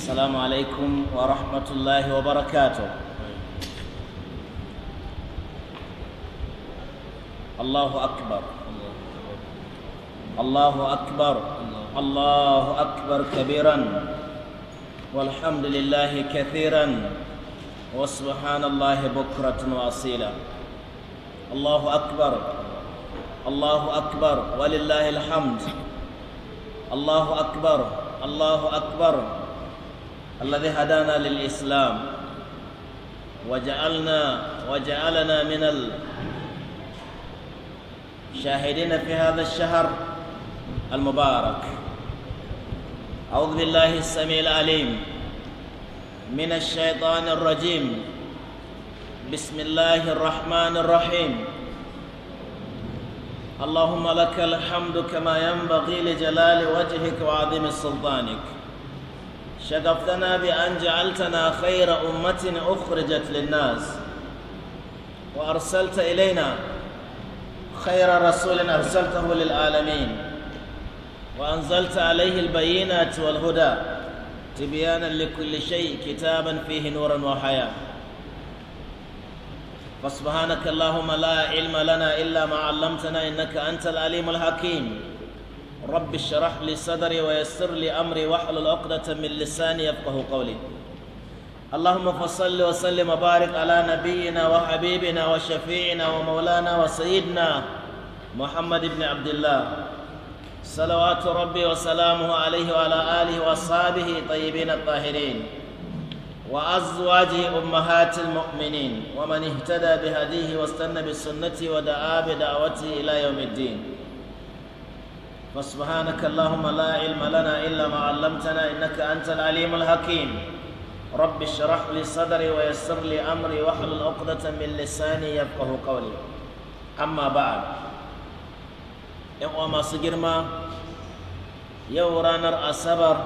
السلام عليكم ورحمة الله وبركاته الله أكبر الله أكبر الله أكبر كبيرا والحمد لله كثيرا وسبحان الله بكرة وأصيلا الله أكبر الله أكبر ولله الحمد الله أكبر الله أكبر الذي هدانا للإسلام وجعلنا وجعلنا من الشاهدين في هذا الشهر المبارك أعوذ بالله السميع العليم من الشيطان الرجيم بسم الله الرحمن الرحيم اللهم لك الحمد كما ينبغي لجلال وجهك وعظيم سلطانك شغفتنا بأن جعلتنا خير أمة أخرجت للناس وأرسلت إلينا خير رسول أرسلته للعالمين وأنزلت عليه البينات والهدى تبيانا لكل شيء كتابا فيه نورا وحياة فسبحانك اللهم لا علم لنا إلا ما علمتنا إنك أنت العليم الحكيم رب اشرح لي صدري ويسر لي امري واحلل عقدة من لساني يفقه قولي اللهم فصل وسلم وبارك على نبينا وحبيبنا وشفيعنا ومولانا وسيدنا محمد بن عبد الله صلوات ربي وسلامه عليه وعلى اله واصحابه طيبين الطاهرين وأزواجه أمهات المؤمنين ومن اهتدى بهديه واستنى بسنته ودعا بدعوته إلى يوم الدين فسبحانك اللهم لا علم لنا إلا ما علمتنا إنك أنت العليم الحكيم رب اشرح لي صدري ويسر لي أمري واحلل عقدة من لساني يفقه قولي أما بعد يوم ما سجر ما يورانا أسبر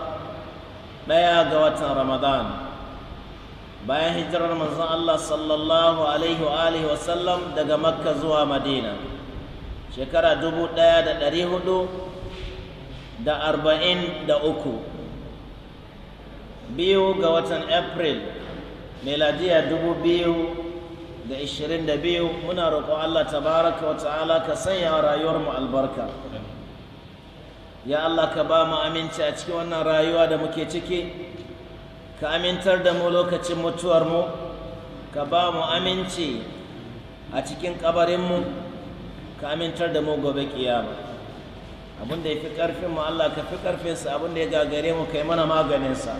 ɗaya ga watan ramadan bayan hijirar manzon Allah sallallahu alaihi wa alihi wa sallam daga makka zuwa madina shekara dubu ɗaya da ɗari hudu da arba'in da uku biyu ga watan april meladiya dubu biyu da ishirin da biyu muna roƙon allah ta baraka wa ta'ala ka sanya rayuwarmu albarka ya allah ka ba mu aminci a cikin wannan rayuwa da muke ciki ka amintar da mu lokacin mutuwarmu ka ba mu aminci a cikin kabarinmu ka amintar da mu gobe kiyama abin da ya fi ƙarfin mu Allah ka fi ƙarfinsa abin da ya gagare mu kai mana maganin sa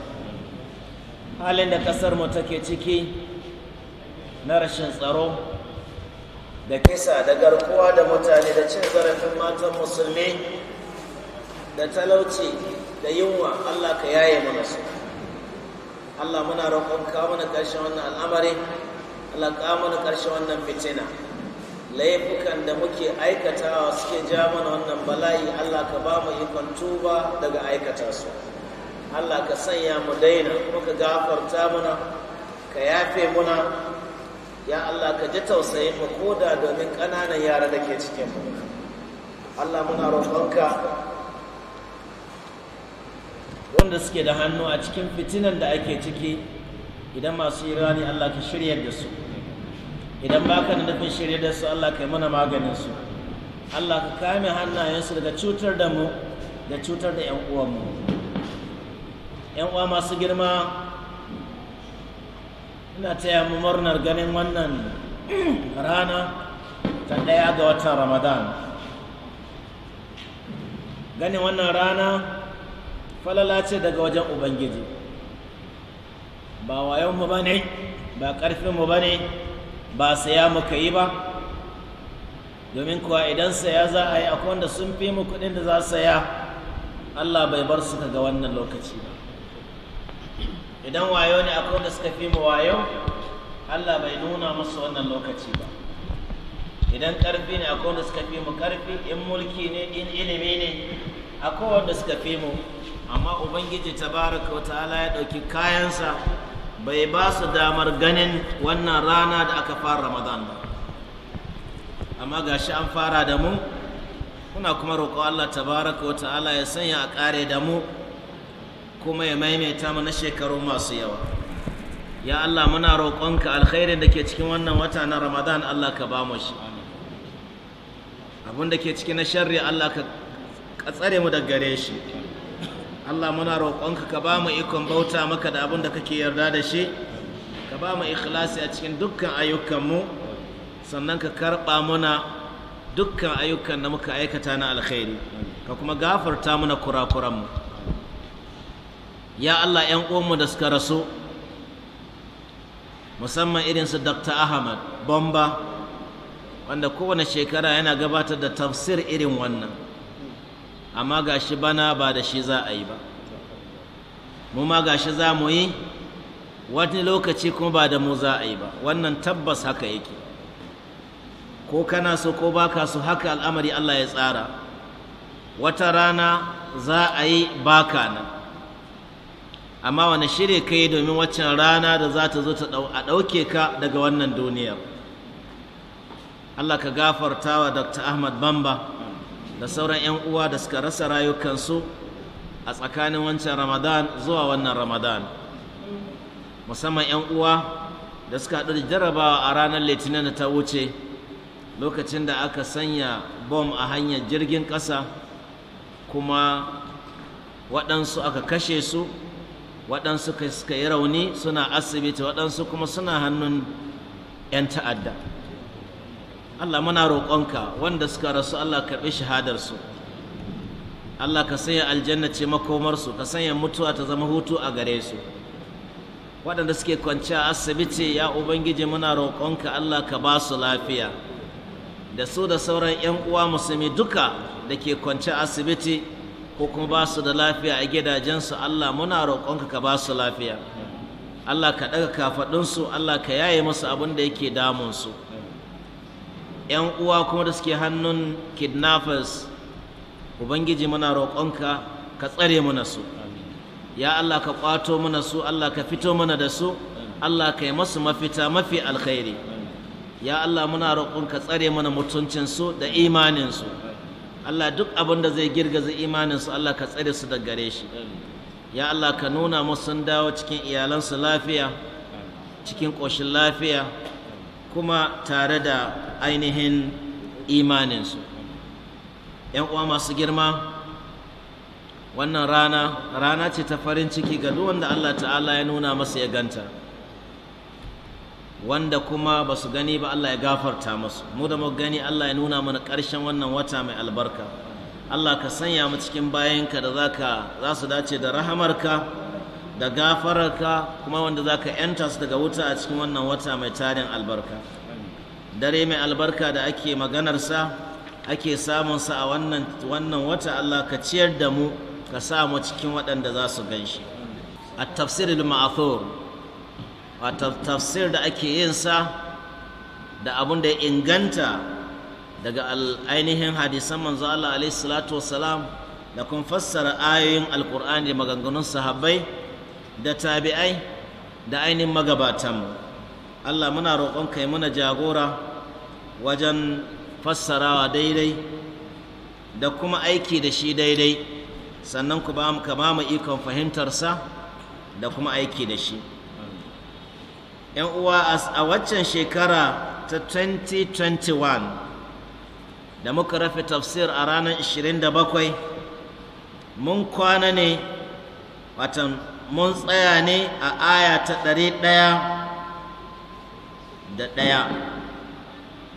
halin da ƙasar mu take ciki na rashin tsaro da kisa da garkuwa da mutane da cin zarafin matan musulmi da talauci da yunwa Allah ka yaye mana su Allah muna roƙon ka mana ƙarshen wannan al'amari Allah ka mana ƙarshen wannan fitina laifukan da muke aikatawa suke ja mana wannan bala'i Allah ka ba mu ikon tuba daga aikata su Allah ka sanya mu daina muka gafarta mana ka yafe muna ya Allah ka ji tausayin mu koda domin ƙananan yara da ke cikin mu Allah muna roƙonka wanda suke da hannu a cikin fitinan da ake ciki idan masu irani Allah ka shirya da su idan baka da nufin shirya da su Allah kai mana maganin su Allah ka kame hannayensu daga cutar da mu da cutar da 'yan uwanmu 'yan uwa masu girma ina taya mu murnar ganin wannan rana ta ɗaya ga watan ramadan ganin wannan rana falala ce daga wajen ubangiji ba wayonmu ba ne ba ƙarfinmu ba ne ba saya muka yi ba domin kuwa idan saya za a yi akwai wanda sun fi mu kuɗin da za saya Allah bai bar su ga wannan lokaci ba idan wayo ne akwai wanda suka fi mu wayo Allah bai nuna musu wannan lokaci ba idan ƙarfi ne akwai wanda suka fi mu ƙarfi in mulki ne in ilimi ne akwai wanda suka fi mu amma ubangiji tabaraka wa ta'ala ya ɗauki kayansa bai ba su damar ganin wannan rana da aka fara ramadan ba amma ga shi an fara da mu kuna kuma roƙo allah tabaraka wa ta'ala ya sanya a ƙare da mu kuma ya maimaita mu na shekaru masu yawa ya allah muna roƙonka alkhairin da ke cikin wannan wata na ramadan allah ka ba mu shi Abun da ke cikin na sharri allah ka tsare mu daga gare shi Allah muna roƙonka ka ba mu ikon bauta maka da abin da kake yarda da shi ka ba mu ikhlasi a cikin dukkan ayyukanmu sannan ka karɓa muna dukkan ayyukan da muka aikata na alkhairi ka kuma gafarta muna kurakuranmu ya Allah 'yan uwanmu da suka rasu musamman irinsu Dr. Ahmad bamba. wanda kowane shekara yana gabatar da tafsir irin wannan amma ga shi bana ba da shi za a yi ba mu ma ga shi za mu yi wani lokaci kuma ba da mu za a yi ba wannan tabbas haka yake ko kana so ko baka so haka al'amari Allah ya tsara wata rana za a yi baka nan amma wani shirya ka yi domin waccan rana da za ta zo a ɗauke ka daga wannan duniyar Allah ka gafarta wa Dr. Ahmad Bamba da sauran 'yan uwa da suka rasa rayukansu a tsakanin wancan ramadan zuwa wannan ramadan musamman 'yan uwa da suka haɗu da jarabawa a ranar litinin da ta wuce lokacin da aka sanya bom a hanyar jirgin ƙasa kuma waɗansu aka kashe su waɗansu suka yi rauni suna asibiti waɗansu kuma suna hannun 'yan ta'adda Allah muna roƙonka wanda suka rasu Allah karɓi shahadarsu Allah ka sanya aljanna ce makomarsu ka sanya mutuwa ta zama hutu a gare su waɗanda suke kwanciya asibiti ya ubangiji muna roƙonka Allah ka ba su lafiya da su da sauran 'yan uwa musulmi duka da ke kwanci asibiti ko kuma ba su da lafiya a gidajensu Allah muna roƙonka ka ba su lafiya Allah ka ɗaga kafaɗinsu Allah ka yaye musu abin da yake damunsu 'yan uwa kuma da suke hannun kidnappers ubangiji muna roƙonka ka tsare mana su ya Allah ka ƙwato mana su Allah ka fito mana da su Allah ka yi masu mafita mafi alkhairi ya Allah muna roƙonka tsare mana mutuncinsu da imaninsu Allah duk abin da zai girgaza imaninsu Allah ka tsare su da gare shi ya Allah ka nuna musu dawo cikin iyalansu lafiya cikin ƙoshin lafiya kuma tare da ainihin imaninsu ‘yan uwa masu girma wannan rana rana ce ta farin ciki ga duk wanda Allah ta'ala ya nuna masu ya ganta wanda kuma ba su gani ba Allah ya gafarta masu mu da gani Allah ya nuna mana ƙarshen wannan wata mai albarka Allah ka sanya mu cikin bayanka da za su dace da rahamarka da gafararka kuma wanda za ka yanta su daga wuta a cikin wannan wata mai tarin albarka dare mai albarka da ake maganarsa ake samunsa a wannan wata Allah ka ciyar da mu ka sa mu cikin waɗanda za su gan shi a tafsirin ma'athur a tafsir da ake yin sa da abin da ya inganta daga ainihin hadisan manzo Allah alaihi salatu da kun fassara ayoyin alkur'ani da maganganun sahabbai da tabi'ai da ainihin magabatanmu Allah muna roƙon kai muna jagora wajen fassarawa daidai da kuma aiki da shi daidai sannan ku ba mu kama mu ikon fahimtarsa da kuma aiki da shi yan uwa a waccan shekara ta 2021 da muka rafe tafsir a ranar 27 mun kwana ne watan mun tsaya ne a aya ta ɗari ɗaya da ɗaya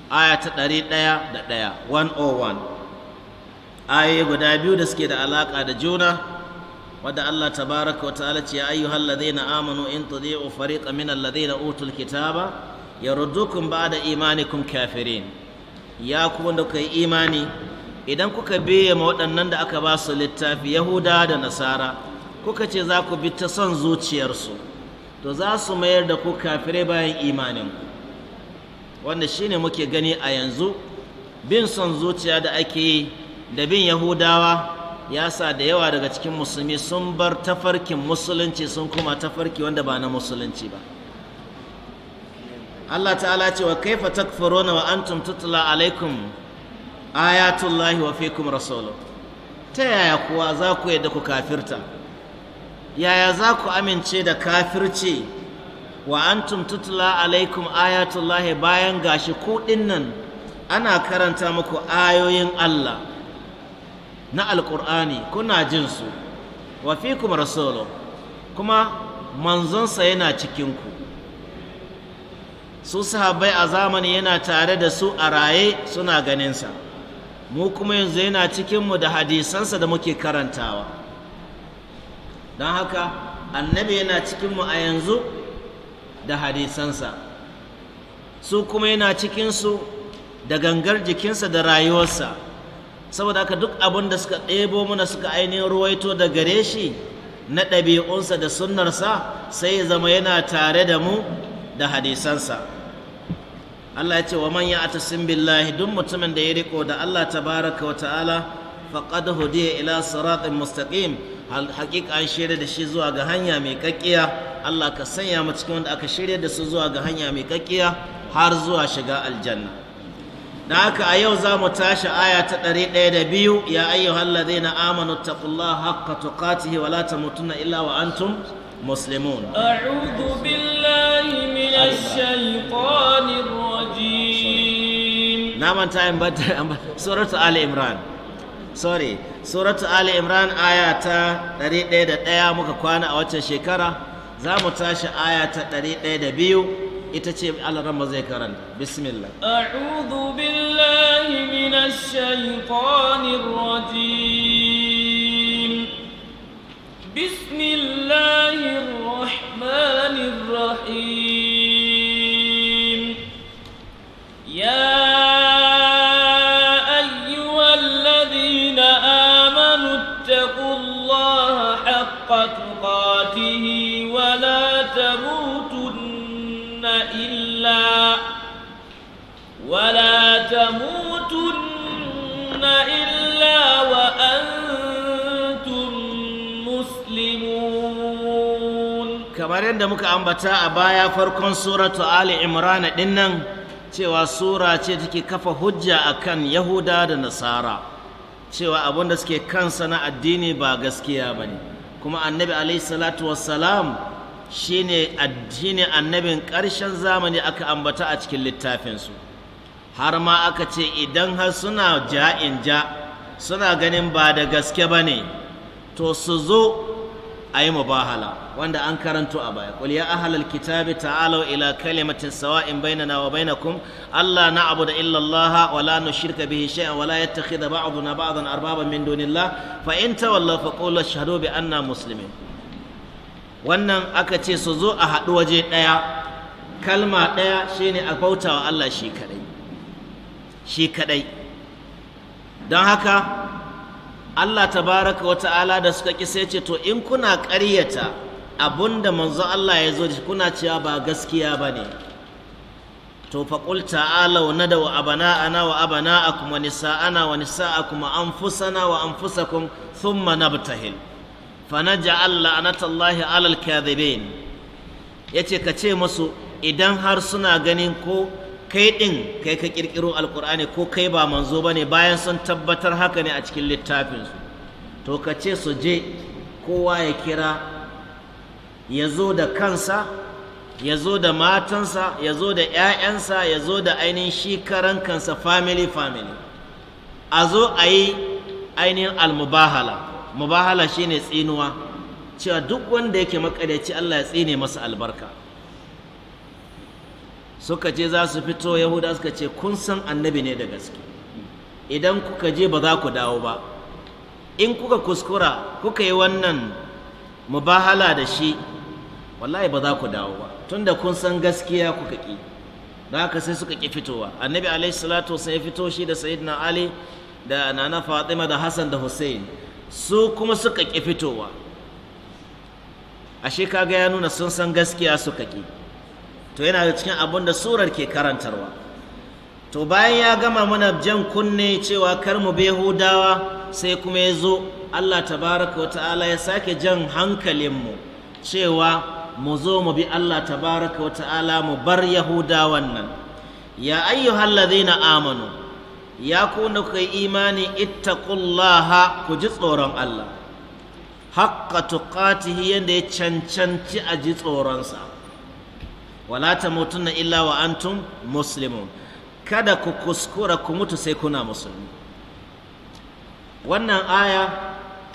aya ta ɗari ɗaya da ɗaya 101 ayoyi guda biyu da suke da alaƙa da juna wadda Allah tabaraka wa ta'ala ce ayyuhal na amanu in tudhi'u fariqan min na utul kitaba da ba'da imanikum kafirin ya ku wanda kuka yi imani idan kuka biye ma waɗannan da aka ba su littafi yahuda da nasara kuka ce za ku bi ta son zuciyarsu to za su mayar da ku kafirai bayan imaninku wanda shine muke gani a yanzu bin son zuciya da ake yi da bin yahudawa ya sa da yawa daga cikin musulmi sun bar tafarkin musulunci sun kuma tafarki wanda ba na musulunci ba Allah ta'ala ce wa kaifa takfuruna wa antum tutla alaikum ayatullahi wa fikum rasuluhu ta yaya kuwa za ku yadda ku kafirta yaya za ku amince da kafirci wa antum tutula alaikum ayatullahi bayan gashi ku nan ana karanta muku ayoyin Allah na alkur'ani kuna jin su wa fikum rasulu kuma manzonsa yana cikinku su sahabbai a zamani yana tare da su a raye suna ganinsa mu kuma yanzu yana cikinmu da hadisansa da muke karantawa don haka annabi yana cikinmu a yanzu da hadisansa su kuma yana cikinsu da gangar jikinsa da rayuwarsa saboda haka duk abin da suka ɗebo mana suka ainihin ruwaito da gare shi na ɗabi'unsa da sunnarsa sai ya zama yana tare da mu da hadisansa Allah ya ce wa manya atasin billahi duk mutumin da ya riko da Allah tabaraka wa ta'ala faqad hudiya ila siratin mustaqim hakika an shirya da shi zuwa ga hanya mai kakkiya Allah ka sanya mu cikin wanda aka shirya da su zuwa ga hanya mai kakkiya har zuwa shiga aljanna da haka a yau za mu tashi aya ta ɗari ɗaya da biyu ya ayyuhal amana amanu taqullaha haqqa tuqatihi wa la tamutunna illa wa antum muslimun a'udhu billahi minash shaitanir rajim na manta in bata suratu ali imran sorry suratu ali imran aya ta 101 muka kwana a waccan shekara za mu tashi aya ta 102 ita ce alarama zai karanta bismillah billahi minash shaitanir rajim bismillahir rahmanir rahim ربه ولا تموتن إلا ولا تموتن kamar yadda muka ambata a baya farkon suratu Ali imrana dinnan cewa sura ce take kafa hujja akan Yahuda da Nasara cewa abin da suke kansa na addini ba gaskiya bane kuma annabi alaihi salatu wassalam shine addini annabin ƙarshen zamani aka ambata a cikin littafinsu har ma aka ce idan har suna ja'in ja suna ganin ba da gaske ba ne to su zo a yi mubahala wanda an karanto a baya qul ya ahlal kitabi ta'alu ila kalimatin sawa'in bainana wa bainakum alla na'budu illa Allah wa la nushrika bihi shay'an wa la yattakhidha ba'duna ba'dan arbaban min dunillah fa in tawallaw faqulu ashhadu bi anna muslimin wannan aka ce su zo a haɗu waje ɗaya kalma ɗaya shine a bautawa Allah shi kaɗai shi kaɗai don haka Allah tabaraka wa ta'ala da suka ki sai ce to in kuna ƙaryata abunda manzo Allah ya zo kuna cewa ba gaskiya ba ne to faƙul ta'alau na da wa abana'ana wa abana'akum wa nisa'ana wa nisa'akum anfusana wa anfusakum thumma nabtahil fa naj'al la'natallahi 'alal kadhibin yace ka ce musu idan har suna ganin ko kai ɗin kai ka ƙirƙiro alƙur'ani ko kai ba manzo ba ne bayan sun tabbatar haka ne a cikin littafinsu to ka ce su je kowa ya kira ya zo da kansa ya zo da matansa ya zo da 'ya'yansa ya zo da ainihin shi karan kansa family family a zo a yi ainihin almubahala mubahala shi shine tsinuwa cewa duk wanda yake makadaci Allah ya tsine masa albarka suka je za su fito yahuda suka ce kun san annabi ne da gaske idan kuka je ba za ku dawo ba in kuka kuskura kuka yi wannan mubahala da shi wallahi ba za ku dawo ba tunda kun san gaskiya kuka ƙi da haka sai suka ƙi fitowa annabi alaihi salatu sai ya fito shi da sayyidina ali da nana fatima da hassan da hussein su kuma suka ƙi fitowa ashe kaga ya nuna sun san gaskiya suka ƙi to yana da cikin abin da surar ke karantarwa to bayan ya gama mana jan kunne cewa kar mu bi hudawa sai kuma ya zo allah tabaraka wa ta'ala ya sake jan mu cewa mu zo mu bi allah tabaraka wa ta'ala mu bar yahudawan nan ya ayyuhallazina amanu ya ku na kuka yi imani ittaqullaha ku ji tsoron allah haqqa tuqatihi yadda ya cancanci a ji tsoronsa wala tamutunna illa wa antum muslimun kada ku kuskura ku mutu sai kuna musulmi wannan aya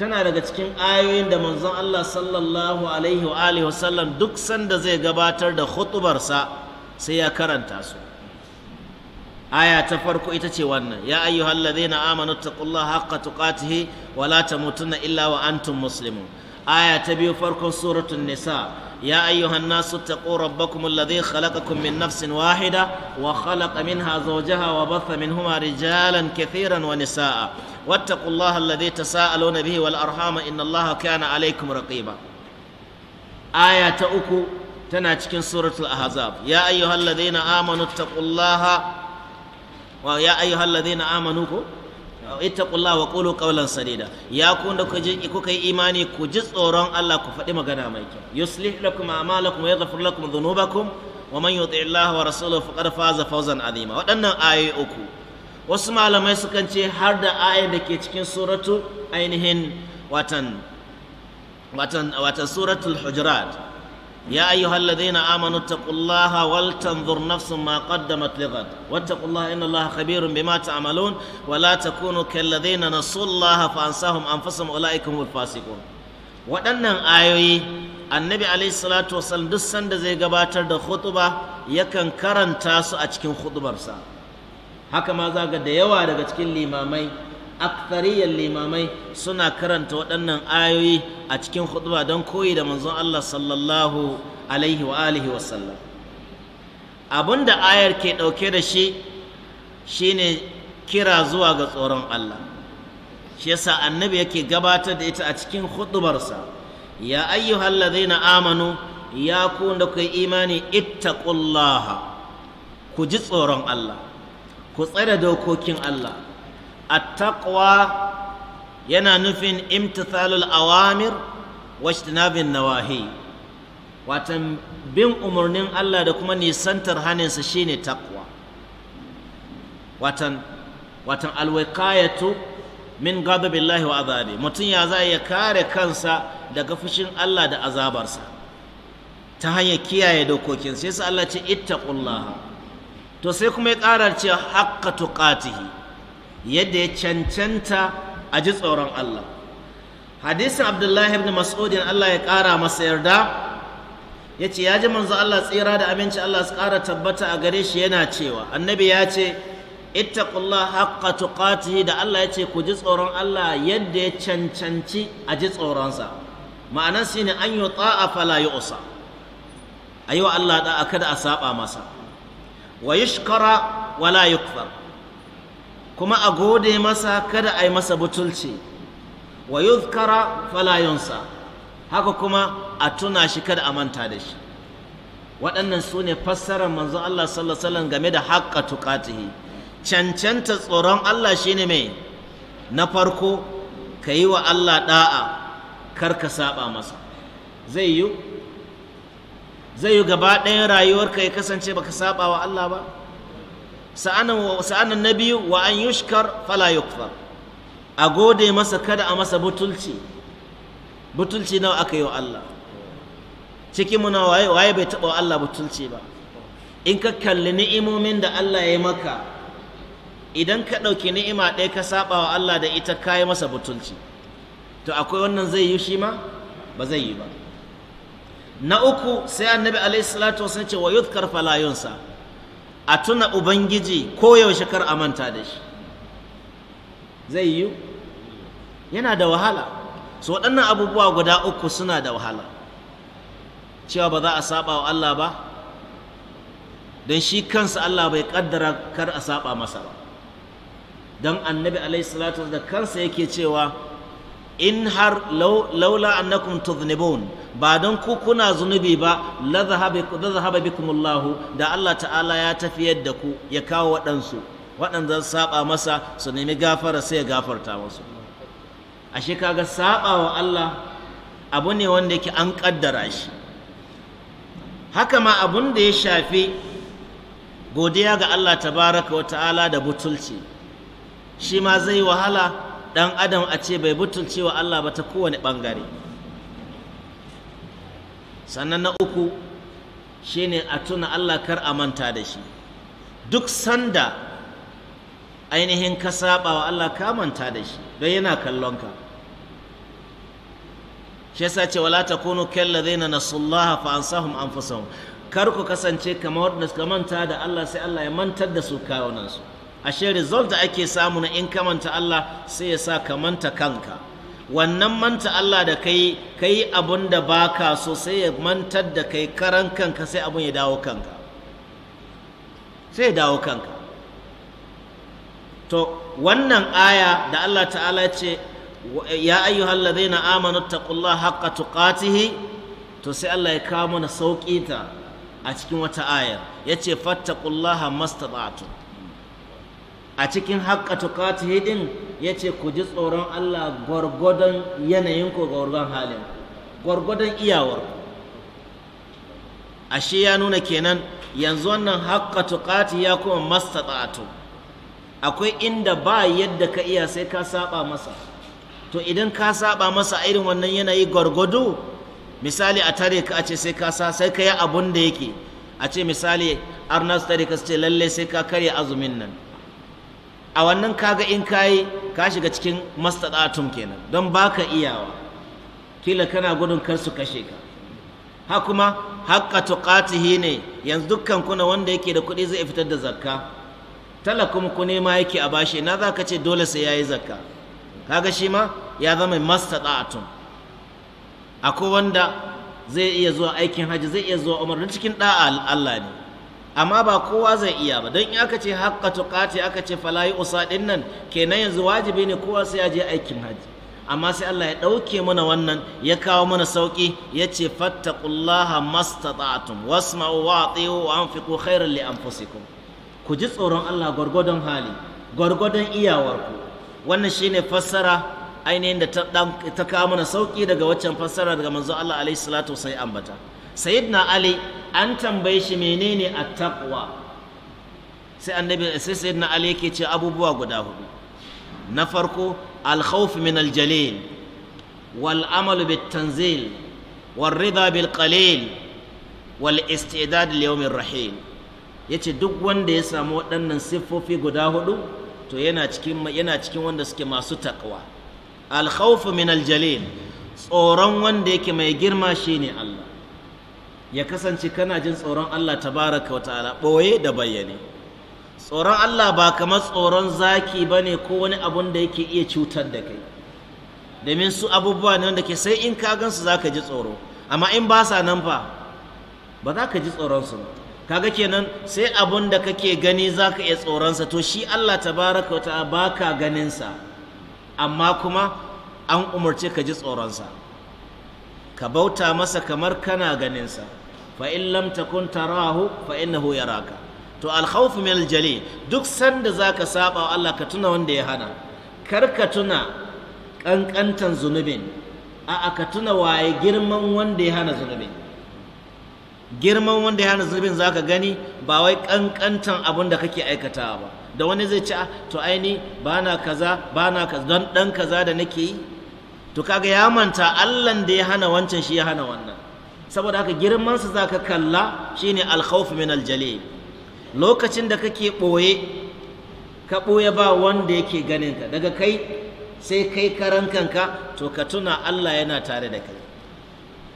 tana daga cikin ayoyin da manzon Allah sallallahu alaihi wa alihi wasallam duk sanda zai gabatar da khutubarsa sai ya karanta su aya ta farko ita ce wannan ya ayyuhal ladhina amanu taqullaha haqqa tuqatihi wa la tamutunna illa wa antum muslimun aya ta biyu farkon suratul nisa يا أيها الناس اتقوا ربكم الذي خلقكم من نفس واحدة وخلق منها زوجها وبث منهما رجالا كثيرا ونساء واتقوا الله الذي تساءلون به والأرحام إن الله كان عليكم رقيبا آية أكو تناتكين سورة الأحزاب يا أيها الذين آمنوا اتقوا الله ويا أيها الذين آمنوا ittaqullaha wa qulu qawlan sadida ya ku da kuka yi imani ku ji tsoron Allah ku faɗi magana mai kyau yuslih lakum a'malakum wa yaghfir lakum dhunubakum wa man yuti' Allah wa rasulahu faqad faza fawzan azima waɗannan ayoyi uku wasu malamai sukan ce har da ayar da ke cikin suratu ainihin watan watan watan suratul hujurat يا أيها الذين آمنوا اتقوا الله ولتنظر نفس ما قدمت لغد واتقوا الله إن الله خبير بما تعملون ولا تكونوا كالذين نسوا الله فأنساهم أنفسهم أولئك هم الفاسقون waɗannan ayoyi annabi alaihi salatu wasallam duk sanda zai gabatar da khutuba yakan karanta su a cikin khutubarsa haka ma zaga da yawa daga cikin limamai aktariyar limamai suna karanta waɗannan ayoyi a cikin khutba don koyi da manzon Allah sallallahu alaihi wa alihi wa sallam abinda ayar ke ɗauke da shi shine kira zuwa ga tsoron Allah shi yasa annabi yake gabatar da ita a cikin huɗubarsa? ya ayyuhal ladzina amanu ya ku da ku imani ittaqullaha ku ji tsoron Allah ku tsare dokokin Allah attaqwa yana nufin imtithalul awamir wajtinabin nawahi watan bin umarnin Allah da kuma nisantar hannunsa shine taqwa watan watan alwiqayatu min ghadabillahi wa azabi mutum ya za ya kare kansa daga fushin Allah da azabarsa ta hanyar kiyaye dokokin sai sa Allah ce ittaqullaha to sai kuma ya ƙara cewa haqqa tuqatihi yadda ya cancanta a ji tsoron Allah hadisin abdullahi ibn mas'udin Allah ya ƙara masa yarda ya ce ya ji manzo Allah tsira da aminci Allah su ƙara tabbata a gare shi yana cewa annabi ya ce ittaqullah haqqa tuqatihi da Allah ya ce ku ji tsoron Allah yadda ya cancanci a ji tsoronsa ma'anar shi ne an yi ta'a fala yu'sa a yi wa Allah da'a kada a saɓa masa wa yushkara wala yukfar kuma a gode masa kada a yi masa butulci wa yuzkara fala haka kuma a tuna shi kada a manta da shi waɗannan su ne fassarar manzo Allah sallallahu alaihi game da haƙƙa tuƙatihi cancanta tsoron Allah shine mai na farko ka yi wa Allah ɗa'a kar ka saba masa zai yi zai yi gaba ɗayan rayuwarka ya kasance baka saɓa wa Allah ba sa'anan na biyu wa an yushkar fala yukfar a gode masa kada a masa butulci butulci nawa aka yi wa Allah cikin muna waye waye bai taɓa wa Allah butulci ba in ka kalli ni'imomin da Allah ya maka idan ka ɗauki ni'ima ɗaya ka saba wa Allah da ita ka yi masa butulci to akwai wannan zai yi shi ma ba zai yi ba na uku sai annabi alaihi salatu wasallam ce wa yudhkar fala yunsa a tuna ubangiji koyaushe kar a manta da shi zai yi yana da wahala su waɗannan abubuwa guda uku suna da wahala cewa ba za a saba wa Allah ba don shi kansa Allah bai kaddara kar a saba masa ba don annabi alaihi da kansa yake cewa in har laula annakum tuznibun ba don ku kuna zunubi ba la zahaba bikumullahu da Allah ta'ala ya tafiyar da ku ya kawo waɗansu waɗanda saba masa su nemi gafara sai ya gafarta musu ashe kaga saba wa Allah abu ne wanda yake an ƙaddara shi haka ma abun da ya shafi godiya ga Allah tabaraka wa ta'ala da butulci shi ma zai wahala ɗan adam a ce bai butulci wa Allah ba ta kowane ɓangare. sannan na uku shine a tuna Allah kar a manta da shi duk sanda ainihin ka saba Allah ka manta da shi don yana kallon ka shi yasa ce wala takunu kallazina nasullaha fa ansahum anfusahum kar ku kasance kamar wadanda suka manta da Allah sai Allah ya mantar da su kawunansu ashe result da ake samu na in ka manta Allah sai ya sa ka manta kanka wannan manta Allah da kai kai abun da baka so sai ya mantar da kai karan kanka sai abun ya dawo kanka sai ya dawo kanka to wannan aya da Allah ta'ala ce ya ayyuhal ladaina amanu taqullaha haqqa tuqatihi to sai Allah ya kawo mana sauƙi ta a cikin wata ayar yace fattaqullaha mastata'tum a cikin haƙƙa tukatihi din ya ce ku ji tsoron Allah gwargwadon yanayinku gwargwadon halin gwargwadon iyawar ashe ya nuna kenan yanzu wannan haƙƙa tukati ya kuma tsato akwai inda ba yadda ka iya sai ka saba masa to idan ka saba masa a irin wannan yanayi gwargwado misali a tare ka a ce sai ka sa sai ka yi abun da yake a ce misali arnas tare ka ce lalle sai ka karya azumin nan a wannan kaga in kayi ka shiga cikin mastadatun kenan don baka iyawa kila kana gudun kar su kashe ka ha kuma haƙƙa tuƙatihi ne yanzu dukkan kuna wanda yake da kuɗi zai fitar da zakka talakum ku ne ma yake a bashi na za ka ce dole sai yayi zakka kaga shi ma ya zama mastata'atun akwai wanda zai iya zuwa aikin hajji zai iya zuwa umar cikin da'a Allah ne amma ba kowa zai iya ba don in aka ce haƙƙa tuƙati aka ce falayi usa ɗin nan kenan yanzu wajibi ne kowa sai ya je aikin haji. amma sai Allah ya ɗauke mana wannan ya kawo mana sauƙi ya ce fattakullaha mastata'atum wasma'u wa atiyu wa anfiqu khairan li anfusikum ku ji tsoron Allah gwargwadon hali gwargwadon iyawarku wannan shine fassara ainihin da ta kawo mana sauƙi daga waccan fassara daga manzo Allah alaihi salatu wasallam ambata sayyidina ali an tambaye shi menene attaqwa sai annabi sai sayyidina ali yake ce abubuwa guda hudu na farko alkhawf min aljalil wal amal bit tanzil wal rida bil qalil wal istidad li yawmir rahil yace duk wanda ya samu waɗannan siffofi guda hudu to yana cikin yana cikin wanda suke masu taqwa alkhawf min aljalil tsoron wanda yake mai girma shine Allah ya kasance kana jin tsoron Allah tabaraka wata'ala ɓoye da bayyane tsoron Allah ba kamar tsoron zaki ba ne ko wani abun da yake iya cutar da kai domin su abubuwa ne wanda ke sai in ka gansu za ka ji tsoro amma in ba sa nan fa ba za ka ji tsoronsu ba kaga kenan sai abun da kake gani za ka iya tsoronsa to shi Allah tabaraka wata ba ka ganinsa amma kuma an umarce ka ji tsoronsa ka bauta masa kamar kana ganinsa fa in lam takun tarahu fa innahu yaraka to al khawf min al jali duk sanda zaka saba wa Allah ka tuna wanda ya hana kar ka tuna kankantan zunubin a ka tuna waye girman wanda ya hana zunubin girman wanda ya hana zunubin zaka gani ba wai kankantan abin da kake aikatawa ba da wani zai ci ah, to aini bana kaza bana kaza don dan kaza da nake yi to kaga ya manta Allah da ya hana wancan shi ya hana wannan saboda haka girmansa za zaka kalla shine al-khawf min al lokacin da kake ɓoye ka boye ba wanda yake ganin ka daga kai sai kai karan kanka to ka tuna Allah yana tare da kai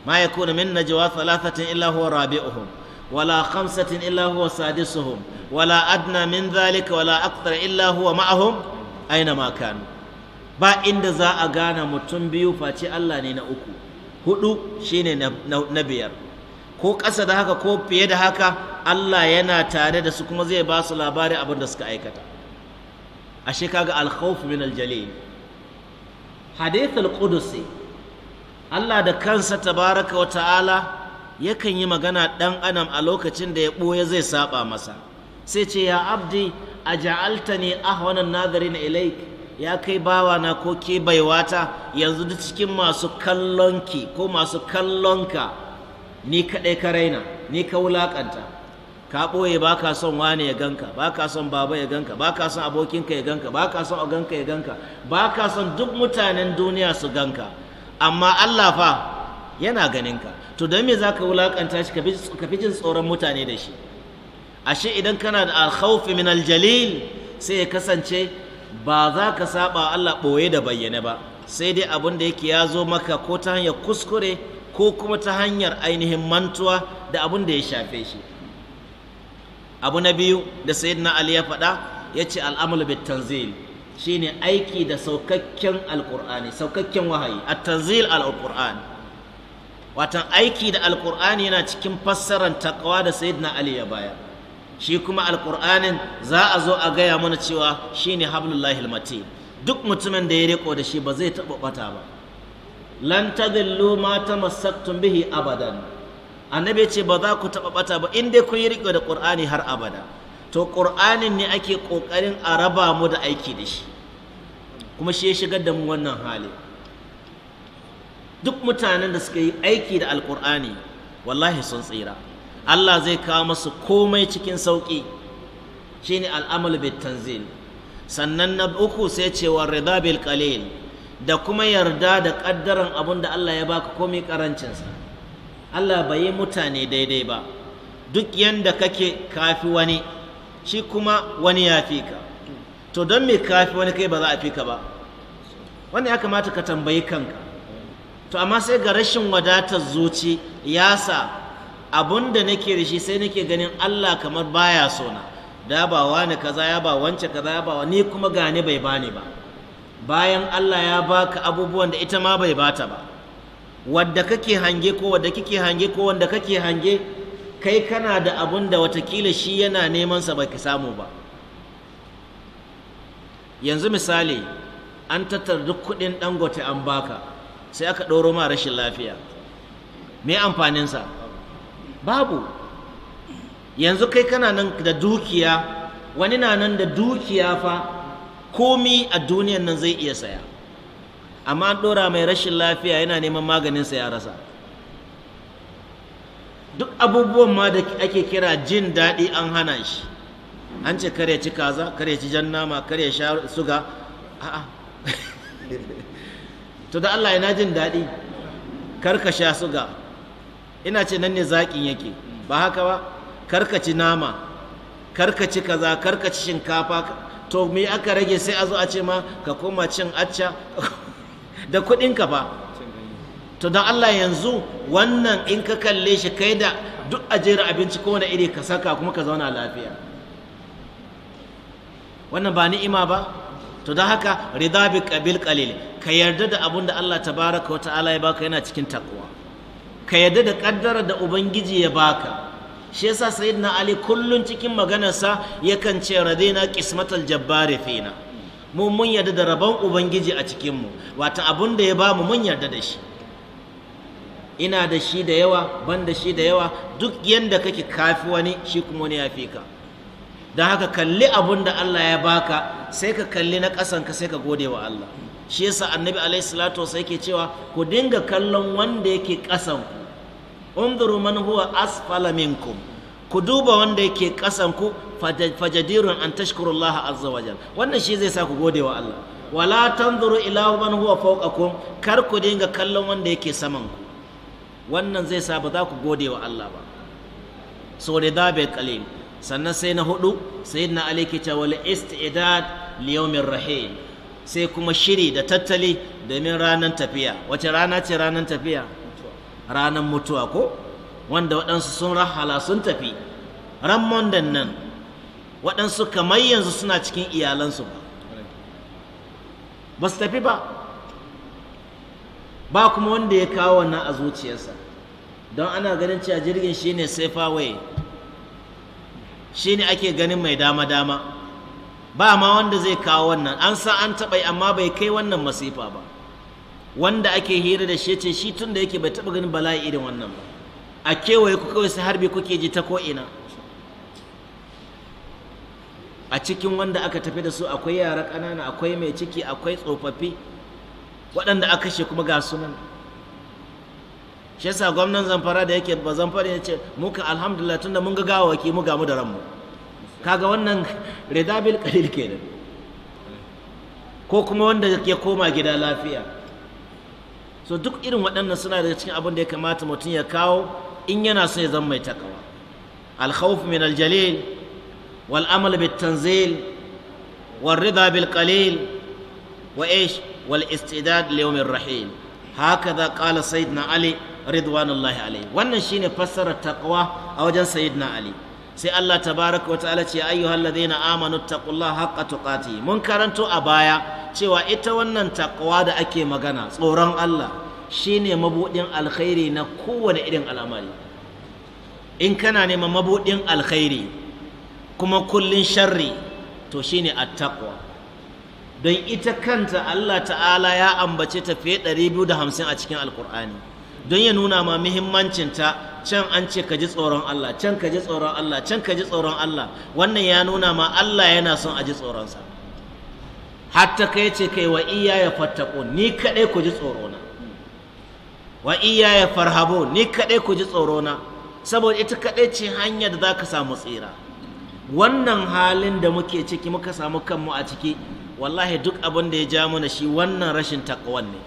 ma yakuna min najwa thalathatin illa huwa rabi'uhum wala khamsatin illa huwa sadisuhum wala adna min dhalika wala akthar illa huwa ma'ahum aina ma kanu ba inda za a gane mutum biyu face Allah ne na uku hudu shine na biyar ko ƙasa da haka ko fiye da haka Allah yana tare da su kuma zai ba su labarin abin da suka aikata A kaga alkhawf min al hadith qudusi Allah da kansa tabaraka wa ta'ala yakan yi magana dan adam a lokacin da ya boye zai saba masa sai ce ya abdi aja'altani ahwana an nazarin ilayka ya kai bawana ko ke baiwata yanzu duk cikin masu kallonki ko masu kallonka ni kaɗai ka raina ni ka wulaƙanta ka ɓoye ba ka son wane ya ganka ba ka son baba ya ganka ba ka son abokinka ya ganka ba ka son oganka ya ganka ba ka son duk mutanen duniya su ganka amma Allah fa yana ganinka to don me za ka wulaƙanta shi ka fi jin tsoron mutane da shi ashe idan kana da alkhawfi min aljalil sai ya kasance ba za ka saba Allah ɓoye da bayyane ba sai dai abin da yake ya zo maka ko ta hanyar kuskure ko kuma ta hanyar ainihin mantuwa da abin da ya shafe shi abu na biyu da sayyidina ali ya faɗa ya ce al'amul bit tanzil shine aiki da saukakken Alƙur'ani, saukakken wahayi at tanzil Alƙur'ani. watan aiki da Alƙur'ani yana cikin fassarar takawa da sayyidina ali ya bayar shi kuma alƙur'anin za a zo a gaya mana cewa shi ne hablullahi almatin duk mutumin da ya riko da shi ba zai taɓa ɓata ba lan tadillu ma tamassaktum bihi abadan annabi ce ba za ku taɓa ɓata ba in dai kun yi riko da ƙur'ani har abada to ƙur'anin ne ake ƙoƙarin a raba mu da aiki da shi kuma shi ya shigar da mu wannan hali duk mutanen da suka yi aiki da alƙur'ani wallahi sun tsira Allah zai kawo masu komai cikin sauƙi ne al'amal bit tanzil sannan na uku sai cewa rida bil da kuma yarda da ƙaddaran abin da Allah ya baka komai ƙarancinsa. Allah bai yi mutane daidai ba duk yanda kake kafi wani shi kuma wani ya fi ka to don me kafi wani kai ba za a fi ka ba wanda ya kamata ka tambayi kanka to amma sai ga rashin wadatar zuci ya sa abun da nake da shi sai nake ganin Allah kamar baya sona da ba wani kaza ya ba wance kaza ya ba ni kuma gane bai bani ba bayan Allah ya baka abubuwan da ita ma bai bata ba wadda kake hange ko wadda kike hange ko wanda kake hange kai kana da abun da watakila shi yana neman sa baki samu ba yanzu misali an tattara duk kuɗin dangote an baka sai aka ɗoro ma rashin lafiya me amfaninsa sa babu yanzu kai kana nan da dukiya wani na nan da dukiya fa komi a duniyan nan zai iya saya amma an ɗora mai rashin lafiya yana neman maganinsa ya rasa duk abubuwan ma da ake kira jin daɗi an hana shi an ce kare ci kaza kare ci jan nama kare sha suga a'a to da Allah yana jin daɗi kar ka sha suga ina ce nan ne zaƙin yake ba haka ba karkaci nama karkaci kaza karkaci shinkafa to me aka rage sai a zo a ce ma ka koma cin acca da kuɗinka ba to don Allah yanzu wannan in ka kalle shi kai da duk a abinci ko wani iri ka saka kuma ka zauna lafiya wannan ba ni'ima ba to don haka rida bi qalil ka yarda da abun da Allah tabaraka wa ta'ala ya baka yana cikin takwa ka yadda da ƙaddara da ubangiji ya baka shi yasa na ali kullum cikin maganarsa yakan ce na ƙismatar jabbari fina mu mun yarda da rabon ubangiji a cikinmu, wata abun da ya bamu mun yarda da shi ina da shi da yawa ban da shi da yawa duk yadda kake kafi wani shi kuma wani ya fi ka don haka kalli abun da Allah ya baka sai ka kalli na ƙasanka sai ka gode wa Allah shi yasa annabi alaihi salatu wasallam yake cewa ku dinga kallon wanda yake ƙasan ku unzuru man huwa asfala minkum ku duba wanda yake ƙasan ku fajadirun an tashkurullaha azza wajal wannan shi zai sa ku gode wa Allah wala tanzuru ila man huwa fawqakum kar ku dinga kallon wanda yake saman ku wannan zai sa ba za ku gode wa Allah ba so da dabe qalil sannan sai na hudu sayyidina ali ke cewa al istidad li yawmir rahim sai kuma shiri da tattali domin ranar tafiya wace rana ce ranar tafiya ranar mutuwa ko wanda waɗansu sun rahala sun tafi ran mondan nan waɗansu kamar yanzu suna cikin iyalansu ba ba su tafi ba ba kuma wanda ya kawo wannan a zuciyarsa don ana ganin cewa jirgin shine safe away shine ake ganin mai dama-dama ba ma wanda zai kawo wannan an san an taɓa amma bai kai wannan masifa ba wanda ake hira da shi ce shi tun da yake bai taɓa ganin bala'i irin wannan ba a kewaye ku kawai su harbi kuke ji ta ko'ina a cikin wanda aka tafi da su akwai yara ƙanana akwai mai ciki akwai tsofaffi waɗanda aka shi kuma ga sunan shi yasa gwamnan zamfara da yake ba zamfara ya ce muka alhamdulillah tunda mun ga gawawaki mu gamu da ranmu kaga wannan ridabil qalil kenan ko kuma wanda ya koma gida lafiya so duk irin waɗannan suna daga cikin abin da ya kamata mutum ya kawo in yana son ya zama mai takawa alkhawf min aljalil wal amal bit tanzil wal rida bil qalil wa ish wal istidad li yawmir rahil hakaza qala sayyidina ali ridwanullahi alayhi wannan shine fassarar taqwa a wajen sayyidina ali sai Allah tabaraka wa ta'ala ce ayyuhal ladhina amanu taqullaha haqqa tuqati mun karanto a baya cewa ita wannan taqwa da ake magana tsoron Allah shine mabudin alkhairi na kowane irin al'amari in kana neman mabudin alkhairi kuma kullun sharri to shine attaqwa don ita kanta Allah ta'ala ya ambace ta fiye 250 a cikin alkur'ani don ya nuna ma muhimmancinta can an ce ka ji tsoron Allah can ka ji tsoron Allah can ka ji tsoron Allah wannan ya nuna ma Allah yana son a ji tsoronsa hatta kai ce kai wa iya ya fattako ni kaɗai ku ji na? wa iya ya farhabo ni kaɗai ku ji tsorona saboda ita kaɗai ce hanyar da za ka samu tsira wannan halin da muke ciki muka samu kanmu a ciki wallahi duk abin da ya ja mana shi wannan rashin takwan ne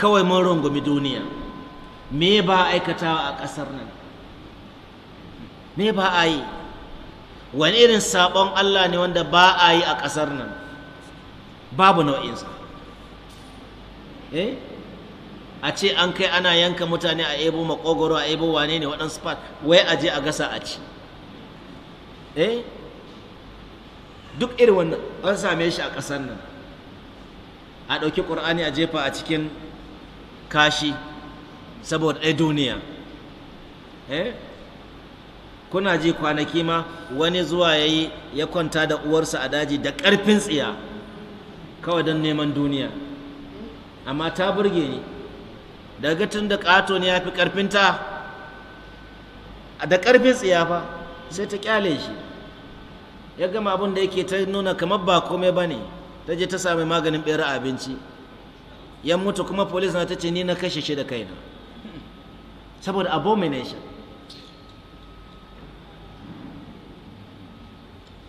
kawai mun rungumi duniya me ba aikatawa a ƙasar nan me ba a yi wani irin sabon Allah ne wanda ba a yi a ƙasar nan babu nau'insa eh a ce an kai ana yanka mutane a ebo makogoro a ebo wane ne waɗansu fat wai a je a gasa a ci eh duk irin wannan an same shi a ƙasar nan a ɗauki ƙur'ani a jefa a cikin kashi saboda ɗaya duniya eh? kuna ji kwanaki ma wani zuwa ya yi ya kwanta da uwarsa a daji da ƙarfin tsiya kawai don neman duniya amma ta burge ni daga tun da ƙato ne ya fi ƙarfinta da ƙarfin tsiya fa sai ta ƙyale shi ya gama abin da yake ta nuna kamar ba komai ba ne ta je ta sami maganin ɓera abinci ya mutu kuma police na ta ce ni na kashe shi da kaina saboda abomination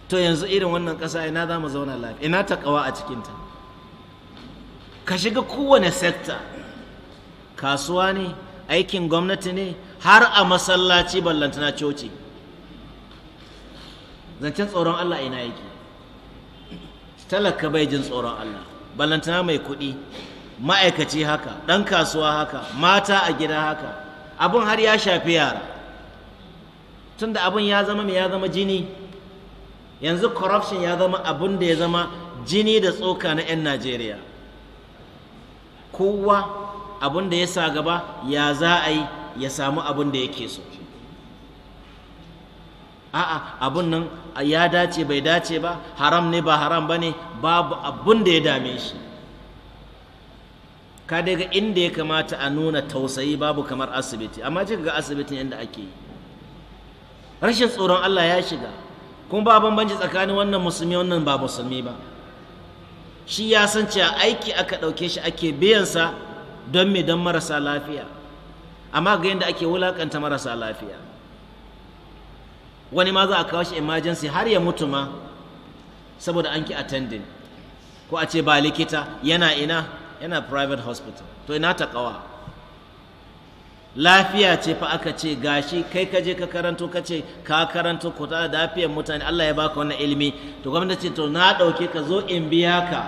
to yanzu irin wannan ƙasa ina za mu zauna lafiya ina takawa a cikinta ka shiga kowane sekta kasuwa ne aikin gwamnati ne har a masallaci ballantana coci zancen tsoron Allah ina yake talaka bai jin tsoron Allah ballantana mai kuɗi ma'aikaci haka ɗan kasuwa haka mata a gida haka abin har ya shafi yara tunda abin ya zama mai ya zama jini yanzu corruption ya zama abin da ya zama jini da tsoka na 'yan najeriya kowa abin da ya sa gaba ya za a yi ya samu abin da yake so a'a abin nan ya dace bai dace ba haram ne ba haram ba ne babu abin da ya dame shi ka daga inda ya kamata a nuna tausayi babu kamar asibiti amma ce ga asibitin yadda ake yi rashin tsoron Allah ya shiga kuma ba bambanci tsakanin wannan musulmi wannan ba musulmi ba shi ya san cewa aiki aka ɗauke shi ake biyansa don me don marasa lafiya amma ga yadda ake wulakanta marasa lafiya wani ma za a kawo shi emergency har ya mutu ma saboda an ki attending ko a ce ba likita yana ina yana private hospital to ina ta kawa lafiya ce fa aka ce gashi kai ka je ka karanto ka ce ka karanto ko ta lafiyar mutane Allah ya baka wannan ilimi to gwamnati to na ɗauke ka zo in biya ka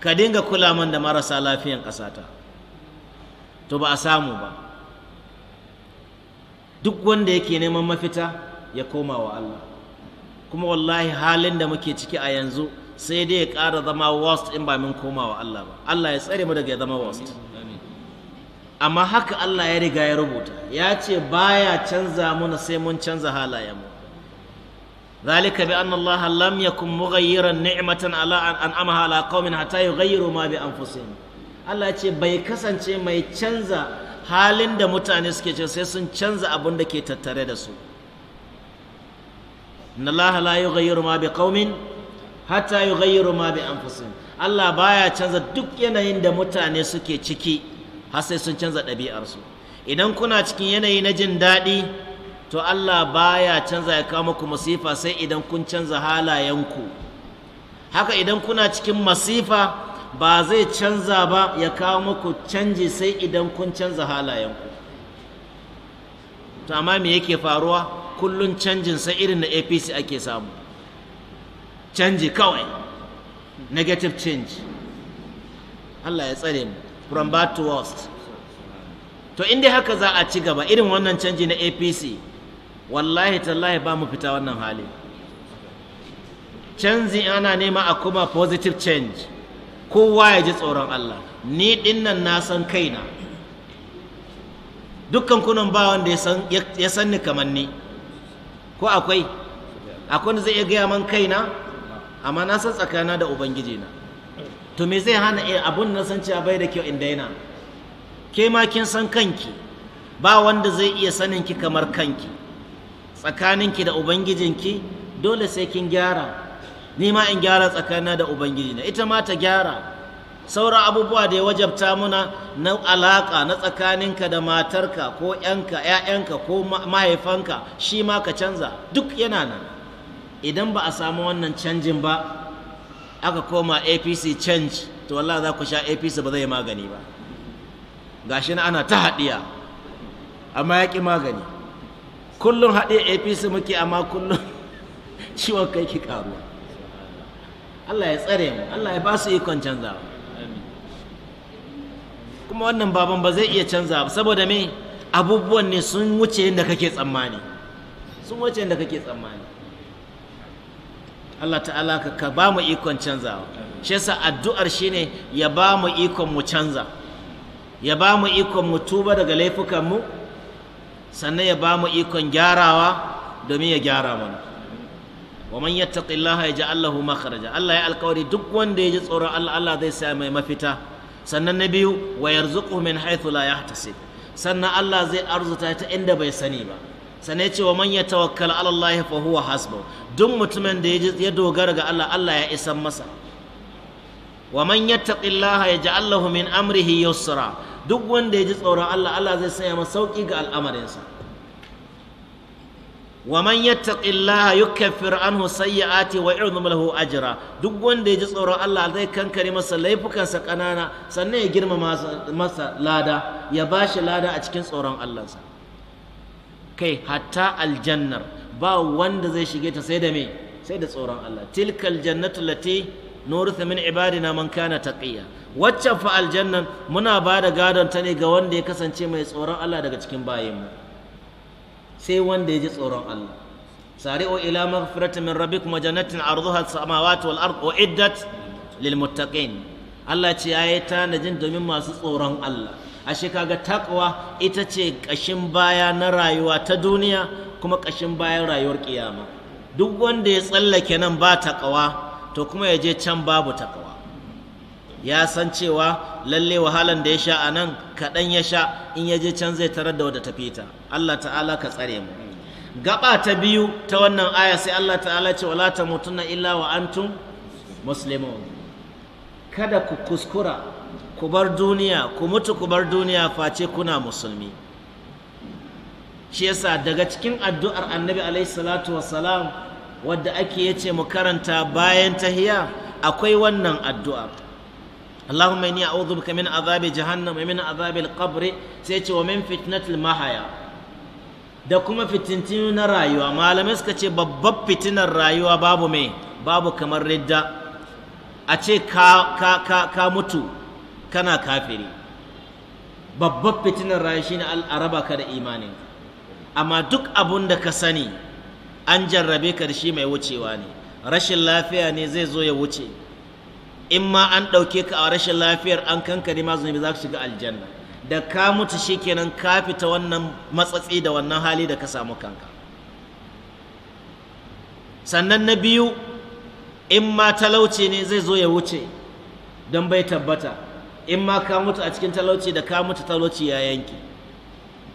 ka dinga kula man da marasa lafiyan ta. to ba a samu ba duk wanda yake neman mafita ya koma wa Allah kuma wallahi halin da muke ciki a yanzu sai dai ya ƙara zama worst in ba min wa Allah ba Allah ya tsare mu daga ya zama worst amma haka Allah ya riga ya rubuta ya ce baya canza muna sai mun canza halayenmu ذلك بأن الله لم يكن مغيرا نعمة على أن أنعمها على قوم حتى يغيروا ما بأنفسهم Allah ce bai kasance mai canza halin da mutane suke ce sai sun canza abin da ke tattare da su. Inna Allah la yughayyiru ma bi qaumin hatta yughayyiru ma bi anfusihim Allah baya canza duk yanayin da mutane suke ciki har sai sun canza ɗabi'arsu idan kuna cikin yanayi na jin daɗi to Allah baya canza ya kawo muku masifa sai idan kun canza halayenku haka idan kuna cikin masifa ba zai canza ba ya kawo muku canji sai idan kun canza halayenku to amma me yake faruwa kullun canjin sai irin na APC ake samu canji kawai negative change Allah ya tsare mu from bad to worst to inda haka za a ci gaba irin wannan canji na apc wallahi tallahi ba mu fita wannan hali canji ana nema a kuma positive change kowa ya ji tsoron allah ni dinnan na san kaina dukkan kunan ba wanda ya san ni kamar ni ko akwai akwai zai iya gaya man kaina amma na san tsakana da ubangiji na to me zai hana eh abun na san cewa bai da kyau in daina ke ma kin san kanki ba wanda zai iya sanin ki kamar kanki tsakaninki da ubangijinki dole sai kin gyara ni ma in gyara tsakana da ubangiji na ita ma ta gyara sauran abubuwa da ya wajabta muna na alaka na tsakaninka da matarka ko 'yanka 'ya'yanka ko mahaifanka shi ma ka canza duk yana nan idan ba a samu wannan canjin ba aka koma apc change to wallah za ku sha apc ba zai magani ba gashi na ana ta haɗiya amma ya ƙi magani kullum haɗiya apc muke amma kullum ciwon kai ki ƙaruwa allah ya tsare mu allah ya ba su ikon canzawa kuma wannan baban ba zai iya canza ba saboda me abubuwan ne sun wuce yadda kake tsammani sun wuce yadda kake tsammani Allah ta'ala ka ba mu ikon canzawa shi yasa addu'ar shine ya ba mu ikon mu canza ya ba mu ikon mu tuba daga laifukan mu sannan ya ba mu ikon gyarawa domin ya gyara mana wa man yattaqillaha yaj'al lahu makhraja Allah ya alƙawari duk wanda ya ji tsoron Allah Allah zai sa mai mafita sannan na biyu wa yarzuquhu min haythu la yahtasib sannan Allah zai arzuta ta inda bai sani ba sane cewa man ya tawakkal ala Allah fa huwa hasbu duk mutumin da ya dogara ga Allah Allah ya isan masa wa man yattaqillaha yaj'al lahu min amrihi yusra duk wanda ya ji tsoron Allah Allah zai sanya masa sauki ga al'amarinsa wa man yattaqillaha yukaffir anhu sayyi'ati wa yu'dhim lahu ajra duk wanda ya ji tsoron Allah zai kankare masa laifukansa kanana sannan ya girmama masa lada ya bashi lada a cikin tsoron Allah sa kai hatta aljannar ba wanda zai shige ta sai da me sai da tsoron Allah tilkal jannatu lati nurthu min ibadina man kana taqiya waccan fa aljannan muna ba da gadon ta ne ga wanda ya kasance mai tsoron Allah daga cikin bayanmu sai wanda ya ji tsoron Allah sari'u ila maghfirati min rabbikum wa jannatin arduha samawati wal ard iddat lil muttaqin Allah ce yayi najin domin masu tsoron Allah ashe kaga takwa ita ce ƙashin baya na rayuwa ta duniya kuma ƙashin bayan rayuwar ƙiyama duk wanda ya tsallake nan ba takawa to kuma ya je can babu takawa ya san cewa lalle wahalan da ya sha a nan kaɗan ya sha in ya je can zai tarar da wata tafita Allah ta'ala ka tsare mu gaba ta biyu ta wannan aya sai Allah ta'ala ce wala mutuna illa wa antum muslimun kada ku kuskura ku bar duniya ku mutu ku bar duniya face kuna musulmi shi yasa daga cikin addu'ar annabi alaihi salatu wadda ake yace mu karanta bayan tahiya akwai wannan addu'a اللهم إني أعوذ jahannam من عذاب جهنم ومن عذاب القبر سيتي ومن فتنة المحيا da kuma fitintinu na rayuwa malamai suka ce babbar fitinar rayuwa babu mai babu kamar ridda a ce ka, ka, ka mutu kana kafiri babban fitinar rayu shine al'araba ka da imanin amma duk abun da ka sani an jarrabe ka da shi mai wucewa ne rashin lafiya ne zai zo ya wuce in ma an ɗauke ka a rashin lafiyar an kankare ma zunubi za ka shiga aljanna da ka mutu shikenan ka fita wannan matsatsi da wannan hali da ka samu kanka sannan na biyu in ma talauci ne zai zo ya wuce don bai tabbata in ma ka mutu a cikin talauci da ka mutu talauci ya yanki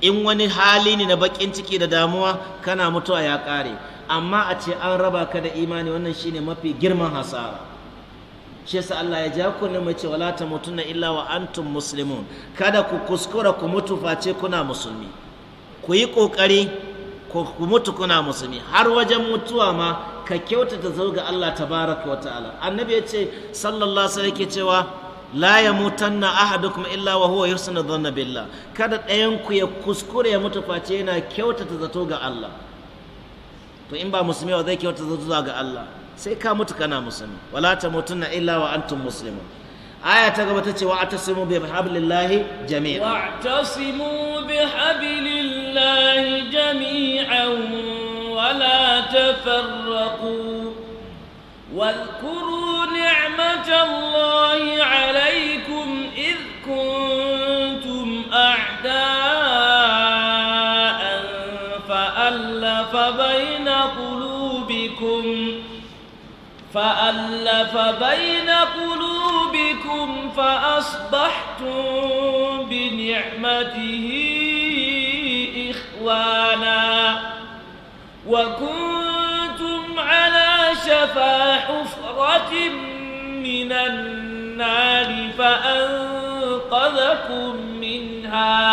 in wani hali ne na bakin ciki da damuwa kana mutuwa ya kare. amma a ce an raba ka da imani wannan shine mafi girman hasara shi yasa Allah ya ja ku ne mai ce wala tamutunna illa wa antum muslimun kada ku kuskura ku mutu face kuna musulmi ku yi kokari ku mutu kuna musulmi har wajen mutuwa ma ka kyautata zuwa ga Allah tabaraka wa ta'ala annabi ya ce sallallahu alaihi wasallam yake cewa la ya mutanna ahadukum illa wa huwa yusna dhanna billah kada ɗayan ku ya kuskure ya mutu face yana kyautata zato ga Allah to in ba musulmi ba zai kyautata zato ga Allah sai ka mutu kana musulmi wala ta mutunna illa wa antum muslimun aya ta gaba ta ce wa atasimu bi hablillahi jami'a wa atasimu bi hablillahi jami'an wala tafarraqu واذكروا نعمة الله عليكم إذ كنتم أعداء فألف بين قلوبكم فألف بين قلوبكم فأصبحتم بنعمته إخوانا وكنتم على شفا حفرة من النار فأنقذكم منها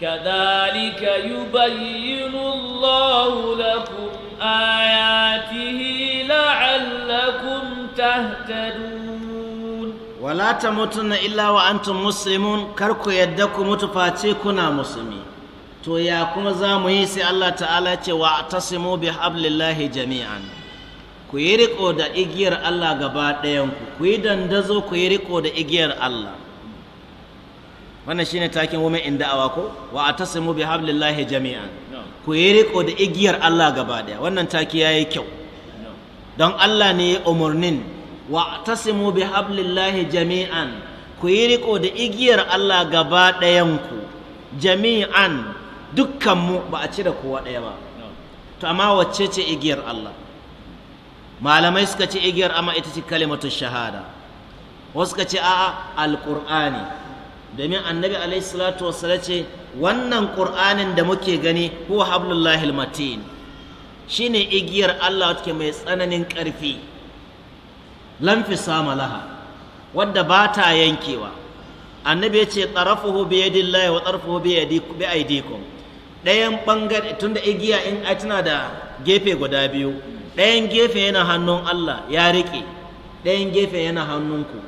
كذلك يبين الله لكم آياته لعلكم تهتدون ولا تموتن إلا وأنتم مسلمون كركو يدكم متفاتيكنا مسلمين to ya kuma za mu yi sai Allah ta'ala ce wa simo bi hablillahi jami'an ku yi riko da igiyar Allah gaba ɗayanku ku yi dandazo ku yi riko da igiyar Allah wannan shine takin women in da'awa ko wa simo bi hablillahi jami'an ku yi riko da igiyar Allah gaba ɗaya wannan taki yi kyau don Allah ne ya umarnin wa simo bi hablillahi jami'an ku yi riko da igiyar Allah gaba ɗayanku jami'an dukkanmu ba a cire kowa ɗaya ba to amma wacce ce igiyar Allah malamai suka ce igiyar amma ita ce kalimatu shahada wasu suka ce a'a alqur'ani domin annabi alaihi salatu wassalam ce wannan ƙur'anin da muke gani huwa hablullahi almatin shine igiyar Allah wacce mai tsananin ƙarfi lan sama laha wadda ba ta yankewa annabi ya ce tsarafuhu biyadillahi wa tsarafuhu biyadikum ɗayan ɓangare tunda igiya in a tana da gefe guda biyu ɗayan gefe yana hannun Allah ya riƙe ɗayan gefe yana hannunku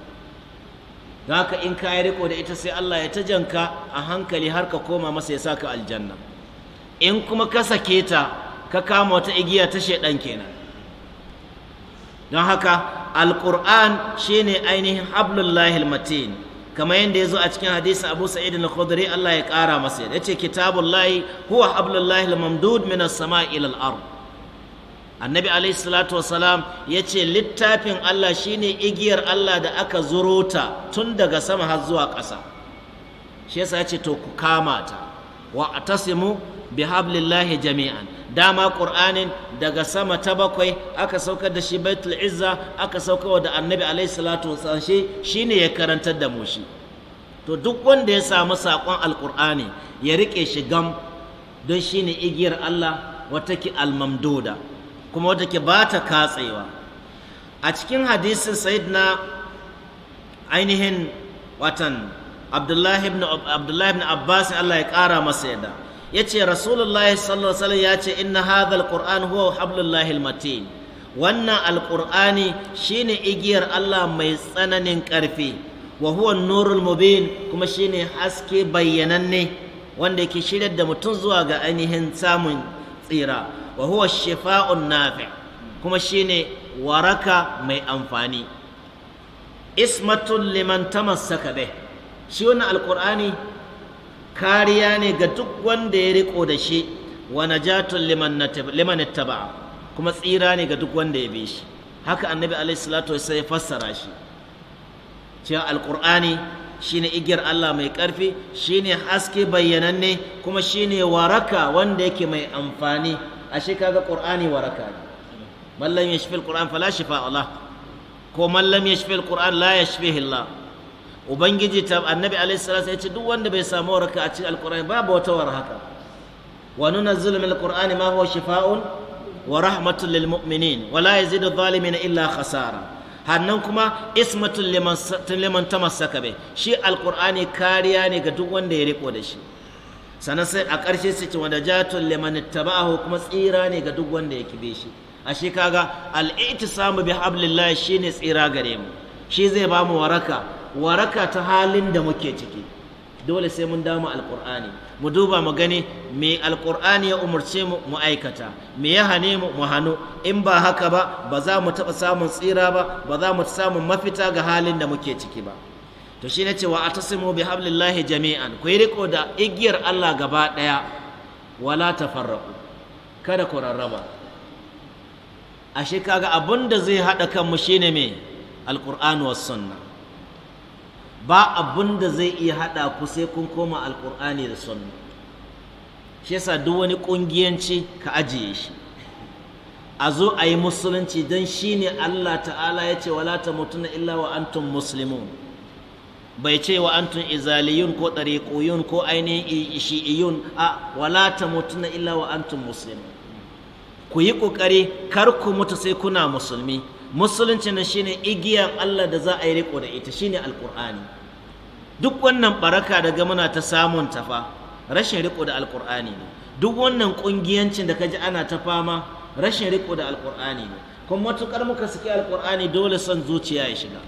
za ka in ka yi riko da ita sai Allah ya ta janka a hankali har ka koma masa ya sa ka aljanna in kuma ka sake ta ka kama wata igiya ta shaidan kenan don haka alƙur'an shine ainihin hablullahi matin kamar yadda ya zo a cikin hadisin abu sa'id na khudri Allah ya ƙara masa ya ce kitabullahi huwa hablullahi al-mamdud min as-sama' ila al-ard annabi alaihi salatu wasalam ya ce littafin Allah shine igiyar Allah da aka zuro tun daga sama har zuwa ƙasa shi yasa ya ce to ku kama ta wa atasimu bihablillahi jami'an dama qur'anin daga sama ta bakwai aka saukar da shi baitul izza aka saukar da annabi alaihi salatu wasallam shi shine ya karantar da mu shi to duk wanda ya samu saƙon alqur'ani ya rike shi gam don shine igiyar Allah wata ki almamduda kuma wata ki ba ta katsewa a cikin hadisin na ainihin watan abdullahi ibn abdullahi ibn abbas Allah ya ƙara masa yadda ya ce rasulullahi sallallahu alaihi ya ce inna hadha alquran huwa hablullahi almatin wannan alqur'ani shine igiyar Allah mai tsananin ƙarfi wa huwa nurul mubin kuma shine haske bayyananne wanda yake shiryar da mutum zuwa ga ainihin samun tsira wa huwa shifa'un nafi kuma shine waraka mai amfani ismatun liman tamassaka bih shi wannan alqur'ani kariya ne ga duk wanda ya riko da shi wa najatun liman taba'a kuma tsira ne ga duk wanda ya bi shi haka annabi alaihi salatu wasallam ya fassara shi cewa alqur'ani shine igiyar Allah mai karfi shine haske bayyananne kuma shine waraka wanda yake mai amfani ashe kaga qur'ani waraka ne man lam yashfi alquran fala shifa Allah ko man lam yashfi alquran la yashfihi Allah ubangiji ta annabi alaihi salatu ya ce duk wanda bai samu waraka a cikin alqur'ani babu wata war haka wa nunazzilu min alqur'ani ma huwa shifaa'un wa rahmatun lil mu'minin wa la yazidu na illa khasara hannan kuma ismatun liman tamassaka bai shi alqur'ani kariya ne ga duk wanda ya riko da shi sannan sai a ƙarshe su ce wanda jatun liman ittaba'ahu kuma tsira ne ga duk wanda ya kibe shi ashe kaga al-i'tisamu bi hablillahi shine tsira gare mu shi zai bamu waraka waraka ta halin da muke ciki dole sai mun dama alkur'ani mu duba mu gani me alkur'ani ya umarce mu mu aikata me ya hane mu mu hano in ba haka ba ba za mu taɓa samun tsira ba ba za mu samu mafita ga halin da muke ciki ba to shi ne cewa atasimu bi hablillahi jami'an ku riko da igiyar Allah gaba ɗaya wala tafarraqu kada ku rarraba ashe kaga abin da zai haɗa kanmu shine me alkur'ani was sunnah ba abin da zai iya haɗa ku sai kun koma alƙur'ani da sunna shi yasa duk wani ƙungiyanci ka ajiye shi a zo a yi musulunci don shi ne Allah ta'ala ya ce wala ta mutuna illa wa antum muslimun bai ce wa antum izaliyun ko ɗariƙuyun ko ainihin shi'iyun a wala ta mutuna illa wa antum muslimun ku yi ƙoƙari kar ku mutu sai kuna musulmi musulunci na shine igiyar Allah da za a yi riko da ita shine alkur'ani duk wannan baraka da daga muna ta samun tafa rashin riko da alkur'ani ne duk wannan kungiyancin da kaji ana ta fama rashin riko da alkur'ani ne kuma matukar muka saki alkur'ani dole son zuciya ya shiga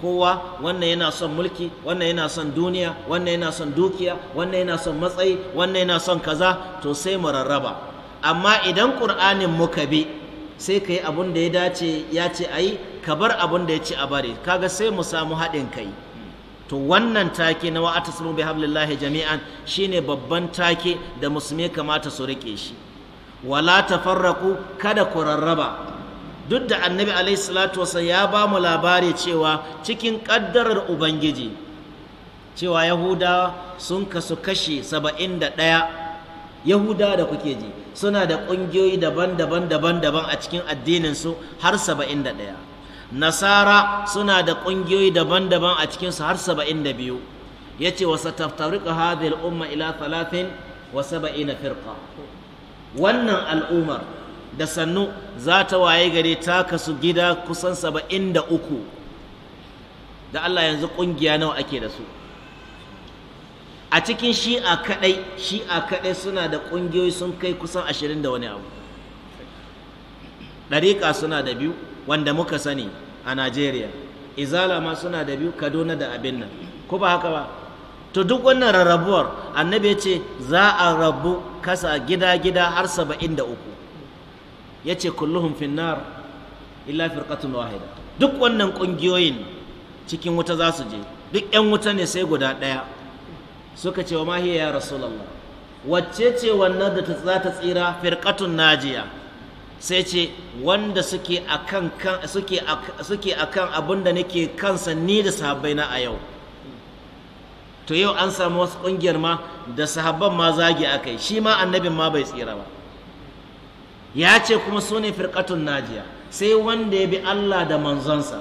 kowa wannan yana son mulki wannan yana son duniya wannan yana son dukiya wannan yana son matsayi wannan yana son kaza to sai mu rarraba amma idan qur'anin muka bi sai ka yi abin da ya dace ya ce a yi ka bar abin da ya ce a bari kaga sai mu samu haɗin kai to wannan take na wa'ata sumu bi hablillahi jami'an shine babban take da musulmi kamata su rike shi wala tafarraqu kada ku rarraba duk da annabi alaihi salatu wasa ya ba mu labari cewa cikin ƙaddarar ubangiji cewa yahudawa sun kasu kashe saba'in da ɗaya yahudawa da kuke ji suna da ƙungiyoyi daban-daban daban-daban a cikin addininsu har saba'in da ɗaya nasara suna da ƙungiyoyi daban-daban a cikinsu har saba'in da biyu ya ce wasu taftarika hadhihi al'umma ila talatin wa na firqa wannan al'ummar da sannu za ta waye gare ta kasu gida kusan saba'in da uku da Allah yanzu ƙungiya nawa ake da su a cikin shi'a kadai shi'a kadai suna da kungiyoyi sun kai kusan ashirin da wani abu ɗariƙa suna da biyu wanda muka sani a najeriya izala ma suna da biyu kaduna da abin nan ko ba haka ba to duk wannan rarrabuwar annabi ya ce za a rabu kasa gida-gida har saba'in da uku ya ce kulluhun finnar illa firqatun wahida duk wannan ƙungiyoyin cikin wuta za su je duk 'yan wuta ne sai guda ɗaya suka ce wa mahiya ya rasulallah wacce ce wannan da ta za ta tsira firkatun najiya sai ce wanda suke akan kan suke suke abin da nake kansa ni da sahabbai na a yau to yau an samu wasu kungiyar ma da sahabban ma zagi akai shi ma annabin ma bai tsira ba ya ce kuma su ne firkatun najiya sai wanda ya bi Allah da manzonsa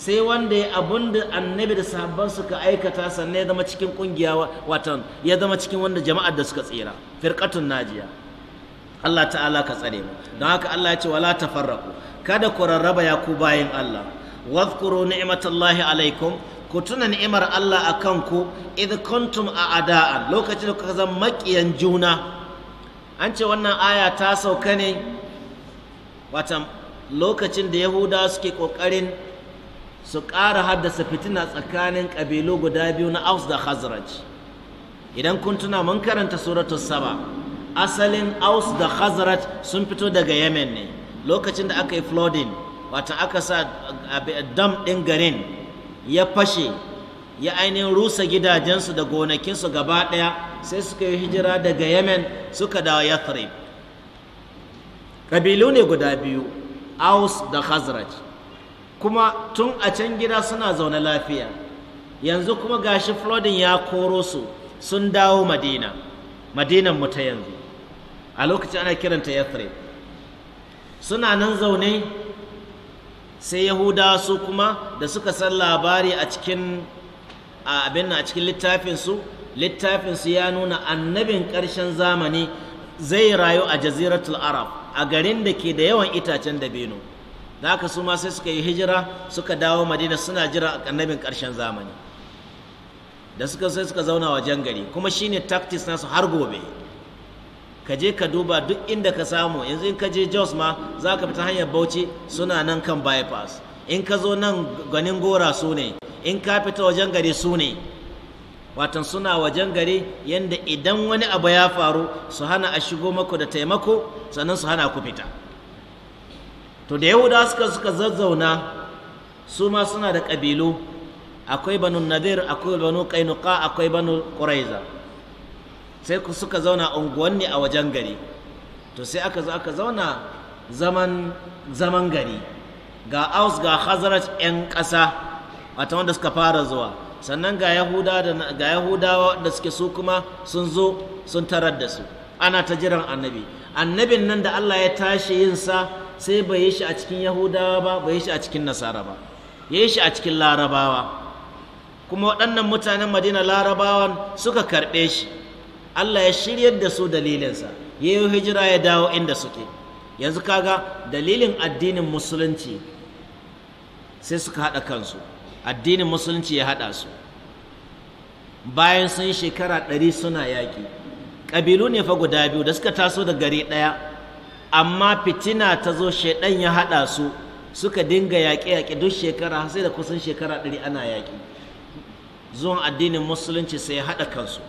sai wanda ya abun da annabi da sahabban suka aikata sannan ya zama cikin kungiya watan ya zama cikin wanda jama'ar da suka tsira firqatun najiya Allah ta'ala ka tsare mu don haka Allah ya ce wala tafarraqu kada ku rarraba ya ku bayin Allah Wazkuru ni'matallahi alaikum ku tuna ni'imar Allah akan ku idh kuntum a'da'an lokacin da kuka zama makiyan juna an ce wannan aya ta sauka ne watan lokacin da yahudawa suke kokarin su ƙara haddasa fitina tsakanin ƙabilu guda biyu na aus da khazraj idan kun tuna mun karanta suratu saba asalin aus da khazraj sun fito daga yemen ne lokacin da aka yi flooding wata aka sa dam ɗin garin ya fashe ya ainihin rusa gidajensu da gonakinsu gaba ɗaya sai suka yi hijira daga yemen suka dawo yathrib ƙabilu ne guda biyu aus da khazraj kuma tun a can gida suna zaune lafiya yanzu kuma gashi flooding ya koro su sun dawo madina madinan mu ta yanzu a lokacin ana kiranta yathrib suna nan zaune sai yahudawa su kuma da suka san labari a cikin abin a cikin littafinsu littafinsu ya nuna annabin ƙarshen zamani zai rayu a jaziratul arab a garin da ke da yawan itacen dabino da haka su sai suka yi hijira suka dawo madina suna jira annabin ƙarshen zamani da suka sai suka zauna wajen gari kuma shine tactics nasu har gobe ka je ka duba duk inda ka samu yanzu in ka je jos ma za ka fita hanyar bauchi suna nan kan bypass in ka zo nan ganin gora su ne in ka fita wajen gari su ne watan suna wajen gari yadda idan wani abu ya faru su hana a shigo mako da taimako sannan su hana ku fita to da yahuda suka suka zazzauna su ma suna da ƙabilu akwai banu nadir akwai banu kainuka akwai banu ƙuraiza sai suka zauna unguwanni a wajen gari to sai aka zo aka zauna zaman zaman gari ga aus ga hazarat 'yan ƙasa wata wanda suka fara zuwa sannan ga yahuda da ga yahudawa da suke su kuma sun zo sun tarar da su ana ta jiran annabi annabin nan da Allah ya tashi yin sa sai bai yi shi a cikin yahudawa ba bai yi shi a cikin nasara ba ya yi shi a cikin larabawa kuma waɗannan mutanen madina Larabawa suka karɓe shi allah ya shiryar da su dalilinsa ya yi hijira ya dawo inda suke yanzu kaga dalilin addinin musulunci sai suka haɗa kansu addinin musulunci ya haɗa su bayan sun shekara ɗari suna yaƙi ƙabilu ne fa guda biyu da suka taso da gari ɗaya amma fitina ta zo shaidan ya haɗa su suka dinga yaƙe-yaƙe duk shekara sai da kusan shekara ɗari ana yaƙi zuwan addinin musulunci sai ya haɗa kansu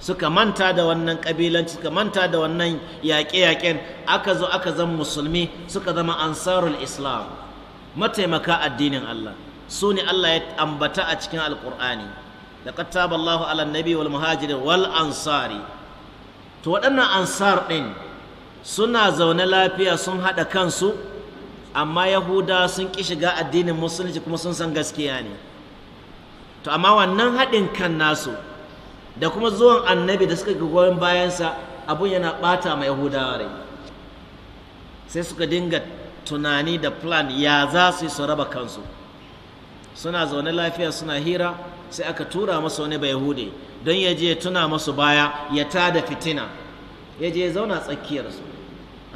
suka manta da wannan ƙabilanci suka manta da wannan yaƙe-yaƙen aka zo aka zama musulmi suka zama ansarul islam mataimaka addinin allah su ne allah ya ambata a cikin alƙur'ani da taba ala nabi wal muhajirin wal ansari to waɗannan ansar ɗin suna zaune lafiya sun haɗa kansu amma yahuda sun ƙi shiga addinin musulunci kuma sun san gaskiya ne to amma wannan haɗin kan nasu da kuma zuwan annabi da suka goyon bayansa abun yana ɓata ma yahudawa rai sai suka dinga tunani da plan ya za su yi su raba kansu suna zaune lafiya suna hira sai aka tura masa wani bai hude don ya je tuna masu baya ya tada fitina ya je zauna tsakiyarsu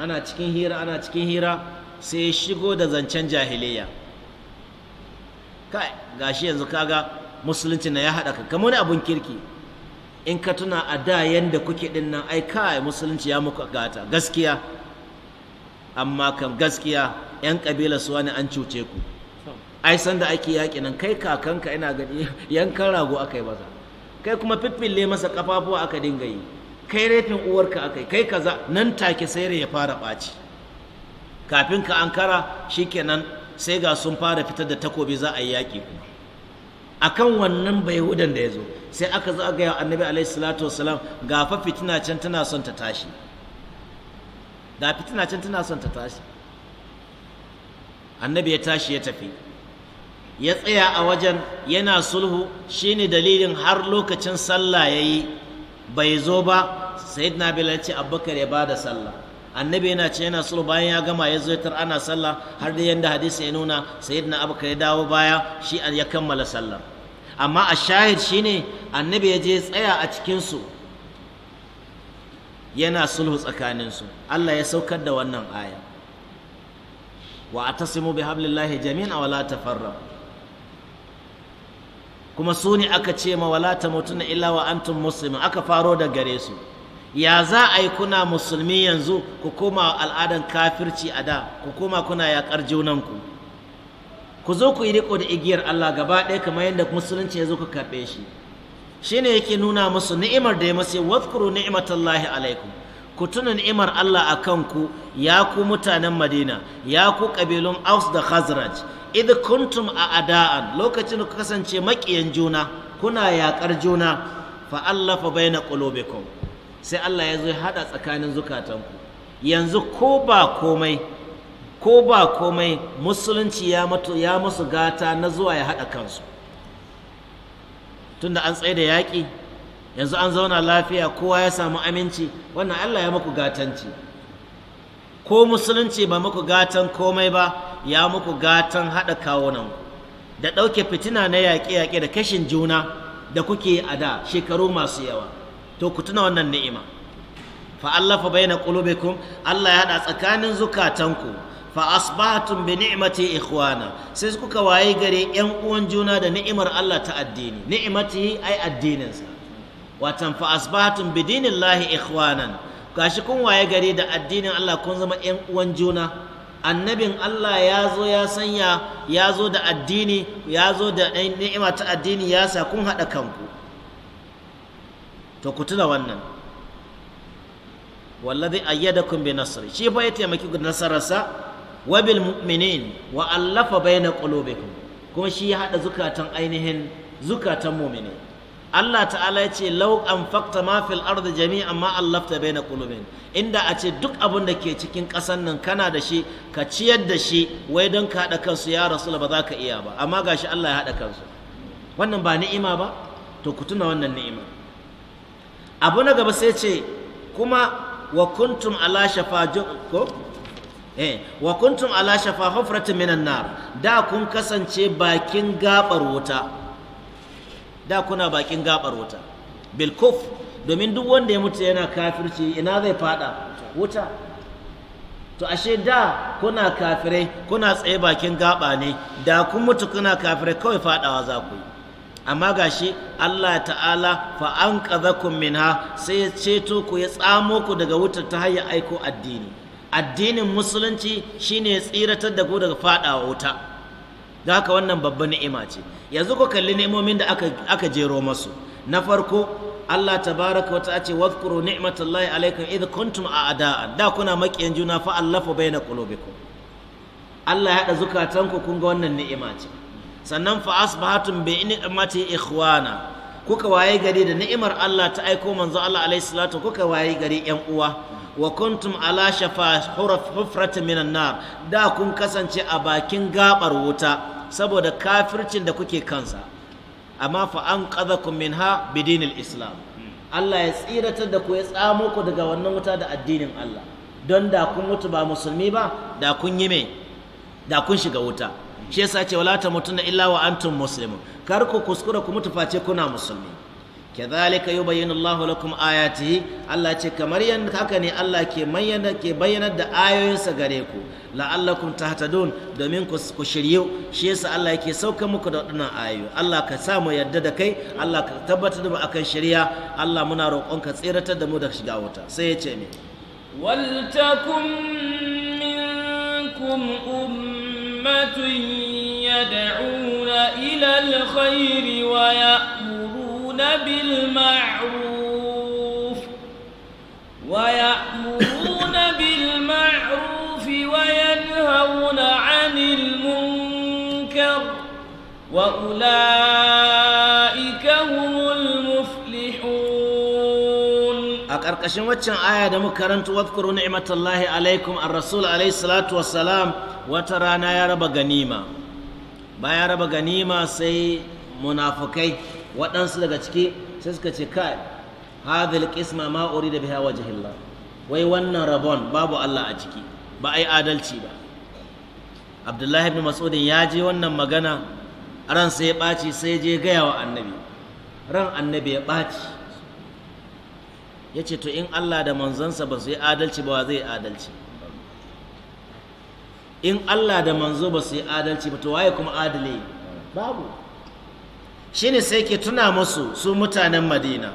ana cikin hira ana cikin hira sai shigo da zancen jahiliya kai gashi yanzu kaga musulunci na ya haɗa ka kamar abun kirki in ka tuna a da yanda kuke din nan ai kai musulunci ya muku gata gaskiya amma kan gaskiya yan kabila su wani an cuce ku ai san da ake yaƙi nan kai kakanka ina gani yankan rago aka yi maza kai kuma fiffille masa kafafuwa aka dinga yi kai rafin uwarka akai kai kaza nan take sai ya fara ɓaci kafin ka ankara shikenan sai ga sun fara fitar da takobi za a yi yaƙi kuma akan wannan bai hudan da ya zo sai aka zo ga annabi alaihi salatu wasalam ga fa fitina can tana son ta tashi da fitina can tana son ta tashi annabi ya tashi ya tafi ya tsaya a wajen yana sulhu shine dalilin har lokacin sallah yayi bai zo ba sayyidina bilal ce abubakar ya bada sallah annabi yana ce yana sulhu bayan ya gama ya zo tar ana sallah har da yanda hadisi ya nuna sayyidina abubakar ya dawo baya shi ya kammala sallah amma a shahid shine annabi ya je tsaya a cikin su yana sulhu tsakaninsu su Allah ya saukar da wannan aya wa atasimu bi jami'in a wa la tafarraqu kuma su ne aka ce ma wala ta mutuna illa wa antum muslimin aka faro da gare su ya za a yi kuna musulmi yanzu ku koma al'adar kafirci a da ku koma kuna yaƙar junanku ku zo ku yi riko da igiyar Allah gaba ɗaya kamar yadda musulunci ya zo ku karɓe shi shine yake nuna musu ni'imar da ya masu ni'imar ni'matallahi alaikum ku tuna ni'imar Allah a kanku ya ku mutanen Madina ya ku ƙabilun Aus da Khazraj id kuntum a ada'an lokacin da ku kasance maƙiyan juna kuna yaƙar juna fa bai baina qulubikum sai Allah ya zo ya haɗa tsakanin zukatanku yanzu ko ba komai ko ba komai musulunci ya ya musu gata na zuwa ya haɗa kansu tunda an tsaye da yaƙi yanzu an zauna lafiya kowa ya samu aminci wannan Allah ya muku gatanci ko musulunci ba muku gatan komai ba ya muku gatan haɗa kawunan da ɗauke fitina na yaƙe-yaƙe da kashin juna da kuke a da shekaru masu yawa to ku tuna wannan ni'ima fa allafa baina qulubikum Allah ya hada tsakanin zukatanku fa asbahtum bi ni'mati ikhwana sai kuka waye gare yan uwan juna da ni'imar Allah ta addini ni'mati ai addininsa watan fa asbahtum bi dinillahi ikhwanan gashi kun waye gare da addinin Allah kun zama yan uwan juna annabin Allah ya zo ya sanya ya zo da addini ya zo da ni'ima ta addini ya sa kun haɗa kanku to ku tuna wannan wallazi ayyadakum bi nasri shi fa ya taimaki ku nasararsa wa bil mu'minin wa allafa baina qulubikum kuma shi ya hada zukatan ainihin zukatan mu'minin Allah ta'ala ya ce law fakta ma fil ardi jami'an ma allafta baina qulubin inda a ce duk abin da ke cikin ƙasan nan kana da shi ka ciyar da shi wai don ka hada kansu ya rasul ba za ka iya ba amma gashi Allah ya hada kansu wannan ba ni'ima ba to ku tuna wannan ni'ima abu na gaba sai ce kuma wa kuntum ala shafa ko eh wa kuntum ala shafa hufratin minan nar da kun kasance bakin gabar wuta da kuna bakin gabar wuta bil domin duk wanda ya mutu yana kafirci ina zai fada wuta to ashe da kuna kafirai kuna tsaye bakin gaba ne da kun mutu kuna kafirai kawai fadawa za ku yi amma ga shi Allah ta'ala fa an minha sai ya ceto ku ya tsamo ku daga wutar ta hanyar aiko addini addinin musulunci shine ya tsiratar da ku daga fadawa wuta da haka wannan babban ni'ima ce yanzu ku kalli ni'imomin da aka aka jero masu na farko Allah Ta tabaraka wata ce wadhkuru ni'matallahi alaikum idh kuntum a'da'a da kuna makiyan juna fa allafa baina qulubikum Allah ya haɗa zukatanku kun ga wannan ni'ima ce sannan fa asbahatum bi ni'mati ikhwana kuka waye gari da ni'imar Allah ta aiko manzo Allah alaihi salatu kuka waye gari yan uwa wa kuntum ala shafa huraf hufrat minan nar da kun kasance a bakin gabar wuta saboda kafircin da kuke kansa amma fa an qadakum minha bidinil islam Allah ya tsiratar da ku ya tsamo ku daga wannan wuta da addinin Allah don da kun mutu ba musulmi ba da kun yi me da kun shiga wuta shi yasa ce wala illa wa antum muslimun kar ku kuskura ku mutu face kuna musulmi kadhalika yubayyinu Allahu lakum ayatihi Allah ce kamar yadda haka ne Allah ke bayyana ke bayyanar da ayoyinsa gare ku la'allakum tahtadun domin ku ku shiryu shi yasa Allah yake sauka muku da wadannan ayoyi Allah ka sa mu yarda da kai Allah ka tabbatar da mu akan shari'a Allah muna ka tseratar da mu da shiga wuta sai ya ce me waltakum minkum umm يدعون إلى الخير ويأمرون بالمعروف ويأمرون بالمعروف وينهون عن المنكر وأولئك ƙarƙashin waccan aya da muka karanta wadkuru ni'matallahi alaikum ar-rasul alaihi salatu wassalam wata rana ya raba ganima bayan raba ganima sai munafukai waɗansu daga ciki sai suka ce kai hadhil qisma ma urida biha wajhillah wai wannan rabon babu Allah a ciki ba ai adalci ba Abdullahi ibn Mas'udin ya je wannan magana ran sai ya ɓaci sai je gaya wa annabi ran annabi ya ɓaci ya ce to in Allah da manzansa ba su yi adalci ba zai adalci in Allah da manzo ba su yi adalci ba to waye kuma adale babu shine sai ke tuna musu su mutanen madina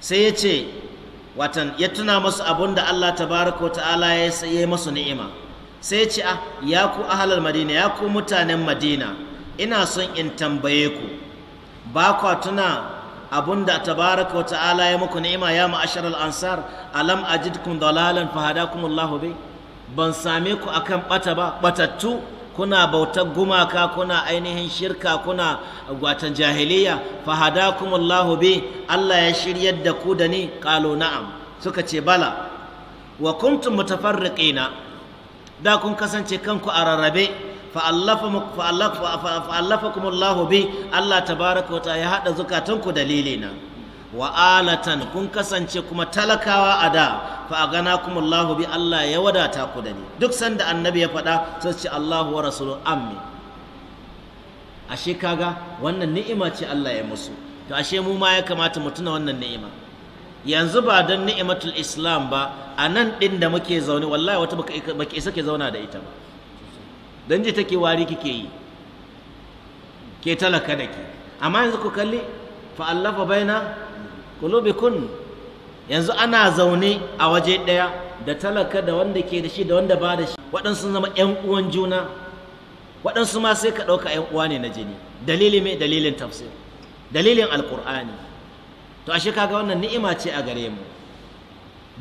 sai ya ce watan ya tuna musu abun da Allah tabaraka ta'ala ya yi masu ni'ima sai ya ce ah ya ku ahalar madina ya ku mutanen madina ina son in tambaye ku ba kwa tuna abunda tabaraka wa ta'ala ya muku ni'ima ya ma'ashar ansar alam ajidkum dalalan fahadakum Allahu bi ban same ku akan bata ba batattu kuna bautar gumaka kuna ainihin shirka kuna gwatan jahiliya fahadakum Allahu Allah ya shiryar da ku da ni qalu na'am suka ce bala wa kuntum mutafarriqina da kun kasance kanku a rarrabe fa'allafakum Allah bi Allah baraka wata ya haɗa zukatanku dalili na wa'alatan kun kasance kuma talakawa a da fa'a-gana kuma Allah bi Allah ya wadata ku da duk sanda annabi ya faɗa sai ce Allah wa rasulun ammi ashe kaga wannan ni'ima ce Allah ya musu to ashe mu ma ya kamata mu tuna wannan ni'ima yanzu ba don ni'imatul islam ba a nan ɗin da muke zaune wallahi wata baki isa ke zauna da ita ba don ji take wari kike yi ke talaka da ke amma yanzu ku kalli fa'allafa baina kulubikun yanzu ana zaune a waje ɗaya da talaka da wanda ke da shi da wanda ba da shi waɗansu zama 'yan uwan juna waɗansu ma sai ka ɗauka 'yan uwa ne na jini dalili mai dalilin tafsir dalilin alƙur'ani to ashe kaga wannan ni'ima ce a gare mu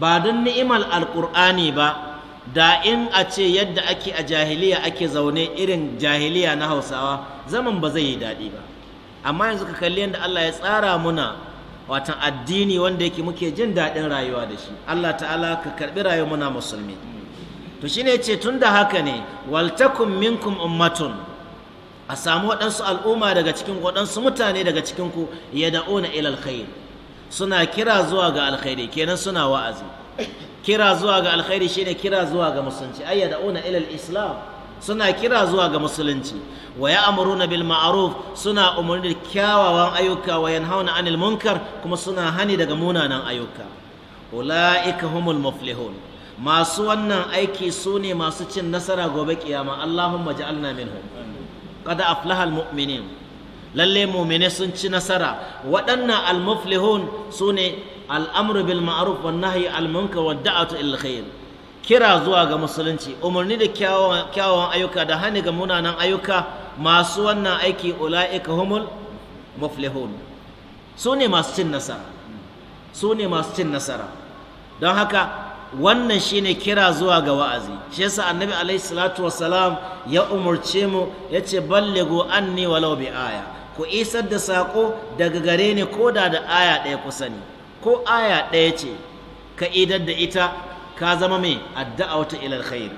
ba don ni'imar alƙur'ani ba da in a ce yadda ake a jahiliya ake zaune irin jahiliya na hausawa zaman ba zai yi daɗi ba amma yanzu ka kalli yadda Allah ya tsara muna watan addini wanda yake muke jin daɗin rayuwa da shi Allah ta'ala ka karɓi rayuwa muna musulmi to shi ne ce tun da haka ne waltakun minkum ummatun a samu waɗansu al'umma daga cikin waɗansu mutane daga cikin ku ya da'una ilal khair suna kira zuwa ga alkhairi kenan suna wa'azi kira zuwa ga alkhairi shine kira zuwa ga musulunci da 'una ila islam suna kira zuwa ga musulunci wa na bil ma'ruf suna umarni da kyawawan ayyuka wa hauna anil munkar kuma suna hani daga munanan ayyuka ulaika humul muflihun masu wannan aiki su ne masu cin nasara gobe kiyama allahumma ja'alna minhum qad aflaha al mu'minin lalle mumine sun ci nasara waɗannan almuflihun su ne al'amru bil ma'aruf wan nahyi almunka munkar wa da'atu il khair kira zuwa ga musulunci umarni da kyawawan ayyuka da hani ga munanan ayyuka masu wannan aiki ula'ika humul muflihun su ne masu cin nasara su ne masu cin nasara don haka wannan shine kira zuwa ga wa'azi shi yasa annabi alaihi salatu wasalam ya umarce mu yace ballighu anni walau bi aya ku isar da saƙo daga gare ni ko da da aya ɗaya kusa ne ko aya ɗaya ce ka idar da ita ka zama mai adda'awta ila alkhair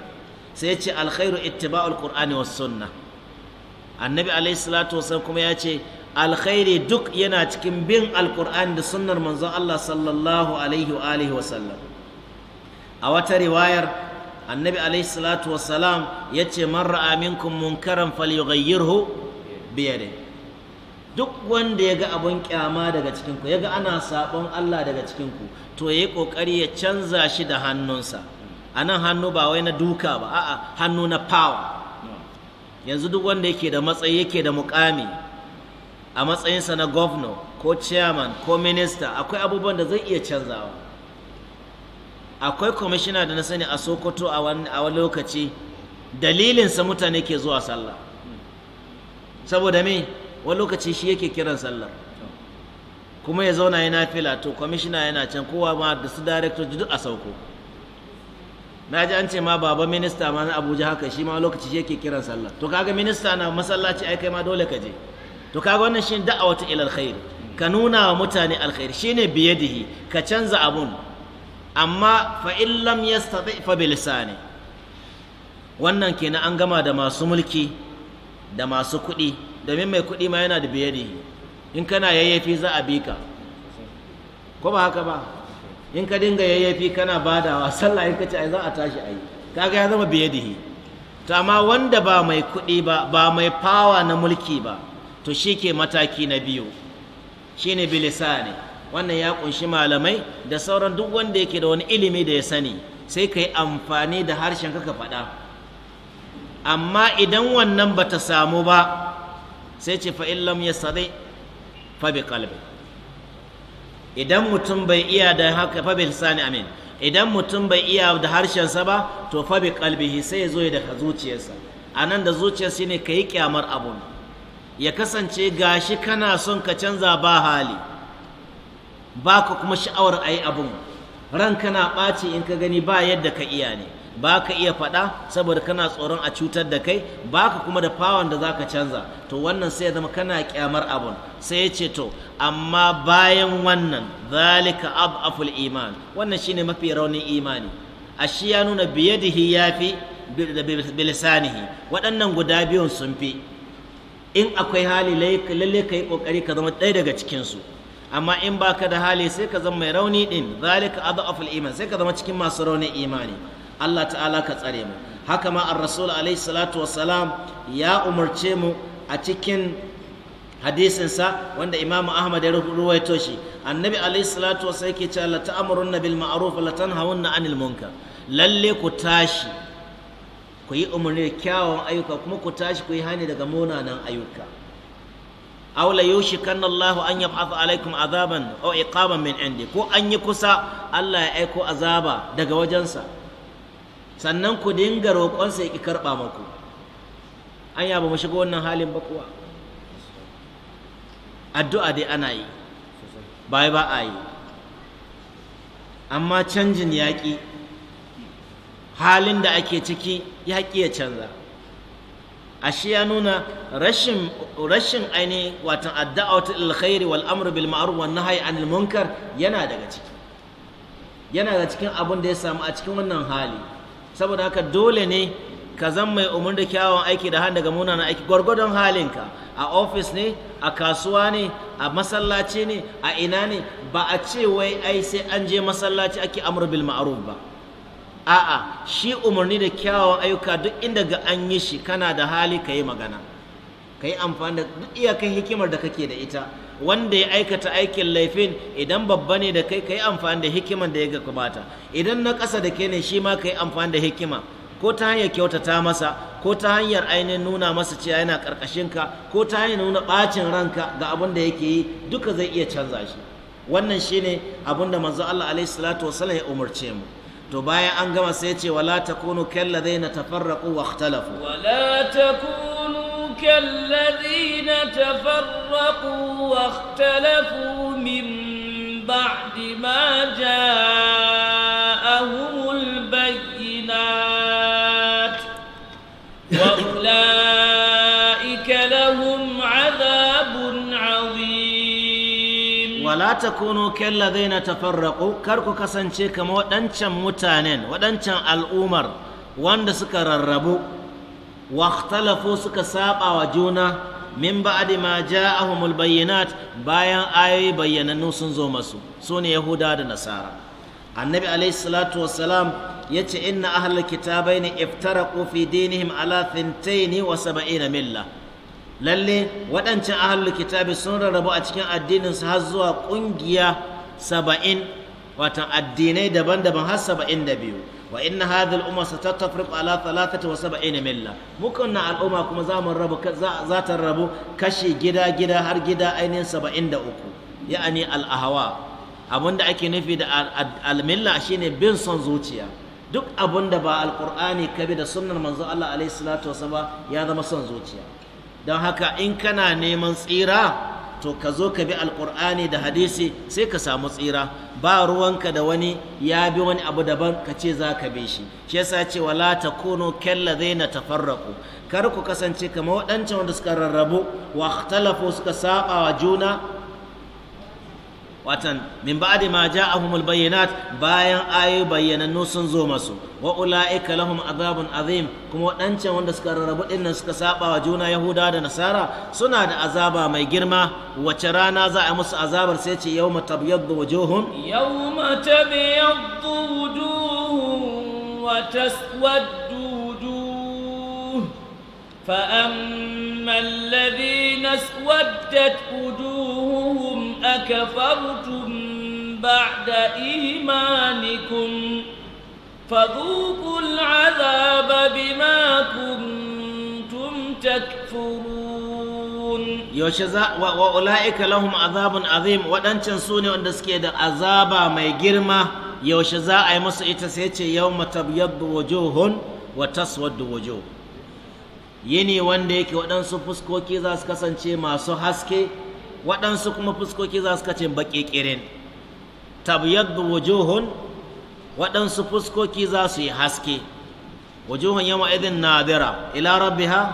sai ce alkhairu ittiba'ul qur'ani was sunna annabi alaihi salatu wasallam kuma ya ce alkhairi duk yana cikin bin Alƙur'ani da sunnar manzon Allah sallallahu alaihi wa alihi wasallam a wata riwayar annabi alaihi salatu wassalam ya ce man ra'a minkum munkaran falyughayyirhu biyadihi duk wanda ya ga abun kyama daga cikinku ya ga ana sabon Allah daga cikinku to ya yi ƙoƙari ya canza shi da hannunsa a nan hannu ba wai na duka ba a'a hannu na pawa. yanzu duk wanda yake da matsayi yake da mukami a matsayinsa na governor ko chairman ko minister akwai abubuwan da zai iya canzawa akwai kwamishina da na sani a sokoto a wani lokaci dalilinsa mutane ke zuwa sallah saboda me wani lokaci shi yake kiran sallar kuma ya zauna yana fila to kwamishina yana can kowa ma da su director duk a sauko na ji an ce ma baba minista ma na abuja haka shi ma lokaci shi yake kiran sallah to kaga minista na masallaci ai kai ma dole ka je to kaga wannan shi da'awatu ilal khair ka nuna wa mutane alkhair shine biyadihi ka canza abun amma fa in lam yastati fa bilisani wannan kenan an gama da masu mulki da masu kuɗi domin mai kuɗi ma yana da biye da in kana yayyafi za a bi ka ko ba haka ba in ka dinga yayyafi kana badawa sallah in ka ce ai za a tashi ai kaga ya zama biye da to amma wanda ba mai kuɗi ba ba mai fawa na mulki ba to shi ke mataki na biyu shine bilisani wannan ya kunshi malamai da sauran duk wanda yake da wani ilimi da ya sani sai ka yi amfani da harshen ka faɗa amma idan wannan ba ta samu ba sai ce fa illam yastadi fa bi qalbi idan mutum bai iya da haka fa bi amin idan mutum bai iya da harshensa ba to fa bi qalbihi sai zo da zuciyarsa anan da zuciyar ne kai kyamar abun ya kasance gashi kana son ka canza ba hali baka kuma sha'awar ayi abun ranka na ɓaci in ka gani ba yadda ka iya ne ba ka iya faɗa saboda kana tsoron a cutar da kai ba ka kuma da fawon da za ka canza to wannan sai ya zama kana kyamar abun sai ya ce to amma bayan wannan zalika ab'aful iman wannan shine mafi raunin imani ashi ya nuna biyadihi yafi bilisanihi waɗannan guda biyun sun fi in akwai hali lalle ka yi ƙoƙari ka zama ɗaya daga cikinsu amma in baka da hali sai ka zama mai rauni ɗin zalika aful iman sai ka zama cikin masu raunin imani Allah ta'ala ka tsare mu haka ma ar-rasul alaihi salatu wassalam ya umarce mu a cikin hadisinsa wanda imamu ahmad ya ruwaito shi annabi alaihi salatu wasu yake cewa la ta'murunna bil ma'ruf la tanhawunna anil munkar lalle ku tashi ku yi umarni da kyawawan ayyuka kuma ku tashi ku yi hani daga munanan ayyuka aw la yushikanna Allahu an yab'atha alaikum azaban aw iqaban min indi ko an yi kusa Allah ya aiko azaba daga wajensa sannan ku dinga roƙonsa ya ƙi karɓa maku an yaba mu shiga wannan halin ba kuwa addu'a dai ana yi bai ba a yi amma canjin yaƙi halin da ake ciki yaƙi ya canza ashe ya nuna rashin rashin aini watan Addu'a wata alkhairi wal amru bil ma'ruf wan nahyi anil munkar yana daga ciki yana daga cikin abin da ya samu a cikin wannan hali saboda haka dole ne ka zan mai umar da kyawun aiki da hannu daga munanan aiki gwargwadon halinka a ofis ne a kasuwa ne a masallaci ne a ina ne ba a ce wai ai sai an je masallaci ake amur bil ma'ruf ba a'a shi umarni da kyawun ayyuka duk inda ga an yi shi kana da hali ka yi magana ka yi amfani da duk iyakar hikimar da kake da ita wanda ya aikata aikin laifin idan babba ne da kai ka yi amfani da hikiman da ya gabata idan na ƙasa da ke ne shi ma ka yi amfani da hikima ko ta hanyar kyautata masa ko ta hanyar ainihin nuna masa cewa yana ka ko ta hanyar nuna ɓacin ranka ga abin da yake yi duka zai iya canza shi wannan shine abin da manzo Allah alaihi salatu wasallam ya umarce mu to bayan an gama sai ya ce wala takunu kallazaina tafarraqu wa ikhtalafu wala takunu أولئك الذين تفرقوا واختلفوا من بعد ما جاءهم البينات وأولئك لهم عذاب عظيم ولا تكونوا كالذين تفرقوا كركو كسنشيكم ودنشم متانين ودنشم الأمر وندسك الربو واختلفوا suka saɓa wa juna min ba'di ma ja'ahumul bayyinat bayan ayoyi bayyanannu sun zo masu sune yahuda da nasara annabi alayhi salatu wassalam yace inna ahlal kitabaini iftaraqu fi dinihim ala 72 milla lalle waɗancan ahlul kitabi sun rarrabu a cikin addininsu su har zuwa ƙungiya saba'in watan addinai daban-daban har saba'in da biyu wa inna hadhihi al-umma satatafriq ala 73 milla mukan na al'umma kuma za mu rabu za ta rabu kashi gida gida har gida ainihin 73 ya'ani al-ahwa abinda ake nufi da al-milla shine bin son zuciya duk abinda ba al-qur'ani kabi da sunnar manzo Allah alaihi salatu wasallam ya zama son zuciya don haka in kana neman tsira to ka zo ka bi alkur'ani da hadisi sai ka samu tsira ba ruwanka da wani ya bi wani abu daban ka ce za ka bi shi shi yasa ce wala takunu na tafarraqu kar ku kasance kamar waɗancan wanda suka rarrabu wa ikhtalafu suka saba wa juna watan min ba'di ma ja'ahumul bayyinat bayan ayu bayyanannu sun zo masu wa ulaika lahum azabun azim kuma wadancan wanda suka rarrabu din suka saba wa juna yahuda da nasara suna da azaba mai girma wace rana za a musu azabar sai ce yawma tabyaddu wujuhum yawma tabyaddu wujuhum wa taswaddu fa amma alladhina aswaddat wujuhuhum أكفرتم بعد إيمانكم فذوقوا العذاب بما كنتم تكفرون yaushe za wa wa ula'ika lahum azabun azim wadancan su ne wanda suke da azaba mai girma yaushe za a yi musu ita sai ce yawma tabyaddu wujuhun wa taswaddu wujuh yini wanda yake waɗansu fuskoki za su kasance masu haske waɗansu kuma fuskoki za su kace baƙiƙirin tabyaddu wujuhun waɗansu fuskoki za su yi haske wujuhun yawa idin nadira ila rabbiha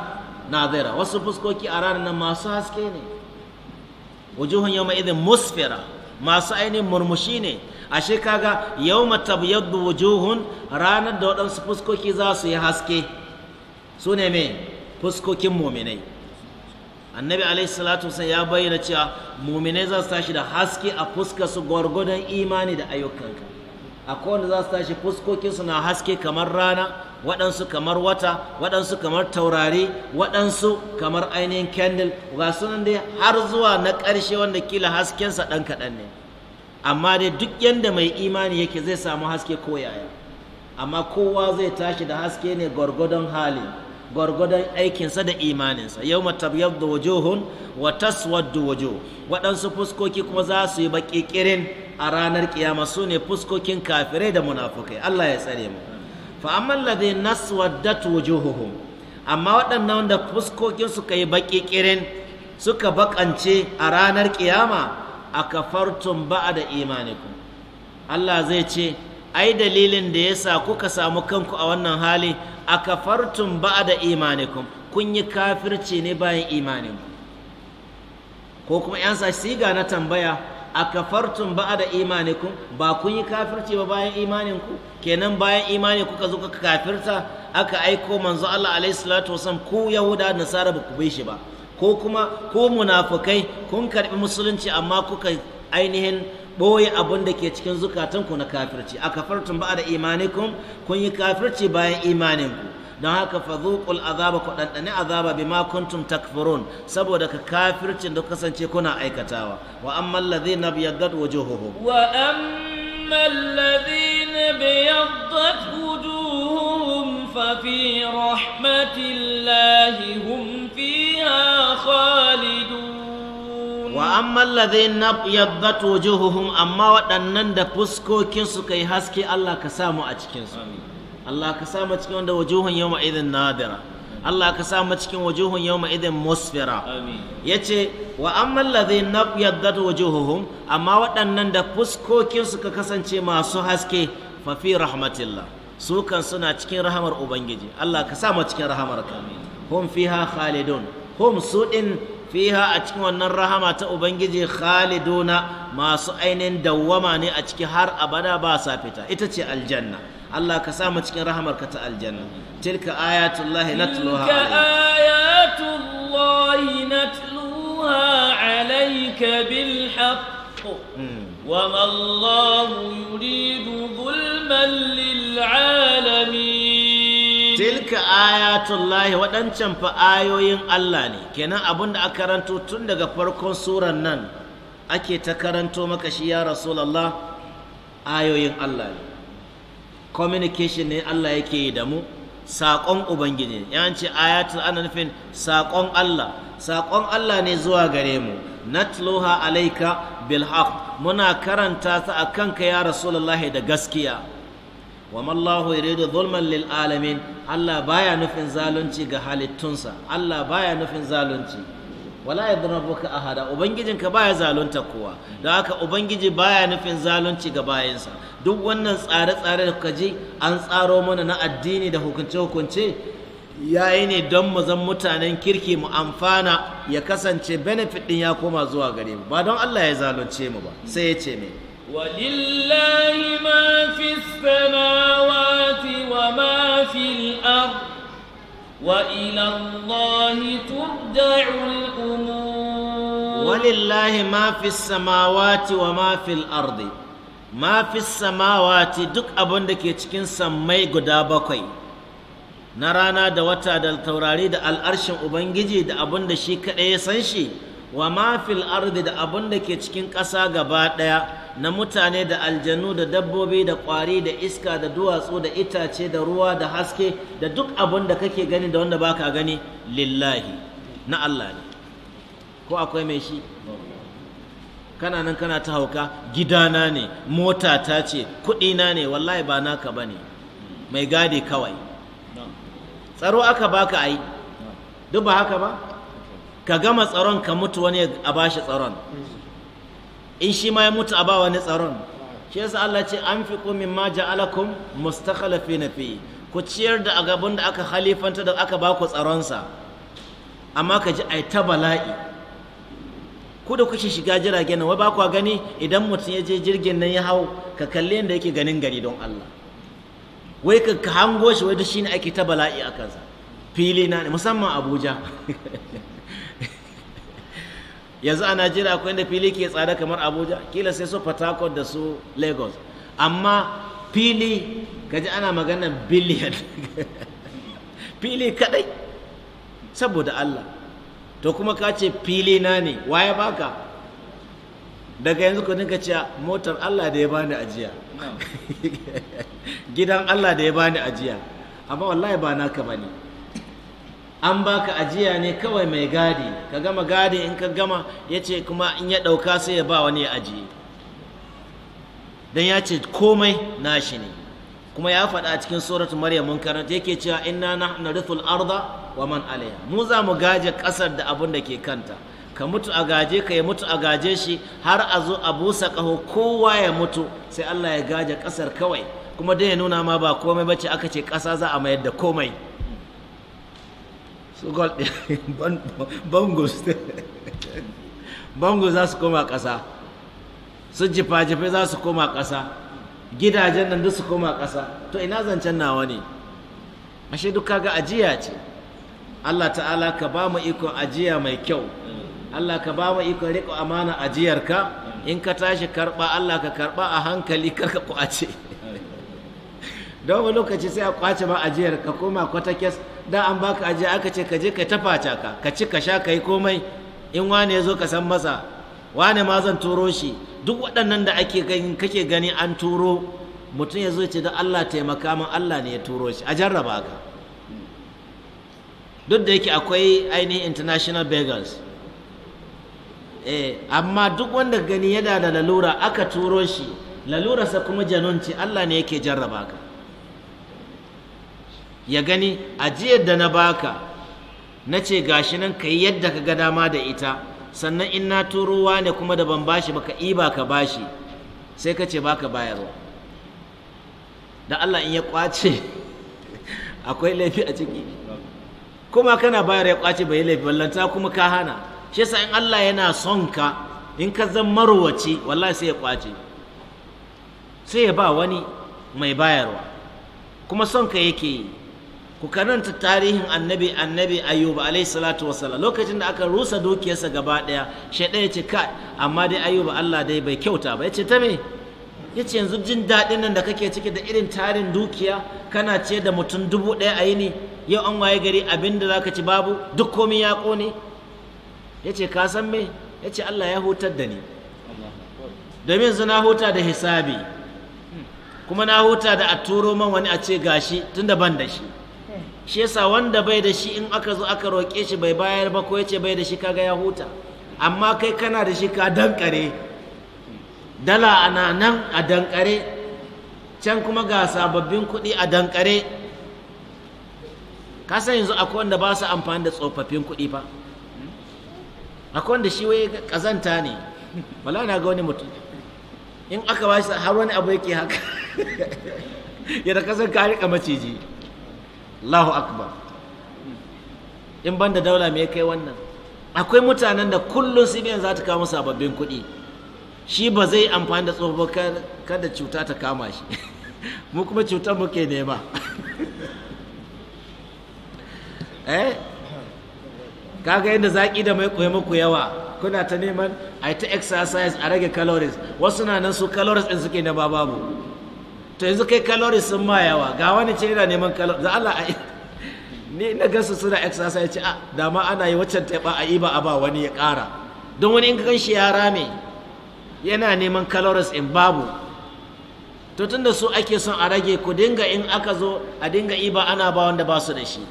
nadira wasu fuskoki a ranar nan masu haske ne wujuhun yawa idin musfira masu ainihin murmushi ne ashe kaga yawma tabyaddu wujuhun ranar da waɗansu fuskoki za su yi haske su ne me fuskokin muminai annabi alaihi salatu wasan ya bayyana cewa muminai za su tashi da haske a fuska su gwargwadon imani da ayyukanka akwai wanda za su tashi fuskokinsu na haske kamar rana waɗansu kamar wata waɗansu kamar taurari waɗansu kamar ainihin candle ga sunan dai har zuwa na ƙarshe wanda kila haskensa ɗan kaɗan ne amma dai duk yadda mai imani yake zai samu haske ko yaya amma kowa zai tashi da haske ne gwargwadon hali gwargwadon aikinsa da imaninsa yau matabyar da wajohun wa taswar da wajo waɗansu fuskoki kuma za su yi baƙiƙirin a ranar ƙiyama su ne fuskokin kafirai da munafukai Allah ya tsare mu fa amman ladhi naswaddat wujuhuhum amma waɗannan wanda fuskokin suka yi baƙiƙirin suka baƙance a ranar ƙiyama kafartun ba'a da imanikum Allah zai ce ai dalilin da ya sa kuka samu kanku a wannan hali ba da imanikun kun yi kafirci ne bayan imanin ko kuma yan sa siga na tambaya ba da imanikun ba kun yi kafirci ba bayan imanin ku kenan bayan imani kuka zo kuka kafirta aka aiko manzo Allah alaihi salatu wasallam ku yahuda nasara ba ku bi shi ba ko kuma ko munafukai kun karbi musulunci amma kuka ainihin ɓoye abin da ke cikin zukatanku na kafirci a kafartun imanikum kun yi kafirci bayan imaninku don haka fa azaba ku ɗanɗani azaba bima kuntum takfurun saboda ka kafircin da kasance kuna aikatawa wa amma alladhina biyaddat wujuhuhum wa amma alladhina biyaddat wujuhuhum fa fi rahmatillahi hum fiha khalidun wa amman ladhin nabyadat wujuhuhum amma waɗannan da fuskokin su kai haske Allah ka samu a cikin su Allah ka samu cikin wanda wujuhun yawma idin nadira Allah ka samu cikin wujuhun yawma idin musfira yace wa amman ladhin nabyadat wujuhuhum amma waɗannan da fuskokin su ka kasance masu haske fa fi rahmatillah su kan suna cikin rahamar ubangiji Allah ka samu cikin rahamarka hum fiha khalidun hum su din fiha a cikin wannan rahama ta ubangiji khaliduna masu ainihin dawwama ne a ciki har abada ba sa fita ita ce aljanna Allah ka sa mu cikin rahamarka ta aljanna tilka ayatullahi natluha tilka ayatullahi natluha alayka bil haqq وما الله يريد ظلما للعالمين tilka ayatullahi waɗancan fa ayoyin Allah ne kenan abin da aka karanto tun daga farkon suran nan ake ta karanto maka shi ya rasulallah ayoyin Allah ne communication ne Allah yake yi da mu sakon ubangiji yan ce ayatul ana nufin saƙon Allah saƙon Allah ne zuwa gare mu natluha alaika bilhaq muna karanta ta a kanka ya rasulullahi da gaskiya wa mallahu yuridu zulman lil alamin Allah baya nufin zalunci ga halittunsa Allah baya nufin zalunci wala yadrubuka ahada ubangijinka baya zalunta kowa don haka ubangiji baya nufin zalunci ga bayansa duk wannan tsare-tsare da kuka ji an tsaro mana na addini da hukunce-hukunce yayi ne don mu zan mutanen kirki mu amfana ya kasance benefit din ya koma zuwa gare mu ba don Allah ya zalunce mu ba sai ya ce me. ولله ما في السماوات وما في الأرض وإلى الله ترجع الأمور ولله ما في السماوات وما في الأرض ما في السماوات دك أبن دك يتكين سمي قدابكوي na rana da wata da taurari da al'arshin ubangiji da abin da shi kaɗai ya san shi wa ma fil ardi da abin da ke cikin ƙasa gaba ɗaya na mutane da aljanu da dabbobi da ƙwari da iska da duwatsu da itace da ruwa da haske da duk abin da kake gani da wanda baka gani lillahi na Allah ne ko akwai mai shi kana nan kana ta hauka gidana ne Mota ta ce kuɗina ne wallahi ba naka ba mai gadi kawai tsaro aka baka ai duk ba haka ba ka gama tsaron ka mutu wani a bashi tsaron in shi ma ya mutu a bawa ni tsaron shi yasa Allah ce an fi min ma ja'alakum mustakhalafi na fi ku ciyar da agabun da aka halifanta da aka ba ku tsaronsa amma ka ji ai ta bala'i ku da kuke shiga jirage nan wai ba ku gani idan mutum ya je jirgin nan ya hau ka kalli yadda yake ganin gari don Allah wai ka hango shi wai da ne ake ta bala'i a kansa fili na ne musamman Abuja yanzu a najeriya akwai inda fili ke tsada kamar abuja kila sai su fatakon da su lagos amma fili gaji ana magana biliyan fili kadai saboda allah to kuma ka ce fili na ne waye baka daga yanzu ku dinka cewa motar allah da ya bani ajiya gidan allah da ya bani ajiya amma wallahi ba naka bane an baka ajiya ne kawai mai gadi ka gama gadi in ka gama ya ce kuma in ya ɗauka sai ya ba wani ya ajiye don ya ce komai shi ne kuma ya faɗa a cikin suratu maryam mun karanta yake cewa inna na rufin arda wa man alaiha mu za mu gaje ƙasar da abin da ke kanta ka mutu a gaje ka ya mutu a gaje shi har a zo a busa ƙaho kowa ya mutu sai Allah ya gaje ƙasar kawai kuma dai ya nuna ma ba komai bace aka ce ƙasa za a mayar da komai su gol ɗin bangus bangus za su koma ƙasa su jifa jifa za su koma ƙasa gidajen nan duk su koma ƙasa to ina zancen nawa ne ashe duk kaga ajiya ce Allah ta'ala ka ba mu ikon ajiya mai kyau Allah ka ba mu ikon riƙo amana ajiyarka in ka tashi karɓa Allah ka karɓa a hankali karka kwace don wani lokaci sai a kwace ma ajiyar ka koma kwata kes da an baka ajiya aka ce ka je ka tafata ka ka ci ka sha ka yi komai in wane ya zo ka san masa wane ma zan turo shi duk waɗannan da ake gani kake gani an turo mutum ya zo ce da Allah taimaka min Allah ne ya turo shi a jarraba ka duk da yake akwai ainihin international beggars eh amma duk wanda gani yana da lalura aka turo shi lalurarsa kuma janunci Allah ne yake jarraba ka ya gani ajiyar da na baka na ce gashi nan ka yi yadda ka ga dama da ita sannan in na turowa ne kuma da ban bashi ba ka iba ka bashi sai ka ce baka bayarwa da Allah in ya kwace akwai laifi a ciki kuma kana bayar ya kwace bai laifi ballanta kuma ka hana shi yasa in Allah yana son ka in ka zan marwaci wallahi sai ya kwace sai ya ba wani mai bayarwa kuma son ka yake yi ku karanta tarihin annabi annabi Ayuba alayhi salatu Wasala. lokacin da aka rusa dukiyarsa gaba daya shaidan ya ce kai amma dai Ayuba Allah dai bai kyauta ba ya ce ta me ya ce yanzu jin daɗin nan da kake ciki da irin tarin dukiya kana ce da mutum dubu ɗaya a yini yau an waye gari abin da zaka ci babu duk komai ya ƙone ya ce ka san me ya ce Allah ya hutar da ni domin yanzu na huta da hisabi kuma na huta da a turo man wani a ce gashi tunda ban da shi shi yasa wanda bai da shi in aka zo aka roƙe shi bai bayar ba ko yace bai da shi kaga ya huta amma kai kana da shi ka dankare dala ana nan a dankare can kuma ga sababbin kuɗi a dankare ka san yanzu akwai wanda ba su amfani da tsofaffin kuɗi fa akwai wanda shi wai kazanta ne wala na ga wani mutum in aka ba shi har wani abu yake haka yadda kasan ka rika maciji Allahu akbar in ban da daula me kai wannan akwai mutanen da kullum cbn za ta kawo sababbin kuɗi shi ba zai amfani da tsofaffin kada cuta ta kama shi mu kuma cutar muke nema eh kaga yadda zaƙi da mai koyi muku yawa kuna ta neman a ta exercise a rage calories wasu na nan su calories ɗin suke na babu to yanzu kai calories sun ma yawa ga wani ce yana neman calories da Allah ni na gasu suna exercise ce a ah, da ma ana yi waccan taɓa a yi ba a ba wani ya ƙara don wani in ka shi ya rame yana neman calories in babu to tunda su ake son a rage ku dinga in aka zo a dinga yi ba ana ba wanda ba su da shi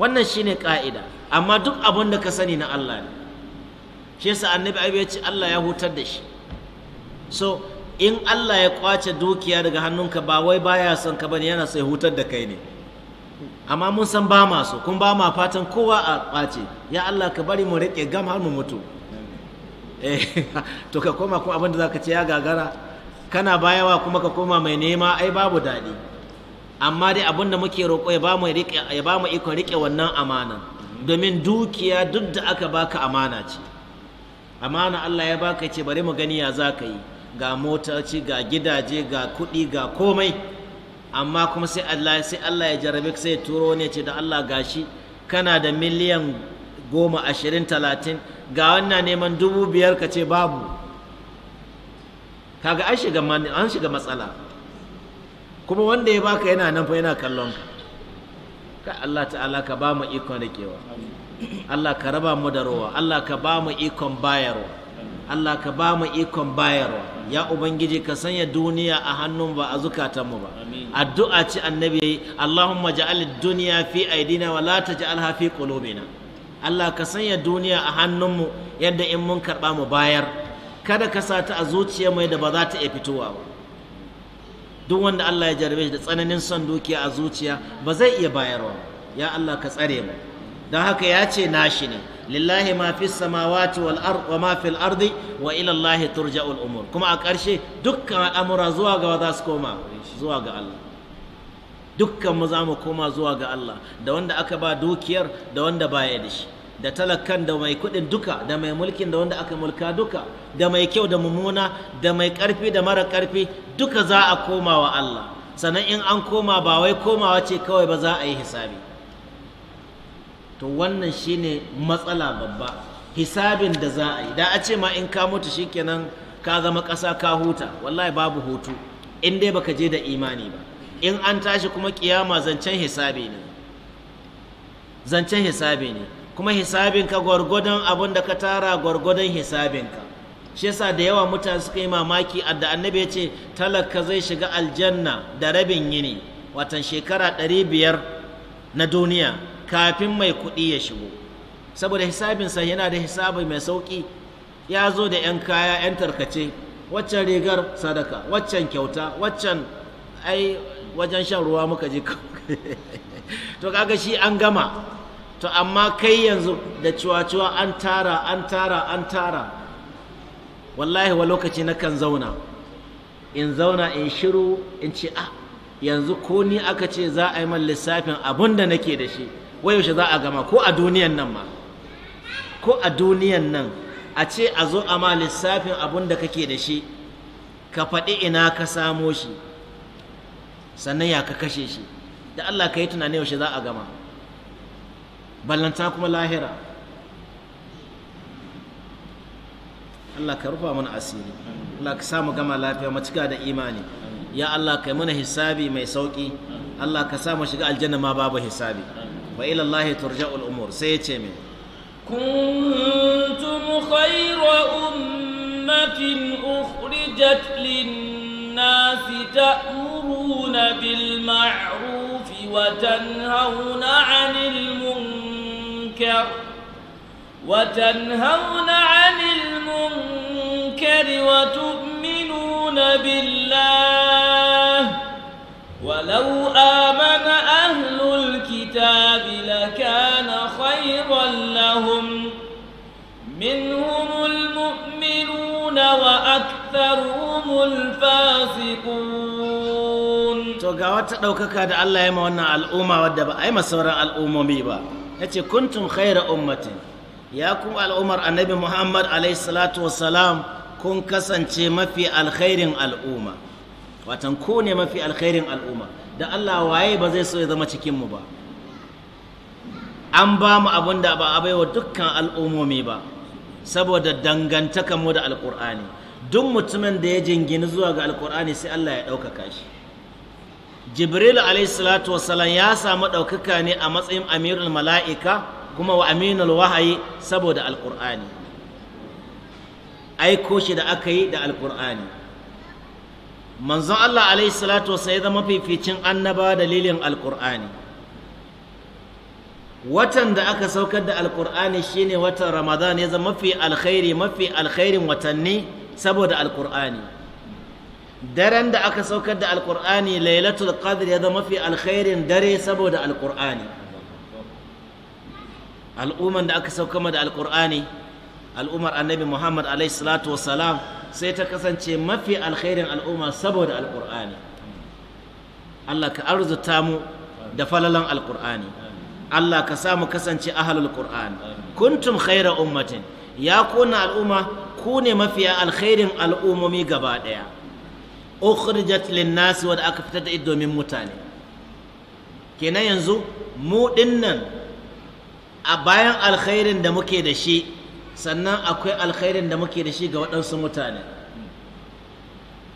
wannan shine ka'ida amma duk abin da ka sani na Allah ne shi yasa annabi ya ce Allah ya hutar da shi so in Allah ya kwace dukiya daga hannunka ba wai baya son ka bane yana sai hutar da kai ne amma mun san ba ma so kun ba ma fatan kowa a kwace ya Allah ka bari mu rike gam har mu mutu eh to ka koma kuma abin da zaka ce ya gagara kana bayawa kuma ka koma mai nema ai babu daɗi amma dai abin da muke roƙo ya ba mu rike ya ba mu iko rike wannan amanan domin dukiya duk da aka baka amana ce amana Allah ya baka ce bari mu gani ya zaka yi ga motoci ga gidaje ga kuɗi ga komai amma kuma sai Allah sai Allah ya jarabe sai turo ne ce da Allah gashi kana da miliyan goma ashirin talatin ga wannan neman dubu biyar ka ce babu kaga an shiga an shiga matsala kuma wanda ya baka yana nan fa yana kallon ka Allah ta'ala ka ba mu ikon rikewa Allah ka raba mu da rowa Allah ka ba mu ikon bayarwa Allah ka ba mu ikon bayarwa ya ubangiji ka sanya duniya a hannun ba a zukatanmu ba addu'a ce annabi yayi Allahumma ja'al duniya fi aidina wa la taj'alha fi qulubina Allah ka sanya duniya a hannunmu yadda in mun karba mu bayar kada ka sa ta a zuciya mai da ba za ta iya fitowa ba duk wanda Allah ya jarabe shi da tsananin son dukiya a zuciya ba zai iya bayarwa ya Allah ka tsare mu don haka ya ce nashi ne lillahi ma fi samawati wal wa ma fil ardi wa ila Allah turja'ul umur kuma a ƙarshe dukkan al'amura zuwa ga za su koma zuwa ga Allah dukkan mu za mu koma zuwa ga Allah da wanda aka ba dukiyar da wanda ba da shi da talakan da mai kuɗin duka da mai mulkin da wanda aka mulka duka da mai kyau da mummuna da mai ƙarfi da mara ƙarfi duka za a koma wa Allah sannan in an koma ba wai komawa ce kawai ba za a yi hisabi to wannan shine matsala babba hisabin da za a yi da a ce ma in ka mutu shikenan ka zama ƙasa ka huta wallahi babu hutu in dai baka je da imani ba in an tashi kuma kiyama zancen hisabi ne zancen hisabi ne kuma ka gwargwadon abin da ka tara gwargwadon hisabinka shi yasa da yawa mutane suka yi mamaki adda annabi ya ce talaka zai shiga aljanna da rabin yini watan shekara 500 na duniya kafin mai kuɗi ya shigo saboda hisabinsa yana da hisabi mai sauƙi ya zo da 'yan kaya 'yan tarkace waccan rigar sadaka waccan kyauta waccan ai wajen shan ruwa muka je to kaga shi an gama to amma kai yanzu da cuwa-cuwa an tara an tara an tara wallahi wa lokaci na kan zauna in zauna in shiru in ce ah yanzu ko ni aka ce za a yi man lissafin abun da nake da shi wayaushe za a gama ko a duniyan nan ma ko a duniyan nan a ce a zo a ma lissafin abun da kake da shi ka faɗi ina ka samo shi sannan ya ka kashe shi da Allah ka yi tunanin yaushe za a gama ballanta kuma lahira Allah ka rufa mana asiri Allah ka samu gama lafiya mu cika da imani ya Allah ka yi mana hisabi mai sauƙi Allah ka sa mu shiga aljanna ma babu hisabi وإلى الله ترجع الأمور سيتشمي كنتم خير أمة أخرجت للناس تأمرون بالمعروف وتنهون عن المنكر وتنهون عن المنكر وتؤمنون بالله ولو آمن أهل الكتاب لكان خيرا لهم منهم المؤمنون وأكثرهم الفاسقون to ga wata ɗaukaka da Allah ya ma wannan al'umma wadda ba a yi sauran al'ummomi ba ya ce kuntum khaira ummati ya kuma al'ummar annabi muhammad alaihi salatu kun kasance mafi alkhairin al'umma watan ku ne mafi alkhairin al'umma da Allah waye ba zai so ya zama cikinmu ba an ba mu abin da ba a bai wa dukkan al'ummomi ba saboda dangantaka mu da alƙur'ani duk mutumin da ya jingini zuwa ga alƙur'ani sai Allah ya ɗaukaka shi jibril alaihissalatu wasalam ya samu ɗaukaka ne a matsayin amirul mala'ika kuma wa aminul wahayi saboda alƙur'ani aiko shi da aka yi da alƙur'ani manzon Allah alaihi salatu ya zama fificin annaba dalilin alkur'ani watan da aka saukar da alkur'ani shine watan ramadan ya zama mafi alkhairi mafi alkhairin watanni saboda alkur'ani daren da aka saukar da alkur'ani lailatul qadr ya zama mafi alkhairin dare saboda alkur'ani al'umman da aka saukar da alkur'ani al'ummar annabi muhammad alaihi salatu wassalam sai ta kasance mafi alkhairin al'umma saboda alkur'ani allah ka arzuta mu da falalan alkur'ani Allah ka sa mu kasance ahlul qur'an kuntum khaira ummatin ya kuna al'umma ku ne mafiya alkhairin al'ummomi gaba daya ukhrijat lin wa aka fitar da domin mutane kenan yanzu mu dinnan a bayan alkhairin da muke da shi sannan akwai alkhairin da muke da shi ga waɗansu mutane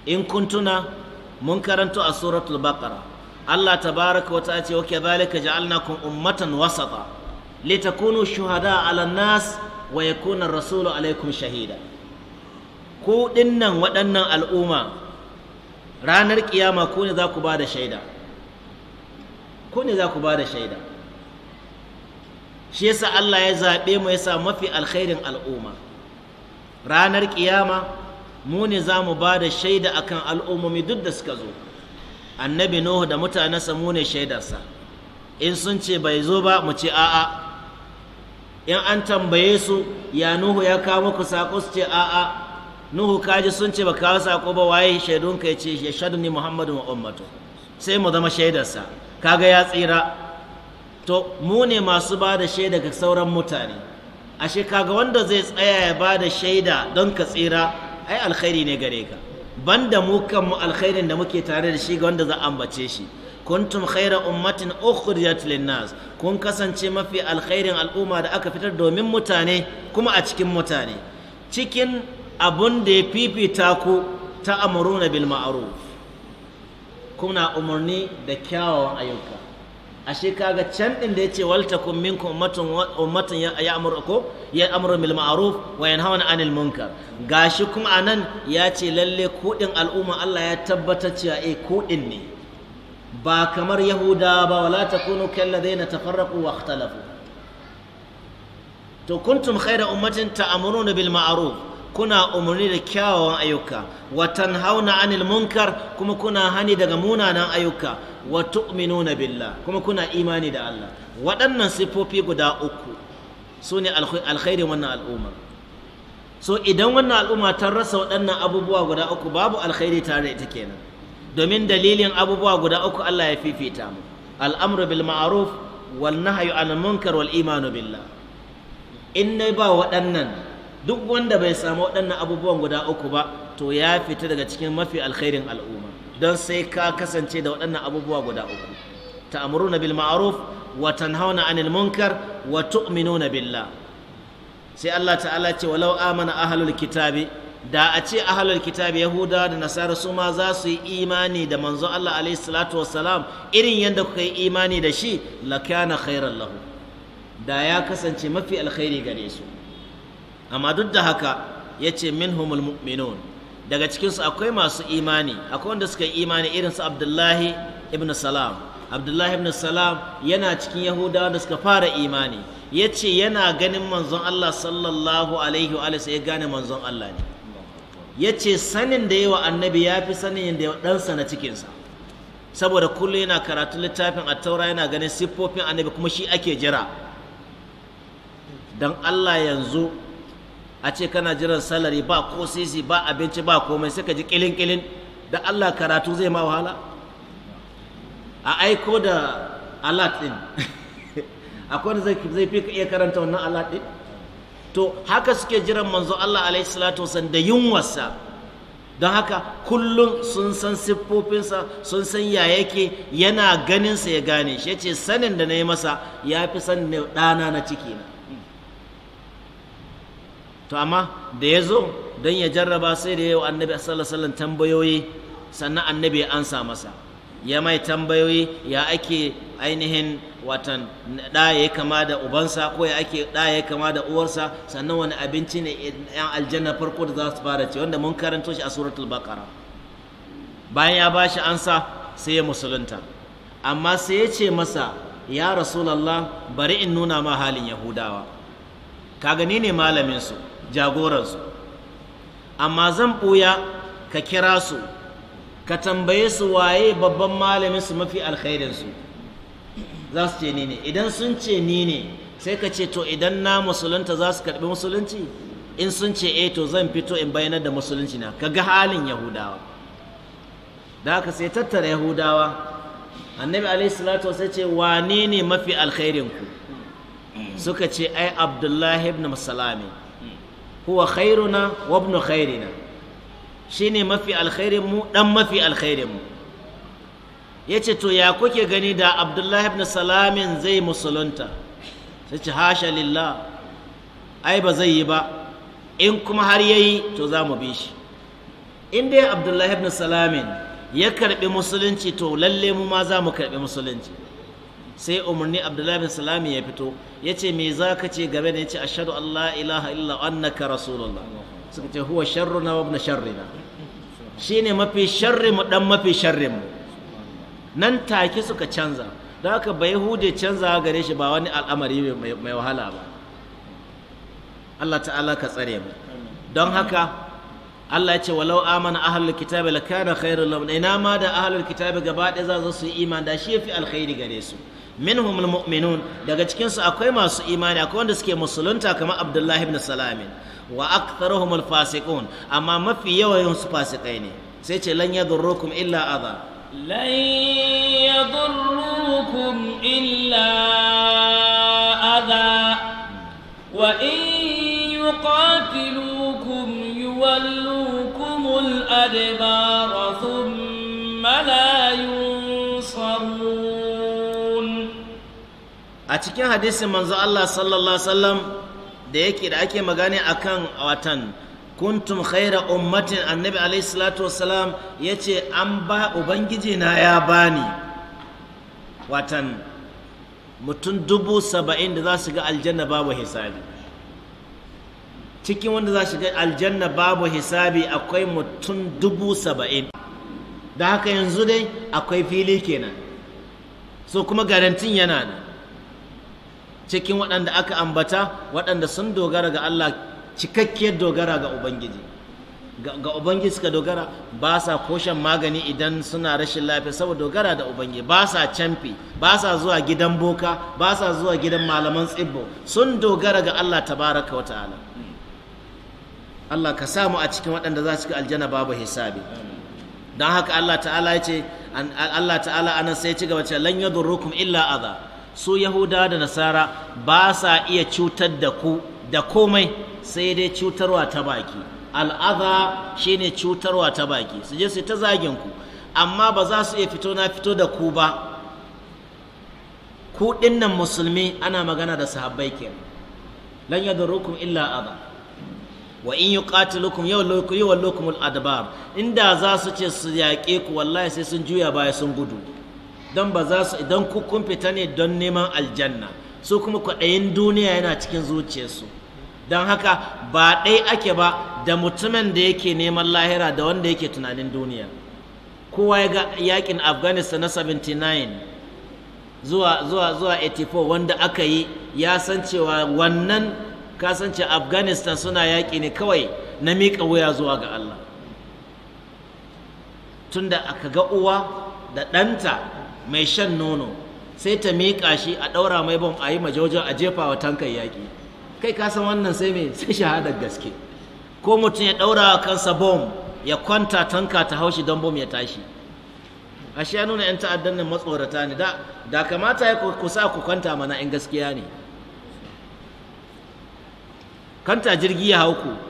in kuntuna mun karanto a suratul baqara Allah tabaraka wa ta'ala ce wa kadhalika ja'alnakum ummatan wasata litakunu shuhada 'ala nas wa yakuna ar-rasulu 'alaykum shahida ku dinnan waɗannan al'umma ranar kiyama ku ne za ku ba da shaida ku ne za ku ba da shaida shi yasa Allah ya zaɓe mu yasa mafi alkhairin al'umma ranar kiyama mu ne za mu ba da shaida akan al'ummomi duk da suka zo annabi nuhu da mutanensa mu ne shaidarsa in sun ce bai zo ba mu ce a'a in an tambaye su ya nuhu ya kawo muku sako su ce a'a nuhu kaji sun ce ba kawo sako ba waye shaidunka ya ce ya shaidu ni muhammadu wa sai mu zama shaidarsa kaga ya tsira to mu ne masu ba da shaida ga sauran mutane ashe kaga wanda zai tsaya ya ba da shaida don ka tsira ai alkhairi ne gare ka banda mu kanmu alkhairin da muke tare da shi ga wanda za a ambace shi kuntum khaira ummatin ukhrijat linnas kun kasance mafi alkhairin al'umma da aka fitar domin mutane kuma a cikin mutane cikin abun da ya fifita ku ta amuruna bil ma'ruf kuna umarni da kyawawan ayyuka ashe kaga can din da yace waltakum minkum ummatun ummatun amuru ko ya amru bil ma'ruf wa yanhauna anil munkar gashi kuma a nan ya ce lalle kuɗin al'umma Allah ya tabbatar cewa eh kuɗin ne ba kamar yahuda ba wala takunu kalladaina tafarraqu wa ikhtalafu to kuntum khayra ummatin ta'muruna bil ma'ruf kuna umarni da kyawawan ayyuka wa tanhauna anil munkar kuma kuna hani daga munanan ayyuka wa tu'minuna billah kuma kuna imani da Allah waɗannan siffofi guda uku su ne alkhairin wannan al'umma so idan wannan al'umma ta rasa waɗannan abubuwa guda uku babu alkhairi tare ita kenan domin dalilin abubuwa guda uku Allah ya fifita mu al'amru bil ma'ruf wal nahyu anil munkar wal imanu billah in dai ba waɗannan duk wanda bai samu waɗannan abubuwan guda uku ba to ya fita daga cikin mafi alkhairin al'umma don sai ka kasance da waɗannan abubuwa guda uku ta'muruna bil ma'ruf wa tanhauna anil munkar wa tu'minuna billah sai Allah ta'ala ce walau amana ahlul kitabi da a ce ahlul kitabi yahuda da nasara su ma za su yi imani da manzo Allah alaihi irin yadda kuka yi imani da shi lakana khairan lahu da ya kasance mafi alkhairi gare su amma duk da haka yace ce minhumul mu'minun daga cikinsu akwai masu imani akwai wanda suka yi imani irin su abdullahi ibn salam abdullahi ibn salam yana cikin yahudawa da suka fara imani ya ce yana ganin manzon allah sallallahu alaihi wa ya gane manzon allah ne ya ce sanin da yawa annabi ya fi sanin da ɗansa na cikinsa saboda kullum yana karatu littafin a taura yana ganin siffofin annabi kuma shi ake jira don allah yanzu a ce kana jiran salari ba ko sisi ba abinci ba komai sai ka ji kilin kilin da allah karatu zai ma wahala a aiko da alat din akwai wanda zai fi iya karanta wannan alat din to haka suke jiran manzo Allah alaihi salatu wasan da yunwarsa don haka kullum sun san siffofinsa sun san ya yake yana ganinsa ya gane shi yace sanin da na yi masa ya fi san ɗana na ciki na to amma da ya zo don ya jarraba sai da yau annabi sallallahu alaihi wasallam tambayoyi sannan annabi ya ansa masa ya mai tambayoyi ya ake ainihin watan ɗa ya kama da ubansa ko ya ake ɗa ya kama da uwarsa sannan wani abinci ne yan aljanna farko da za su fara ce wanda mun karanto shi a suratul baqara bayan ya ba shi ansa sai ya musulunta amma sai ya ce masa ya rasulallah bari in nuna ma halin yahudawa ka gani ne malamin malaminsu jagoransu amma zan ɓuya ka kira su ka tambaye su waye babban malamin su mafi alkhairin su za su ce ni ne idan sun ce ni sai ka ce to idan na musulunta za su karɓi musulunci in sun ce eh to zan fito in bayyana da musulunci na ka ga halin yahudawa da haka sai tattara yahudawa annabi alaihi salatu sai ce wane ne mafi alkhairin ku suka ce ai abdullahi ibn musalami huwa khairuna wa ibn khairina shine mafi alkhairin mu dan mafi alkhairin mu yace to ya kuke gani da abdullahi ibn salamin zai musulunta sai ce hasha lillah ai ba zai yi ba in kuma har yayi to za mu bi shi in dai abdullahi ibn salamin ya karbi musulunci to lalle mu ma za mu karbi musulunci sai umarni abdullahi ibn Salamin ya fito ya ce me za ka ce gaba da ya ce ashadu allah ilaha illa annaka rasulullah suka ce huwa sharruna wa ibn Shi shine mafi sharri mu dan mafi sharrin mu nan take suka canza don haka bai hude canza gare shi ba wani al'amari mai wahala ba Allah ta'ala ka tsare mu don haka Allah ya ce walau amana ahlul kitabi lakana khairul lahum ina ma da ahlul kitabi gaba ɗaya za su yi iman da shi yafi alkhairi gare su minhum almu'minun daga cikin su akwai masu imani akwai wanda suke musulunta kamar Abdullahi ibn Salamin wa aktharuhum amma mafi yawan su fasikai ne sai ce lan yadurrukum illa adha lan yadurrukum illa adha wa in yuqatilukum yuwallukum adbara thumma la yuwallukum a cikin hadisin manzo Allah sallallahu sallam da yake da ake magani akan watan kuntum khaira ummatin annabi alaihi salatu wasalam ya ce an ba ubangiji na ya bani watan mutum dubu saba'in da za su ga aljanna babu hisabi cikin wanda za su ga aljanna babu hisabi akwai mutum dubu saba'in da haka yanzu dai akwai fili kenan so kuma garantin yana nan cikin waɗanda aka ambata waɗanda sun dogara ga Allah cikakkiyar dogara ga Ubangiji ga Ubangiji suka dogara ba sa koshen magani idan suna rashin lafiya saboda dogara da Ubangiji ba sa canfi ba sa zuwa gidan boka ba sa zuwa gidan malaman tsibbo sun dogara ga Allah tabaraka wa ta'ala Allah ka samu a cikin waɗanda za su ga aljanna babu hisabi don haka Allah ta'ala ya ce Allah ta'ala anan sai ya ci gaba ce lan yadurrukum illa adha su yahuda da nasara ba sa iya cutar da ku da komai sai dai cutarwa ta baki al'adha shine cutarwa ta baki su je su ta zagin ku amma ba za su iya fito na fito da ku ba ku dinnan musulmi ana magana da sahabbai kenan lan yadurrukum illa adha wa in yuqatilukum yawallukum yawallukum al-adbar inda za su ce su yaƙe ku wallahi sai sun juya baya sun gudu don ba za su idan kukun fita ne don neman aljanna su kuma kwaɗayin duniya yana cikin zuciyarsu don haka ba ɗai ake ba da mutumin da yake neman lahira da wanda yake tunanin duniya kowa ya ga yakin afghanistan na 79 zuwa zuwa zuwa 84 wanda aka yi ya san cewa wannan kasance afghanistan suna yaƙi ne kawai na miƙa wuya zuwa ga allah tunda aka ga uwa da ɗanta mai shan nono sai ta miƙa shi a ɗaura mai bom a yi majojo a jefa wa tankan yaƙi kai ka san wannan sai mai sai shahadar gaske ko mutum ya ɗaura kansa bom ya kwanta tanka ta haushi don bom ya tashi ashe ya nuna 'yan ta'addan nan matsorata ne da kamata ya kusa ku kwanta mana 'yan gaskiya ne kanta jirgi ya hauku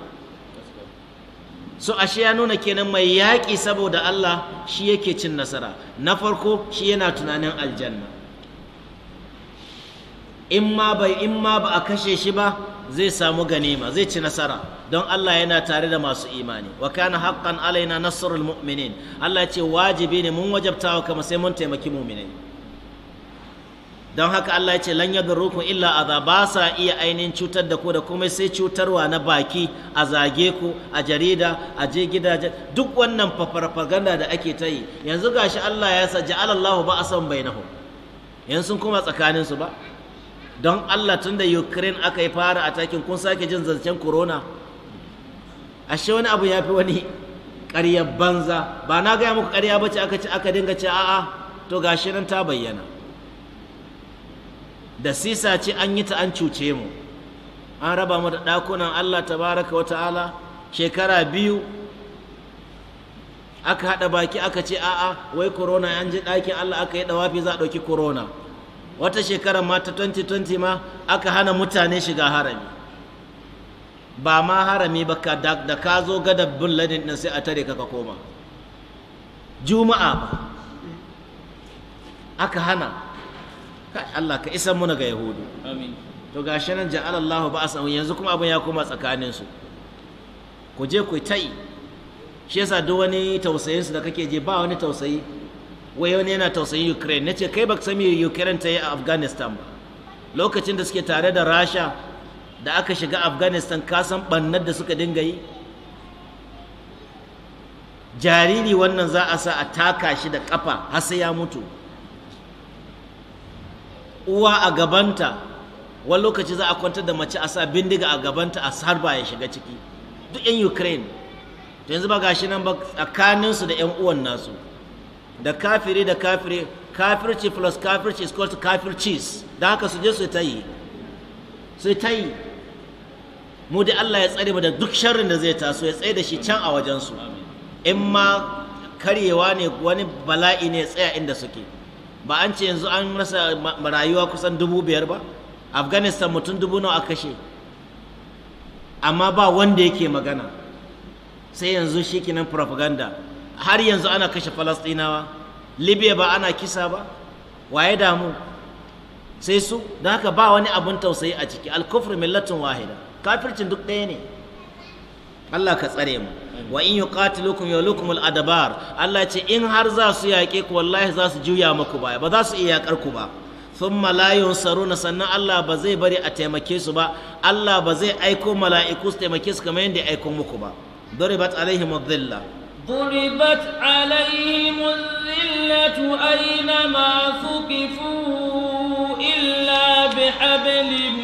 so ashe ya nuna kenan mai yaƙi saboda Allah shi yake cin nasara na farko shi yana tunanin aljanna in ma bai in ma ba a kashe shi ba zai samu ganima zai ci nasara don Allah yana tare da masu imani wa kana haqqan alaina nasrul mu'minin Allah ya ce wajibi ne mun wajabtawa kama sai mun taimaki mu'minai don haka Allah ya ce lan yadurrukum illa aza ba sa iya ainihin cutar da ku da kuma sai cutarwa na baki a zage ku a jarida a je gidaje duk wannan farfaganda da ake ta yi yanzu gashi Allah ya sa ja'ala Allahu ba'asan bainahum yanzu kuma tsakanin su ba don Allah tun da Ukraine aka yi fara atakin kun sake jin zancen corona ashe wani abu ya fi wani ƙaryar banza ba na gaya muku karya ba ce aka ci aka dinga ce a'a to gashi nan ta bayyana da sisa ce an yi ta an cuce mu an raba mu da ɗakunan Allah tabaraka wa ta'ala shekara biyu aka haɗa baki aka ce a'a wai korona an ji ɗakin Allah aka yi ɗawafi za a ɗauki korona. wata shekara ma ta 2020 ma aka hana mutane shiga harami ba ma harami ba ka da ka zo gada bin ladin ɗin sai a tare ka koma juma'a ba aka hana kai Allah ka isan muna ga yahudu amin to gashi nan ja'al Allah yanzu kuma abin ya koma tsakanin su ku je ku tai shi yasa duk wani tausayin su da kake je ba wani tausayi wai wani yana tausayin Ukraine nace kai baka sami Ukraine ta yi a Afghanistan ba lokacin da suke tare da Rasha da aka shiga Afghanistan kasan bannar da suka dinga yi jariri wannan za a sa a taka shi da kafa har sai ya mutu uwa a gabanta wani lokaci za a kwantar da mace a sa bindiga a gabanta a harba ya shiga ciki duk 'yan ukraine to yanzu ba gashi nan ba tsakaninsu da 'yan uwan nasu da kafiri da kafiri kafirci plus kafirci is called cheese da haka su je su ta yi su ta yi mu da Allah ya tsare mu da duk sharrin da zai taso ya tsaye da shi can a wajen su in ma karyewa ne wani bala'i ne ya tsaya inda suke ba an ce yanzu an rasa rayuwa kusan dubu biyar ba afghanistan mutum dubu nawa a kashe amma ba wanda yake magana sai yanzu shikinan propaganda har yanzu ana kashe falastinawa libya ba ana kisa ba waye damu sai su don haka ba wani abun tausayi a ciki alkufri millatin wahida kafircin duk ɗaya ne allah ka tsare mu wa in yuqatilukum yawlukum al-adbar Allah ce in har za su yaƙe ku wallahi za su juya maku baya ba za su iya yaƙar ku ba thumma la yunsaruna sannan Allah ba zai bari a taimake su ba Allah ba zai aiko mala'iku su taimake su kamar yadda ya aiko muku ba duribat alaihim adh-dhilla duribat alaihim adh-dhillatu aynama thuqifu illa bihablin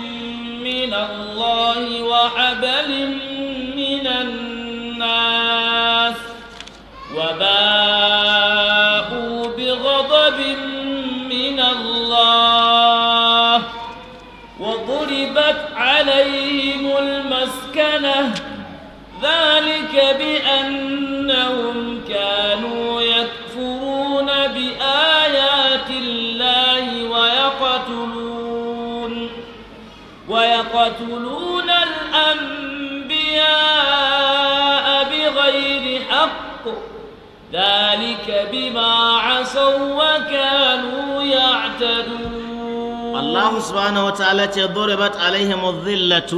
min Allah wa hablin min an الناس وباءوا بغضب من الله وضربت عليهم المسكنة ذلك بأنهم كانوا يكفرون بآيات الله ويقتلون ويقتلون الأنبياء بغير حق ذلك بما عصوا وكانوا يعتدون الله سبحانه وتعالى ضربت عليهم الذلة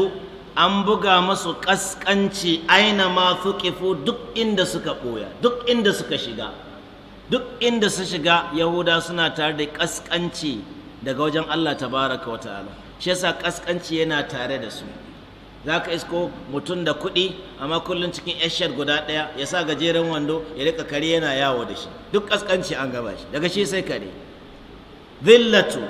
an buga masu ƙasƙanci aina ma fukifu duk inda suka ɓoya duk inda suka shiga duk inda su shiga yahuda suna tare da ƙasƙanci daga wajen allah tabaraka wa ta'ala shi yasa ƙasƙanci yana tare da su za ka isko mutum da kuɗi amma kullum cikin yashiyar guda ɗaya ya sa gajeren wando ya rika kare yana yawo da shi duk ƙasƙanci an gaba shi daga shi sai kare Villatu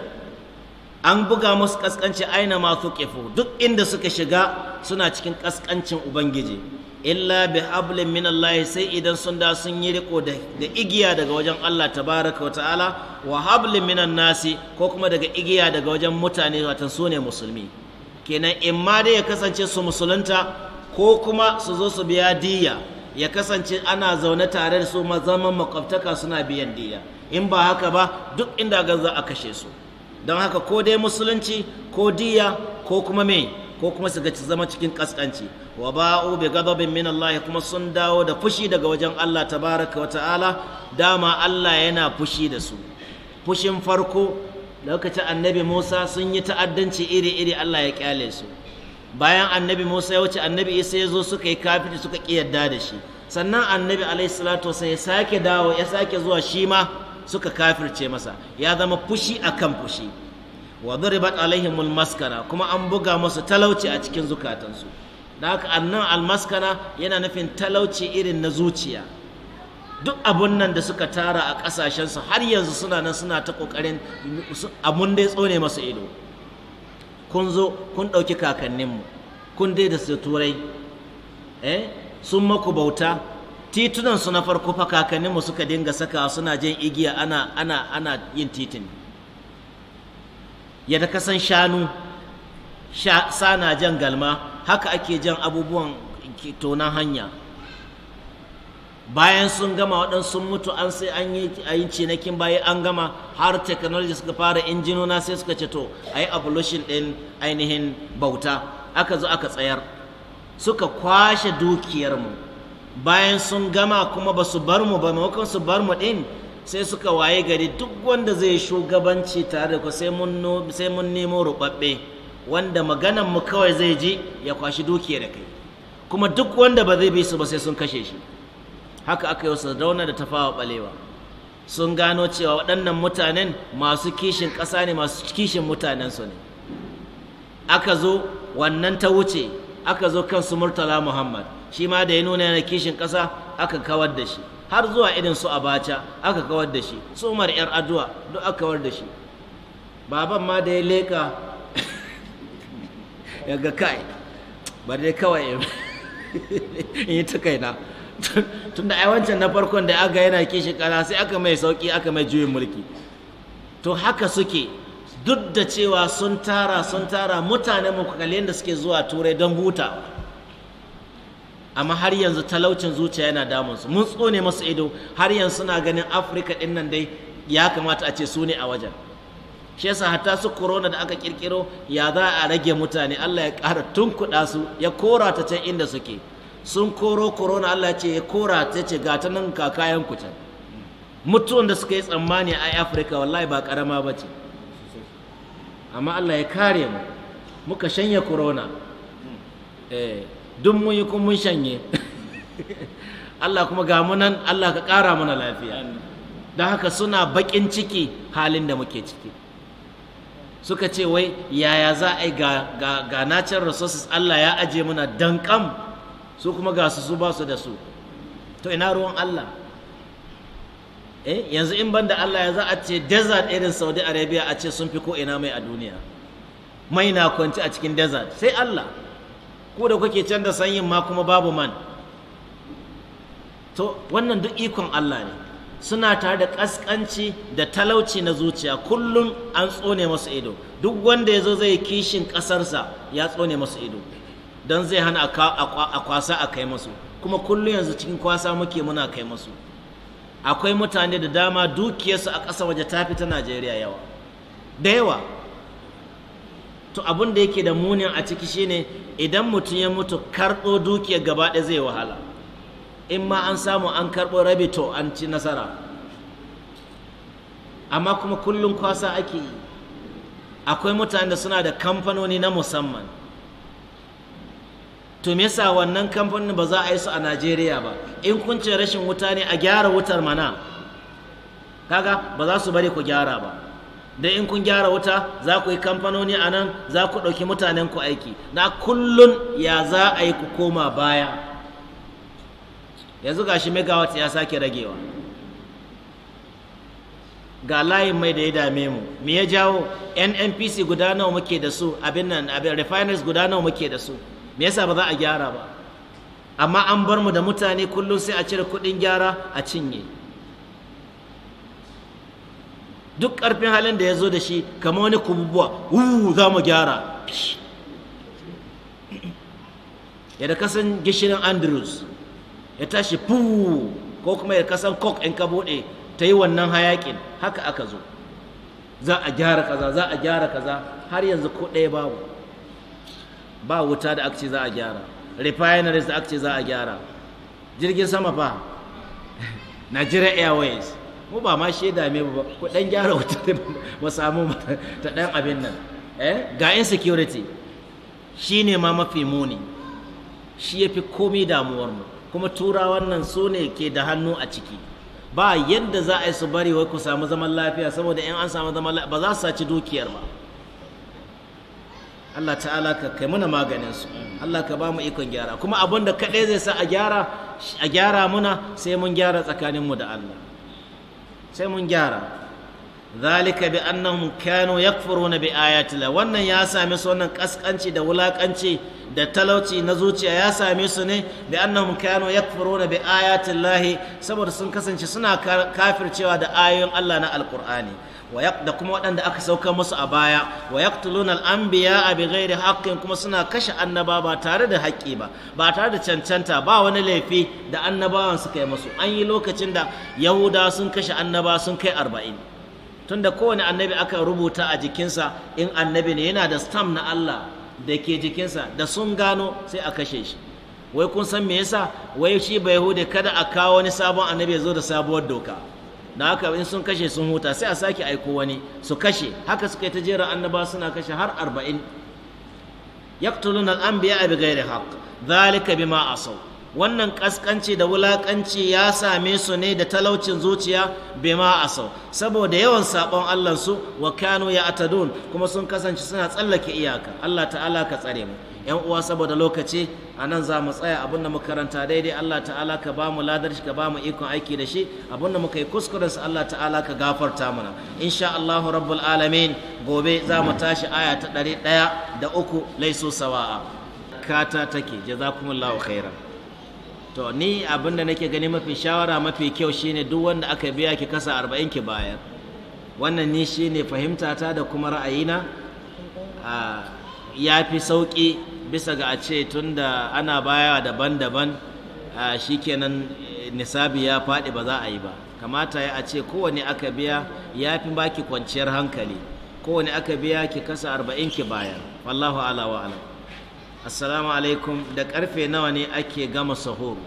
an buga musu ƙasƙanci aina masu ƙifo duk inda suka shiga suna cikin ƙasƙancin ubangiji illa bi hablin min Allah sai idan sun da sun yi riko da igiya daga wajen Allah tabaraka wa ta'ala wa hablin minan nasi ko kuma daga igiya daga wajen mutane watan su ne musulmi kenan in ma dai ya kasance su musulunta ko kuma su zo su biya diya ya kasance ana zaune tare da su zaman makwabtaka suna biyan diya in ba haka ba duk inda ga za a kashe su don haka ko dai musulunci ko diya ko kuma me ko kuma su gaci zama cikin kaskanci wa ba'u bi ghadabin min Allah kuma sun dawo da fushi daga wajen Allah tabaraka wa ta'ala dama Allah yana fushi da su fushin farko lokacin annabi musa sun yi ta'addanci iri-iri allah ya kyale su bayan annabi musa ya wuce annabi isa ya zo suka yi kafiri suka ƙi yarda da shi sannan annabi alaihi salatu sai ya sake dawo ya sake zuwa shi ma suka kafirce masa ya zama fushi akan fushi wa duribat alaihimul maskara kuma an buga musu talauci a cikin zukatansu da haka annan almaskara yana nufin talauci irin na zuciya duk abun nan da suka tara a ƙasashensu har yanzu suna nan suna ta ƙoƙarin abun dai tsone masa ido kun zo kun ɗauki kakanninmu kun dai da turai eh sun maku bauta titunan su na farko fa kakanninmu suka dinga saka suna jan igiya ana ana ana yin titin ya da kasan shanu sana jan galma haka ake jan abubuwan tonan hanya bayan sun gama waɗansu mutu an sai an yi cinakin bayan an gama har teknoloji suka fara injinuna sai suka ce to a yi abolition ɗin ainihin bauta aka zo aka tsayar suka kwashe dukiyarmu bayan sun gama kuma ba su bar mu ba maimakon su bar mu ɗin sai suka waye gari duk wanda zai shugabanci tare da ku sai mun nemo ruɓaɓɓe wanda maganan mu kawai zai ji ya kwashi dukiyar da kai kuma duk wanda ba zai bi su ba sai sun kashe shi haka aka yi sadauna da tafawa balewa sun gano cewa waɗannan mutanen masu kishin ƙasa ne masu kishin mutanensu ne aka zo wannan ta wuce aka zo kan su murtala muhammad shi ma da ya nuna yana kishin ƙasa aka kawar da shi har zuwa irin su abacha aka kawar da shi su umar yar addu'a duk aka kawar da shi baban ma da ya leka ya ga kai ba dai kawai in yi ta kaina tunda ai wancan na farkon da aka yana kishi kana sai aka mai sauki aka mai juyin mulki to haka suke duk da cewa sun tara sun tara mutane mu da suke zuwa turai don hutawa amma har yanzu talaucin zuciya yana damun su mun tsone masu ido har yanzu suna ganin afirka din nan dai ya kamata a ce su ne a wajen shi yasa hatta su corona da aka kirkiro ya za a rage mutane Allah ya kara tunkuɗa su ya kora ta can inda suke sun koro korona Allah ce ya kora ta ce ga ta nan kakayan kucin mutuwan da suka yi tsammani a Afirka wallahi ba karama ba ce amma Allah ya kare mu muka shanye corona "Dun eh, duk mun yi kun mun shanye Allah kuma ga mu nan Allah ka kara mana lafiya don haka suna bakin ciki halin da muke ciki suka ce wai yaya za a yi ga, ga, natural resources Allah ya aje muna dankam su kuma ga su su ba su da su to ina ruwan Allah eh yanzu in banda Allah ya za a ce desert irin Saudi Arabia a ce sun fi ko ina mai a duniya mai na kwanci a cikin desert sai Allah ko da kuke can da sanyin ma kuma babu man to wannan duk ikon Allah ne suna tare da ƙasƙanci da talauci na zuciya kullum an tsone masu ido duk wanda ya zo zai kishin ƙasarsa ya tsone masu ido don zai hana a kwasa a kai masu kuma kullum yanzu cikin kwasa muke muna kai masu akwai mutane da dama dukiyarsu a ƙasa waje ta fita najeriya yawa da yawa to abin da yake da munin a ciki shine idan mutum ya mutu karɓo dukiyar gaba ɗaya zai wahala in ma an samu an karɓo rabi to an ci nasara amma kuma kullum kwasa ake yi akwai mutane da suna da kamfanoni na musamman to me yasa wannan kamfanin ba za a yi su a Najeriya ba in kun ce rashin wuta ne a gyara wutar mana kaga ba za su bari ku gyara ba da in kun gyara wuta za ku yi kamfanoni a nan za ku ɗauki mutanen ku aiki na kullun ya za a yi ku koma baya yanzu gashi megawatt ya sake ragewa ga layin mai da ya dame mu me ya jawo nnpc guda nawa muke da su abin nan abin guda nawa muke da su me yasa ba za a gyara ba amma an bar mu da mutane kullum sai a cire kuɗin gyara a cinye duk karfin halin da ya zo da shi kamar wani kububuwa wuu za mu gyara ya da kasan gishirin andrews ya tashi fuu ko kuma ya kasan coke in ka buɗe ta yi wannan hayakin haka aka zo za a gyara kaza za a gyara kaza har yanzu ko ɗaya babu ba wuta da aka ce za a gyara refineries da aka ce za a gyara jirgin sama fa Nigeria Airways mu ba ma shaida me ba ku dan gyara wuta da mu samu ta dan abin nan eh ga insecurity shine ma mafi muni shi yafi komai damuwar mu kuma turawan nan su ne ke da hannu a ciki ba yadda za a yi su bari wai ku samu zaman lafiya saboda in an samu zaman lafiya ba za su saci dukiyar ba Allah ta'ala ka kai mana maganin su Allah ka ba mu ikon gyara kuma abin da kaɗai zai sa a gyara muna sai mun gyara mu da Allah sai mun gyara zalika bi annahum kanu yakfuruna bi ayatillah wannan ya same su wannan kaskanci da wulakanci da talauci na zuciya ya same su ne bi annahum kanu yakfuruna bi ayatillah saboda sun kasance suna kafircewa da ayoyin Allah na alqur'ani da kuma waɗanda aka sauka musu a baya wa yaqtuluna al-anbiya a ghairi haqqin kuma suna kashe annaba ba tare da haƙƙi ba ba tare da cancanta ba wani laifi da annabawan suka yi musu an yi lokacin da yahuda sun kashe annaba sun kai arba'in tunda kowane annabi aka rubuta a jikinsa in annabi ne yana da stam na Allah da ke jikinsa da sun gano sai a kashe shi wai kun san me yasa wai shi bai kada a kawo wani sabon annabi ya zo da sabuwar doka da haka in sun kashe sun huta sai a sake aiko wani su kashe haka suka yi ta jera annaba suna kashe har arba'in a al-anbiya bi zalika bi ma bima sau? wannan kaskanci da wulakanci ya same su ne da talaucin zuciya bi a sau saboda yawan sabon Allah su wa kanu ya atadun kuma sun kasance suna tsallake iyaka Allah ta'ala ka tsare mu yan uwa saboda lokaci a nan za mu tsaya abin da muka karanta daidai Allah ta'ala ka ba mu ladar shi ka ba mu ikon aiki da shi abin da muka yi kuskuren sa Allah ta'ala ka gafarta mana insha Allah rabbul alamin gobe za mu tashi aya ta ɗari ɗaya da uku laiso sawa'a kata take jazakumullahu khairan to ni abin da nake gani mafi shawara mafi kyau shine duk wanda aka biya ki kasa arba'in ki bayar wannan ni shine fahimtata da kuma ra'ayina ah, ya fi sauƙi bisa ga a ce tun da ana baya daban-daban shi kenan nisabi ya faɗi ba za a yi ba kamata ya a ce kowane aka biya ya fi baki kwanciyar hankali kowane aka biya ki kasa arba'in ki bayar wallahu ala wa ala assalamu alaikum da karfe nawa ne ake gama sahuru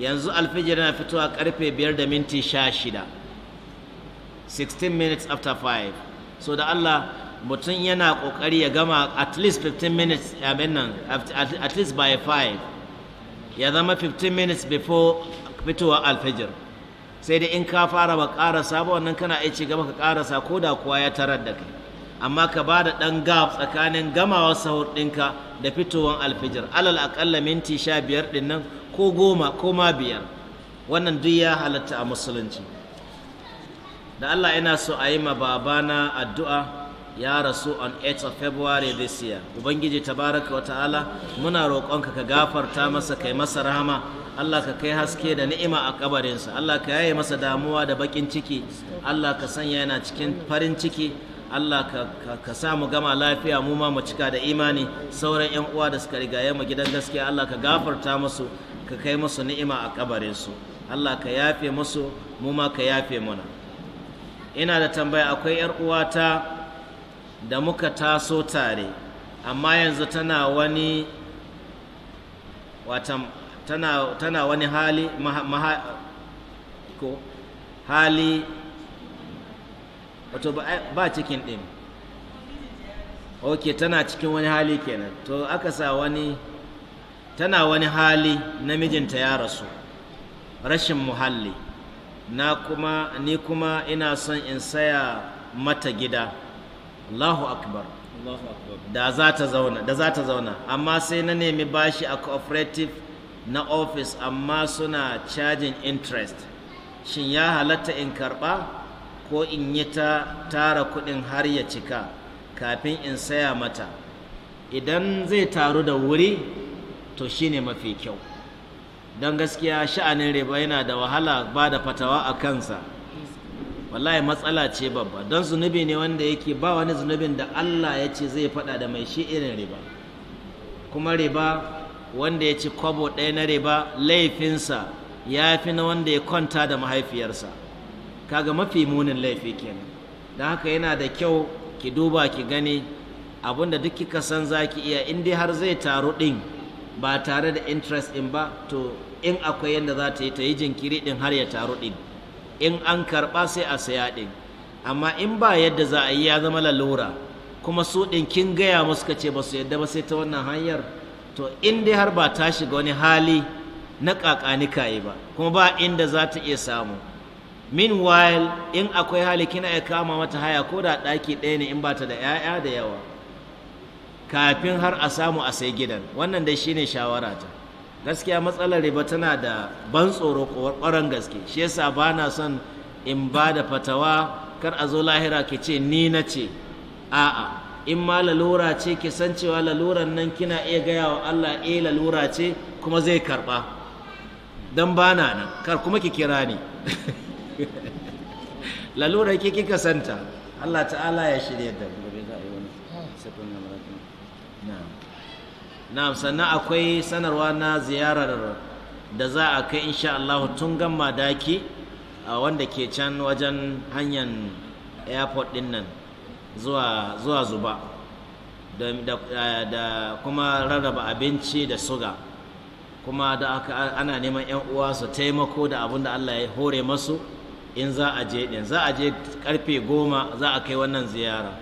yanzu alfijir na fitowa karfe biyar da minti sha shida 16 minutes after 5 so da allah mutum yana kokari ya gama at least 15 minutes abin nan at least by 5 ya zama 15 minutes before fitowar alfijir sai dai in ka fara ba karasa ba wannan kana iya ci gaba ka karasa ko da kuwa ya tarar da kai amma ka ba da ɗan gab tsakanin gamawa sahur ɗinka da fitowar alfijir alal aƙalla minti sha biyar ɗin nan ko goma ko ma biyar wannan duk ya halatta a musulunci da allah yana so a yi ma babana addu'a ya rasu on 8 of February this year ubangiji tabaraka wa ta'ala muna roƙonka ka gafarta masa kai masa rahama Allah ka kai haske da ni'ima a kabarinsa Allah ka yaye masa damuwa da bakin ciki Allah ka sanya yana cikin farin ciki Allah ka sa mu gama lafiya mu ma mu cika da imani sauran yan uwa da suka rigaye mu gidan gaskiya Allah ka gafarta musu ka kai musu ni'ima a kabarinsu Allah ka yafe musu mu ma ka yafe muna ina da tambaya akwai yar uwata da muka taso tare amma yanzu tana wani watan tana, tana wani hali maha, maha, ko hali wato ba ba cikin ɗin ok tana cikin wani hali kenan to aka sa wani tana wani hali namijinta ya rasu rashin muhalli na kuma ni kuma ina son in saya mata gida Allahu akbar da za ta zauna amma sai na nemi bashi a cooperative na office amma suna charging interest shin ya halatta in karba ko in yi ta tara kudin har ya cika kafin in saya mata idan zai taru da wuri to shine mafi kyau don gaskiya sha'anin riba yana da wahala ba da fatawa a kansa wallahi matsala ce babba don zunubi ne wanda yake ba wani zunubin da Allah ya ce zai faɗa da mai shi irin riba kuma riba wanda ya ci kwabo ɗaya na riba laifinsa ya fi na wanda ya kwanta da mahaifiyarsa kaga mafi munin laifi kenan don haka yana da kyau ki duba ki gani abin da duk kika san za ki iya in dai har zai taru ɗin ba tare da interest in ba to in akwai yadda za ta yi ta yi jinkiri ɗin har ya taru ɗin in an karɓa sai a saya ɗin amma in ba yadda za a yi ya zama lalura kuma su ɗin kin gaya musu ka ce ba su yadda ba sai ta wannan hanyar to in dai har ba ta shiga wani hali na ƙaƙanika yi ba kuma ba inda za ta iya samu meanwhile in akwai hali kina ya kama mata haya ko da ɗaki ɗaya ne in ba ta da 'ya'ya da yawa kafin har a samu a sai gidan wannan dai shine shawara ta gaskiya matsalar riba tana da ban tsoro kwaran gaske shi yasa ba na son in ba da fatawa kar a zo lahira ki ce ni na ce a'a in ma lalura ce ki san cewa laluran nan kina iya gaya wa Allah eh lalura ce kuma zai karba dan na nan kar kuma ki kira ni lalura ki kika santa Allah ta'ala ya shirya da mu na'am sannan akwai sanarwa na ziyarar da za a kai insha Allah tun gamma daki wanda ke can wajen hanyar airport din nan zuwa zuba da, kuma rarraba abinci da suga kuma da ana neman 'yan uwa su taimako da abin da Allah ya hore masu in za a je din za a je karfe goma za a kai wannan ziyara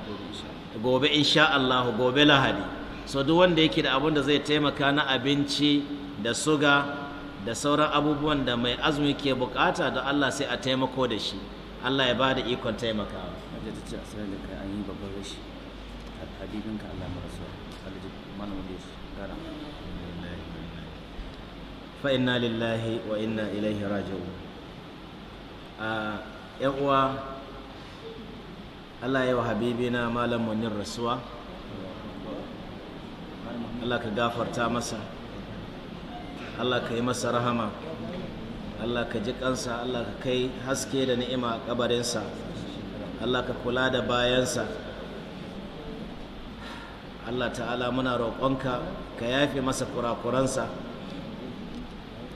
gobe insha Allah gobe lahadi so duk wanda yake da abin da zai taimaka na abinci da suga da sauran abubuwan da mai azumi ke bukata da Allah sai a taimako da shi Allah ya bada ikon taimakawa da lillahi wa inna ilaihi raji'un yan uwa Allah ya wa habibina malam munir rasuwa Allah ka gafarta masa Allah ka yi masa rahama Allah ka ji kansa Allah ka kai haske da ni'ima a kabarinsa Allah ka kula da bayansa Allah ta'ala muna roƙonka ka yafe masa kurakuransa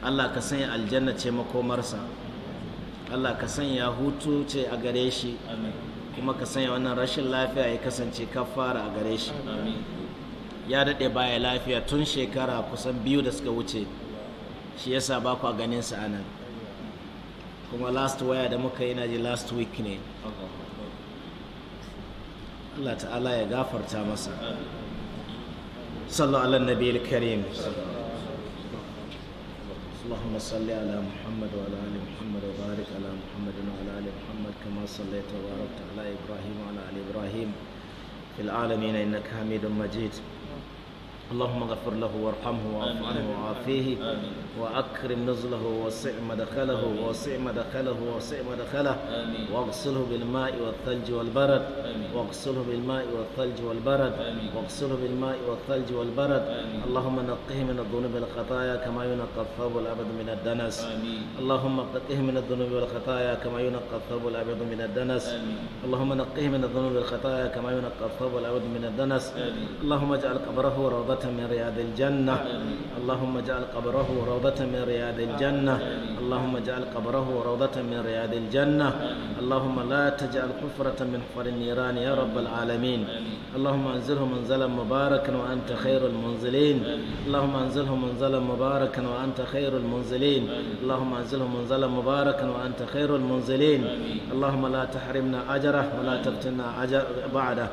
Allah ka sanya aljanna ce makomarsa Allah ka sanya hutu ce a gare shi kuma ka sanya wannan rashin lafiya ya kasance kafara a gare shi ya daɗe baya lafiya tun shekara kusan biyu da suka wuce shi yasa ku a ganin sa anan kuma last waya da muka yi ji last week ne Allah ta'ala ya gafarta masa sallu ala nabi karim اللهم صل على محمد وعلى ال محمد وبارك على محمد وعلى ال محمد كما صليت وباركت على ابراهيم وعلى ال ابراهيم في العالمين انك حميد مجيد اللهم اغفر له وارحمه واعف عنه وعافيه واكرم نزله ووسع مدخله ووسع مدخله ووسع مدخله واغسله بالماء والثلج والبرد واغسله بالماء والثلج والبرد واغسله بالماء والثلج والبرد اللهم نقه من الذنوب والخطايا كما ينقى الثوب الابيض من الدنس اللهم نقه من الذنوب والخطايا كما ينقى الثوب الابيض من الدنس اللهم نقه من الذنوب والخطايا كما ينقى الثوب الابيض من الدنس اللهم اجعل قبره روضه من رياض الجنة اللهم اجعل قبره روضة من رياض الجنة اللهم اجعل قبره روضة من رياض الجنة اللهم لا تجعل حفرة من حفر النيران يا رب العالمين اللهم انزله منزلا مباركا وأنت خير المنزلين اللهم انزله منزلا مباركا وأنت خير المنزلين اللهم انزله منزلا مباركا وأنت خير المنزلين اللهم لا تحرمنا أجره ولا تبتنا أجر بعده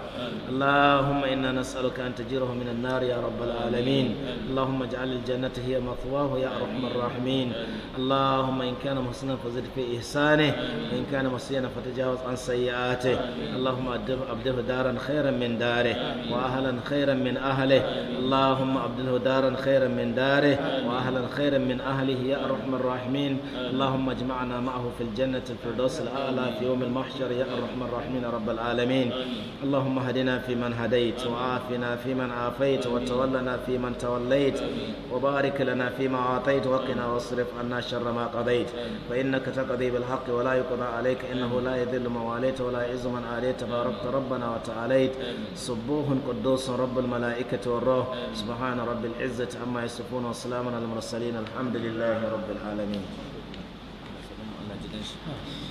اللهم إنا نسألك أن تجيره من النار يا رب رب العالمين اللهم اجعل الجنة هي مثواه يا أرحم الراحمين اللهم إن كان محسنا فزد في إحسانه وإن كان مسيئا فتجاوز عن سيئاته اللهم أبدله دارا خيرا من داره وأهلا خيرا من أهله اللهم أبدله دارا خيرا من داره وأهلا خيرا من أهله يا أرحم الراحمين اللهم اجمعنا معه في الجنة الفردوس الأعلى في يوم المحشر يا أرحم الراحمين رب العالمين اللهم هدنا في من هديت وعافنا في من عافيت وتوفنا وتولنا فيمن توليت وبارك لنا فيما أعطيت وقنا واصرف عنا شر ما قضيت فإنك تقضي بالحق ولا يقضى عليك إنه لا يذل من واليت ولا يعز من آليت تباركت ربنا وتعاليت سبوه قدوس رب الملائكة والروح سبحان رب العزة عما يصفون وسلام على المرسلين الحمد لله رب العالمين